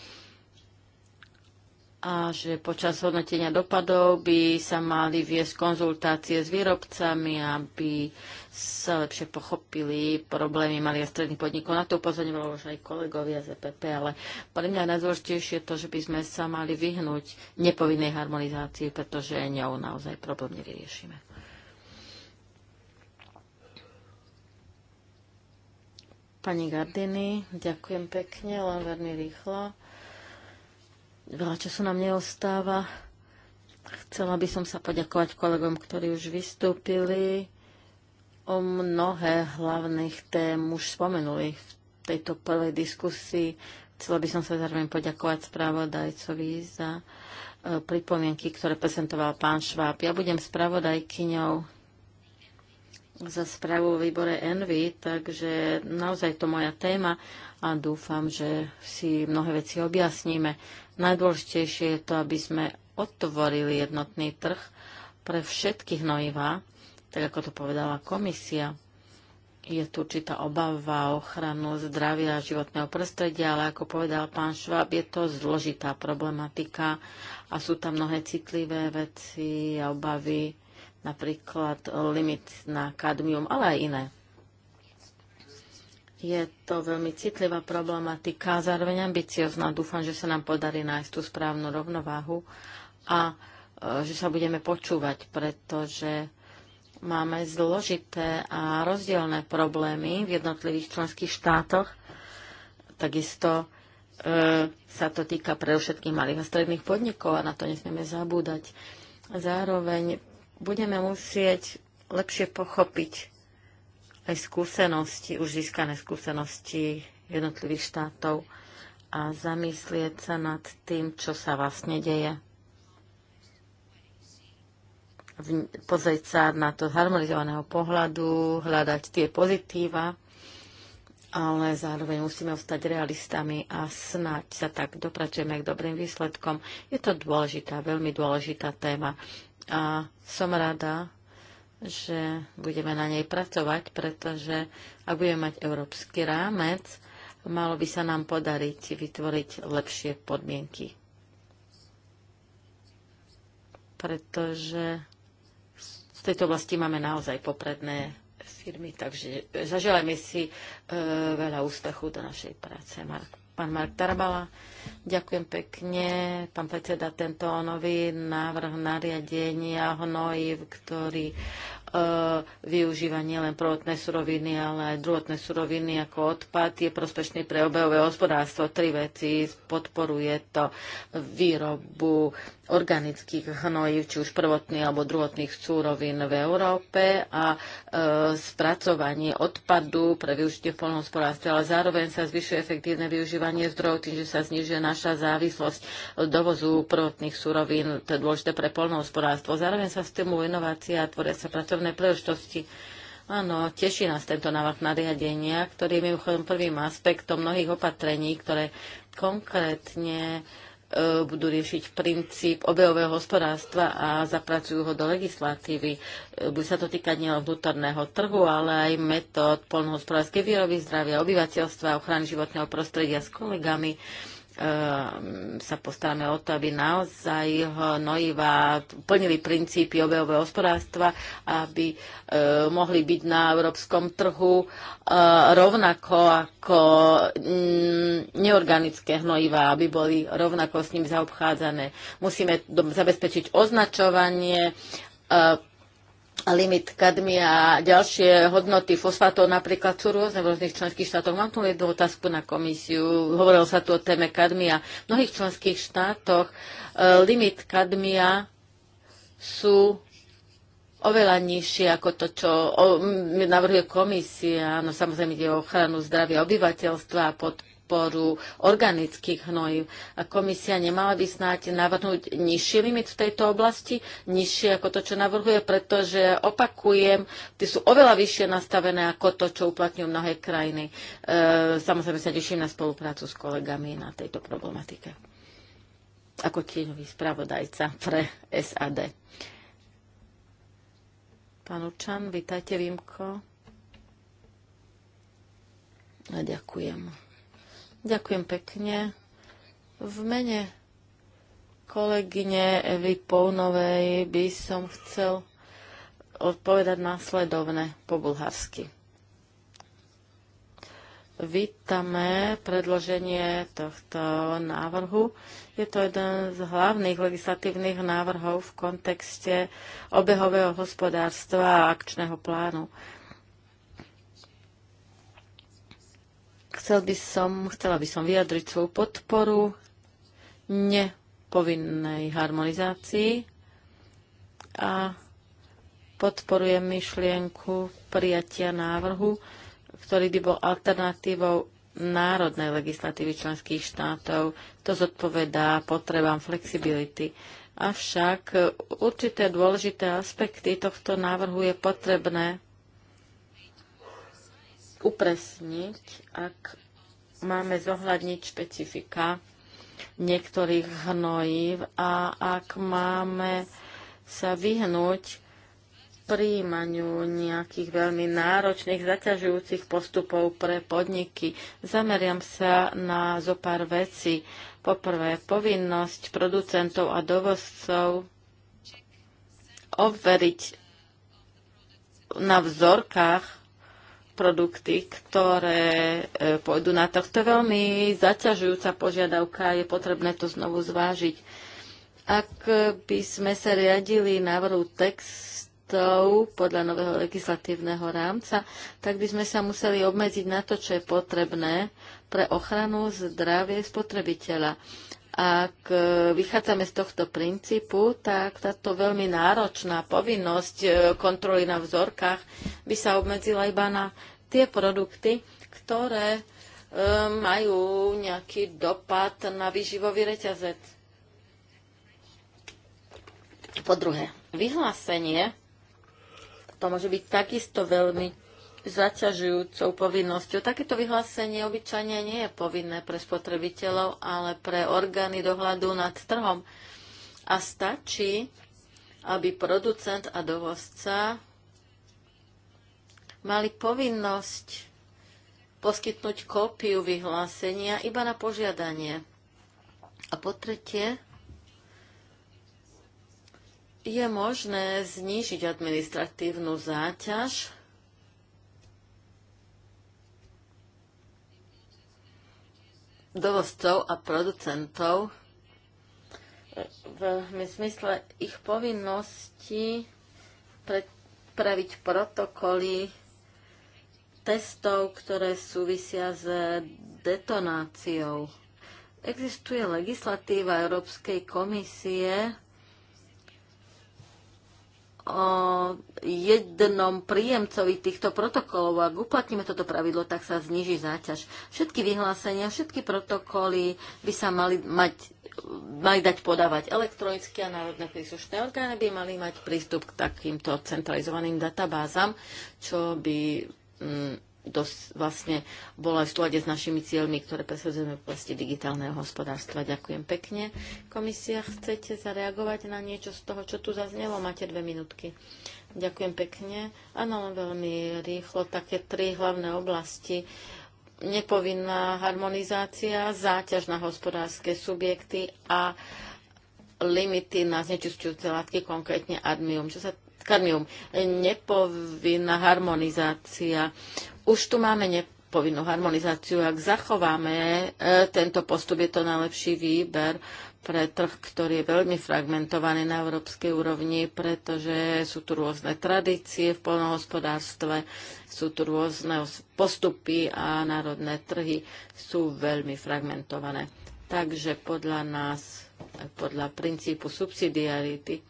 Speaker 3: a že počas hodnotenia dopadov by sa mali viesť konzultácie s výrobcami, aby sa lepšie pochopili problémy malých a stredných podnikov. Na to upozorňovalo už aj kolegovia z EPP, ale pre mňa najdôležitejšie je to, že by sme sa mali vyhnúť nepovinnej harmonizácii, pretože ňou naozaj problém nevyriešime. Pani Gardiny, ďakujem pekne, len veľmi rýchlo Veľa času nám neostáva. Chcela by som sa poďakovať kolegom, ktorí už vystúpili. O mnohé hlavných tém už spomenuli v tejto prvej diskusii. Chcela by som sa zároveň poďakovať spravodajcovi za e, pripomienky, ktoré prezentoval pán Šváb. Ja budem spravodajkyňou za správu v výbore Envy, takže naozaj to moja téma a dúfam, že si mnohé veci objasníme. Najdôležitejšie je to, aby sme otvorili jednotný trh pre všetky hnojivá, tak ako to povedala komisia. Je tu určitá obava o ochranu zdravia a životného prostredia, ale ako povedal pán Šváb, je to zložitá problematika a sú tam mnohé citlivé veci a obavy, napríklad limit na kadmium, ale aj iné je to veľmi citlivá problematika zároveň ambiciozná. Dúfam, že sa nám podarí nájsť tú správnu rovnováhu a e, že sa budeme počúvať, pretože máme zložité a rozdielne problémy v jednotlivých členských štátoch. Takisto e, sa to týka všetkých malých a stredných podnikov a na to nesmieme zabúdať. Zároveň budeme musieť lepšie pochopiť aj skúsenosti, už získané skúsenosti jednotlivých štátov a zamyslieť sa nad tým, čo sa vlastne deje. Pozrieť sa na to z harmonizovaného pohľadu, hľadať tie pozitíva, ale zároveň musíme ostať realistami a snať sa tak dopracujeme k dobrým výsledkom. Je to dôležitá, veľmi dôležitá téma. A som rada, že budeme na nej pracovať, pretože ak budeme mať európsky rámec, malo by sa nám podariť vytvoriť lepšie podmienky. Pretože v tejto oblasti máme naozaj popredné firmy, takže zaželajme si e, veľa úspechu do našej práce. Mark pán Mark Tarabala. Ďakujem pekne, pán predseda, tento nový návrh nariadenia hnojiv, ktorý E, využíva nielen prvotné suroviny, ale aj druhotné suroviny ako odpad. Je prospešný pre obehové hospodárstvo. Tri veci. Podporuje to výrobu organických hnojív, či už prvotných alebo druhotných súrovín v Európe a e, spracovanie odpadu pre využitie v polnohospodárstve, ale zároveň sa zvyšuje efektívne využívanie zdrojov tým, že sa znižuje naša závislosť dovozu prvotných súrovín, to je dôležité pre polnohospodárstvo. Zároveň sa stimuluje inovácia a tvoria sa pracovné pracovné príležitosti. Áno, teší nás tento návrh nariadenia, ktorý je mimochodom prvým aspektom mnohých opatrení, ktoré konkrétne e, budú riešiť princíp obehového hospodárstva a zapracujú ho do legislatívy. E, bude sa to týkať nielen vnútorného trhu, ale aj metód polnohospodárskej výroby, zdravia obyvateľstva, ochrany životného prostredia s kolegami sa postaráme o to, aby naozaj hnojiva plnili princípy obehového hospodárstva, aby e, mohli byť na európskom trhu e, rovnako ako mm, neorganické hnojiva, aby boli rovnako s ním zaobchádzané. Musíme zabezpečiť označovanie e, limit kadmia a ďalšie hodnoty fosfátov napríklad sú rôzne v rôznych členských štátoch. Mám tu jednu otázku na komisiu. Hovorilo sa tu o téme kadmia. V mnohých členských štátoch e, limit kadmia sú oveľa nižšie ako to, čo navrhuje komisia. No samozrejme ide o ochranu zdravia obyvateľstva a podporu podporu organických hnojív. A komisia nemala by snáď navrhnúť nižší limit v tejto oblasti, nižšie ako to, čo navrhuje, pretože opakujem, tie sú oveľa vyššie nastavené ako to, čo uplatňujú mnohé krajiny. E, samozrejme sa teším na spoluprácu s kolegami na tejto problematike ako tieňový spravodajca pre SAD. Pán Učan, vítajte, Vimko. A ďakujem. Ďakujem pekne. V mene kolegyne Evy Pounovej by som chcel odpovedať následovne po bulharsky. Vítame predloženie tohto návrhu. Je to jeden z hlavných legislatívnych návrhov v kontexte obehového hospodárstva a akčného plánu. Chcel by som, chcela by som vyjadriť svoju podporu nepovinnej harmonizácii a podporujem myšlienku prijatia návrhu, ktorý by bol alternatívou národnej legislatívy členských štátov. To zodpovedá potrebám flexibility. Avšak určité dôležité aspekty tohto návrhu je potrebné upresniť, ak máme zohľadniť špecifika niektorých hnojív a ak máme sa vyhnúť príjmaniu nejakých veľmi náročných, zaťažujúcich postupov pre podniky. Zameriam sa na zo pár vecí. Poprvé, povinnosť producentov a dovozcov overiť na vzorkách produkty, ktoré e, pôjdu na trh. To je veľmi zaťažujúca požiadavka, je potrebné to znovu zvážiť. Ak by sme sa riadili návrhu textov podľa nového legislatívneho rámca, tak by sme sa museli obmedziť na to, čo je potrebné pre ochranu zdravie spotrebiteľa ak e, vychádzame z tohto princípu, tak táto veľmi náročná povinnosť e, kontroly na vzorkách by sa obmedzila iba na tie produkty, ktoré e, majú nejaký dopad na výživový reťazec. Po druhé, vyhlásenie to môže byť takisto veľmi zaťažujúcou povinnosťou. Takéto vyhlásenie obyčajne nie je povinné pre spotrebiteľov, ale pre orgány dohľadu nad trhom. A stačí, aby producent a dovozca mali povinnosť poskytnúť kópiu vyhlásenia iba na požiadanie. A po tretie, je možné znížiť administratívnu záťaž dovozcov a producentov v zmysle ich povinnosti pripraviť protokoly testov, ktoré súvisia s detonáciou. Existuje legislatíva Európskej komisie o eh, jednom príjemcovi týchto protokolov. Ak uplatníme toto pravidlo, tak sa zniží záťaž. Všetky vyhlásenia, všetky protokoly by sa mali mať mali dať podávať elektronicky a národné príslušné orgány by mali mať prístup k takýmto centralizovaným databázam, čo by mm, dosť vlastne bolo aj v súlade s našimi cieľmi, ktoré presadzujeme v oblasti digitálneho hospodárstva. Ďakujem pekne. Komisia, chcete zareagovať na niečo z toho, čo tu zaznelo? Máte dve minútky. Ďakujem pekne. Áno, veľmi rýchlo. Také tri hlavné oblasti. Nepovinná harmonizácia, záťaž na hospodárske subjekty a limity na znečistujúce látky, konkrétne admium. Čo sa Karmium, Nepovinná harmonizácia. Už tu máme nepovinnú harmonizáciu. Ak zachováme e, tento postup, je to najlepší výber pre trh, ktorý je veľmi fragmentovaný na európskej úrovni, pretože sú tu rôzne tradície v polnohospodárstve, sú tu rôzne postupy a národné trhy sú veľmi fragmentované. Takže podľa nás, podľa princípu subsidiarity,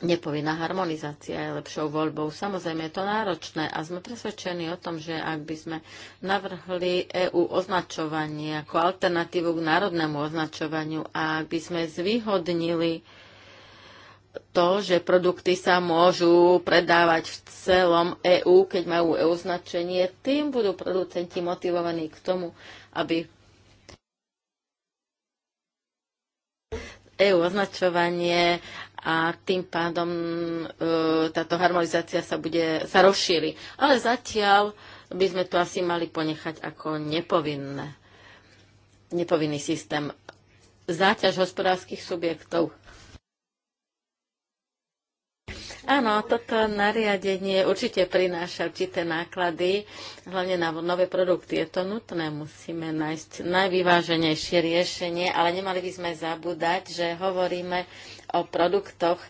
Speaker 3: Nepovinná harmonizácia je lepšou voľbou. Samozrejme je to náročné a sme presvedčení o tom, že ak by sme navrhli EU označovanie ako alternatívu k národnému označovaniu a ak by sme zvýhodnili to, že produkty sa môžu predávať v celom EÚ, keď majú EU značenie, tým budú producenti motivovaní k tomu, aby EU označovanie a tým pádom e, táto harmonizácia sa, bude, sa rozšíri. Ale zatiaľ by sme to asi mali ponechať ako nepovinné, nepovinný systém. Záťaž hospodárskych subjektov Áno, toto nariadenie určite prináša určité náklady, hlavne na nové produkty. Je to nutné, musíme nájsť najvyváženejšie riešenie, ale nemali by sme zabúdať, že hovoríme o produktoch,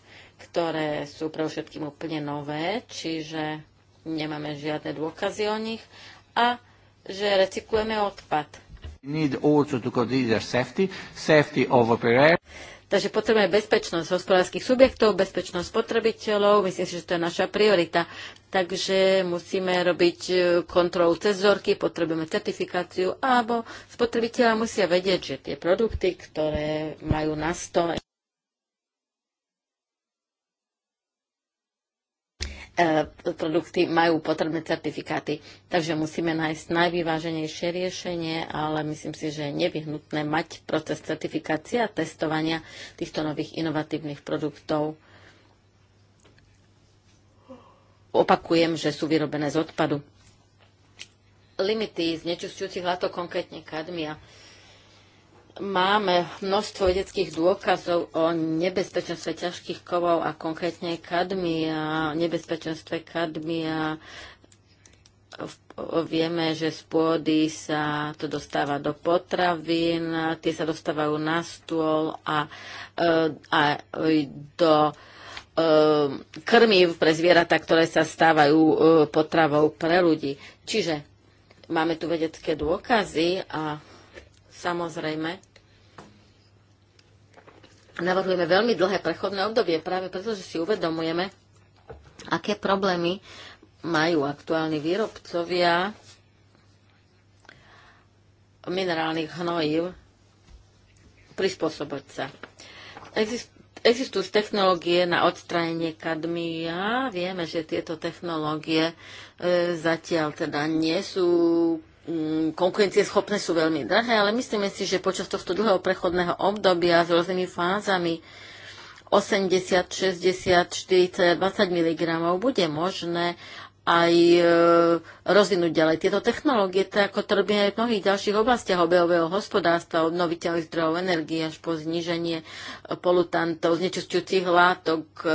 Speaker 3: ktoré sú pre všetkým úplne nové, čiže nemáme žiadne dôkazy o nich a že recyklujeme odpad.
Speaker 1: Need also to consider safety, safety of operators.
Speaker 3: Takže potrebujeme bezpečnosť hospodárskych subjektov, bezpečnosť spotrebiteľov. Myslím si, že to je naša priorita. Takže musíme robiť e, kontrolu cez vzorky, potrebujeme certifikáciu, alebo spotrebiteľa musia vedieť, že tie produkty, ktoré majú na stole, E, produkty majú potrebné certifikáty. Takže musíme nájsť najvyváženejšie riešenie, ale myslím si, že je nevyhnutné mať proces certifikácie a testovania týchto nových inovatívnych produktov. Opakujem, že sú vyrobené z odpadu. Limity znečistujúcich látok, konkrétne kadmia máme množstvo vedeckých dôkazov o nebezpečenstve ťažkých kovov a konkrétne kadmia, nebezpečenstve kadmia. Vieme, že z pôdy sa to dostáva do potravín, tie sa dostávajú na stôl a, e, a do e, krmív pre zvieratá, ktoré sa stávajú e, potravou pre ľudí. Čiže máme tu vedecké dôkazy a Samozrejme, navrhujeme veľmi dlhé prechodné obdobie, práve preto, že si uvedomujeme, aké problémy majú aktuálni výrobcovia minerálnych hnojív prispôsobať sa. existujú technológie na odstránenie kadmia. Vieme, že tieto technológie e, zatiaľ teda nie sú Mm, Konkurencie schopné sú veľmi drahé, ale myslíme si, že počas tohto dlhého prechodného obdobia s rôznymi fázami 80, 60, 40, 20 mg bude možné aj e, rozvinúť ďalej tieto technológie, tak ako to robíme aj v mnohých ďalších oblastiach obehového hospodárstva, obnoviteľných zdrojov energie až po zníženie e, polutantov, znečistujúcich látok e,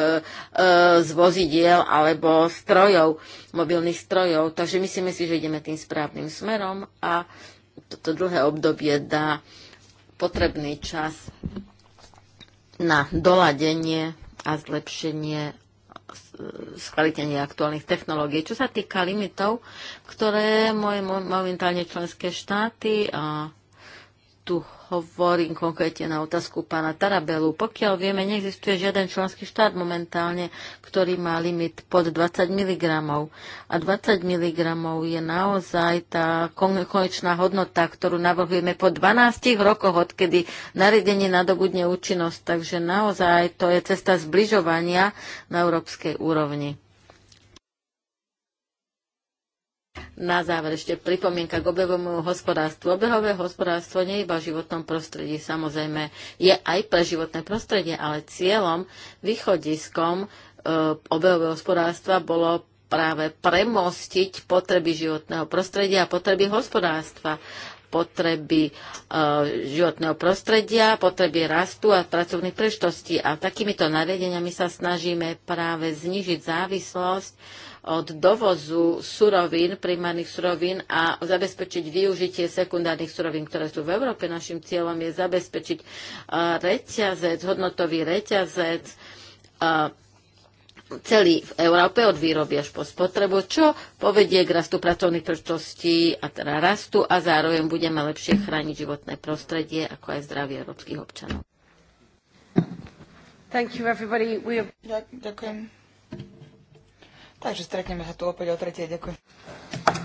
Speaker 3: z vozidiel alebo strojov, mobilných strojov. Takže myslíme si, že ideme tým správnym smerom a toto dlhé obdobie dá potrebný čas na doladenie a zlepšenie skvalitnenie aktuálnych technológií. Čo sa týka limitov, ktoré moje momentálne členské štáty a tu hovorím konkrétne na otázku pána Tarabelu. Pokiaľ vieme, neexistuje žiaden členský štát momentálne, ktorý má limit pod 20 mg. A 20 mg je naozaj tá konečná hodnota, ktorú navrhujeme po 12 rokoch, odkedy nariadenie nadobudne účinnosť. Takže naozaj to je cesta zbližovania na európskej úrovni. Na záver ešte pripomienka k obehovému hospodárstvu. Obehové hospodárstvo nie je iba v životnom prostredí, samozrejme je aj pre životné prostredie, ale cieľom, východiskom e, obehového hospodárstva bolo práve premostiť potreby životného prostredia a potreby hospodárstva potreby e, životného prostredia, potreby rastu a pracovných preštostí A takýmito nariadeniami sa snažíme práve znižiť závislosť od dovozu surovín, primárnych surovín a zabezpečiť využitie sekundárnych surovín, ktoré sú v Európe. Našim cieľom je zabezpečiť e, reťazec, hodnotový reťazec, e, celý v Európe od výroby až po spotrebu, čo povedie k rastu pracovných príležitostí a teda rastu a zároveň budeme lepšie chrániť životné prostredie ako aj zdravie
Speaker 2: európskych občanov. Thank you everybody. We have... Ďakujem Takže stretneme sa tu opäť o tretie. Ďakujem.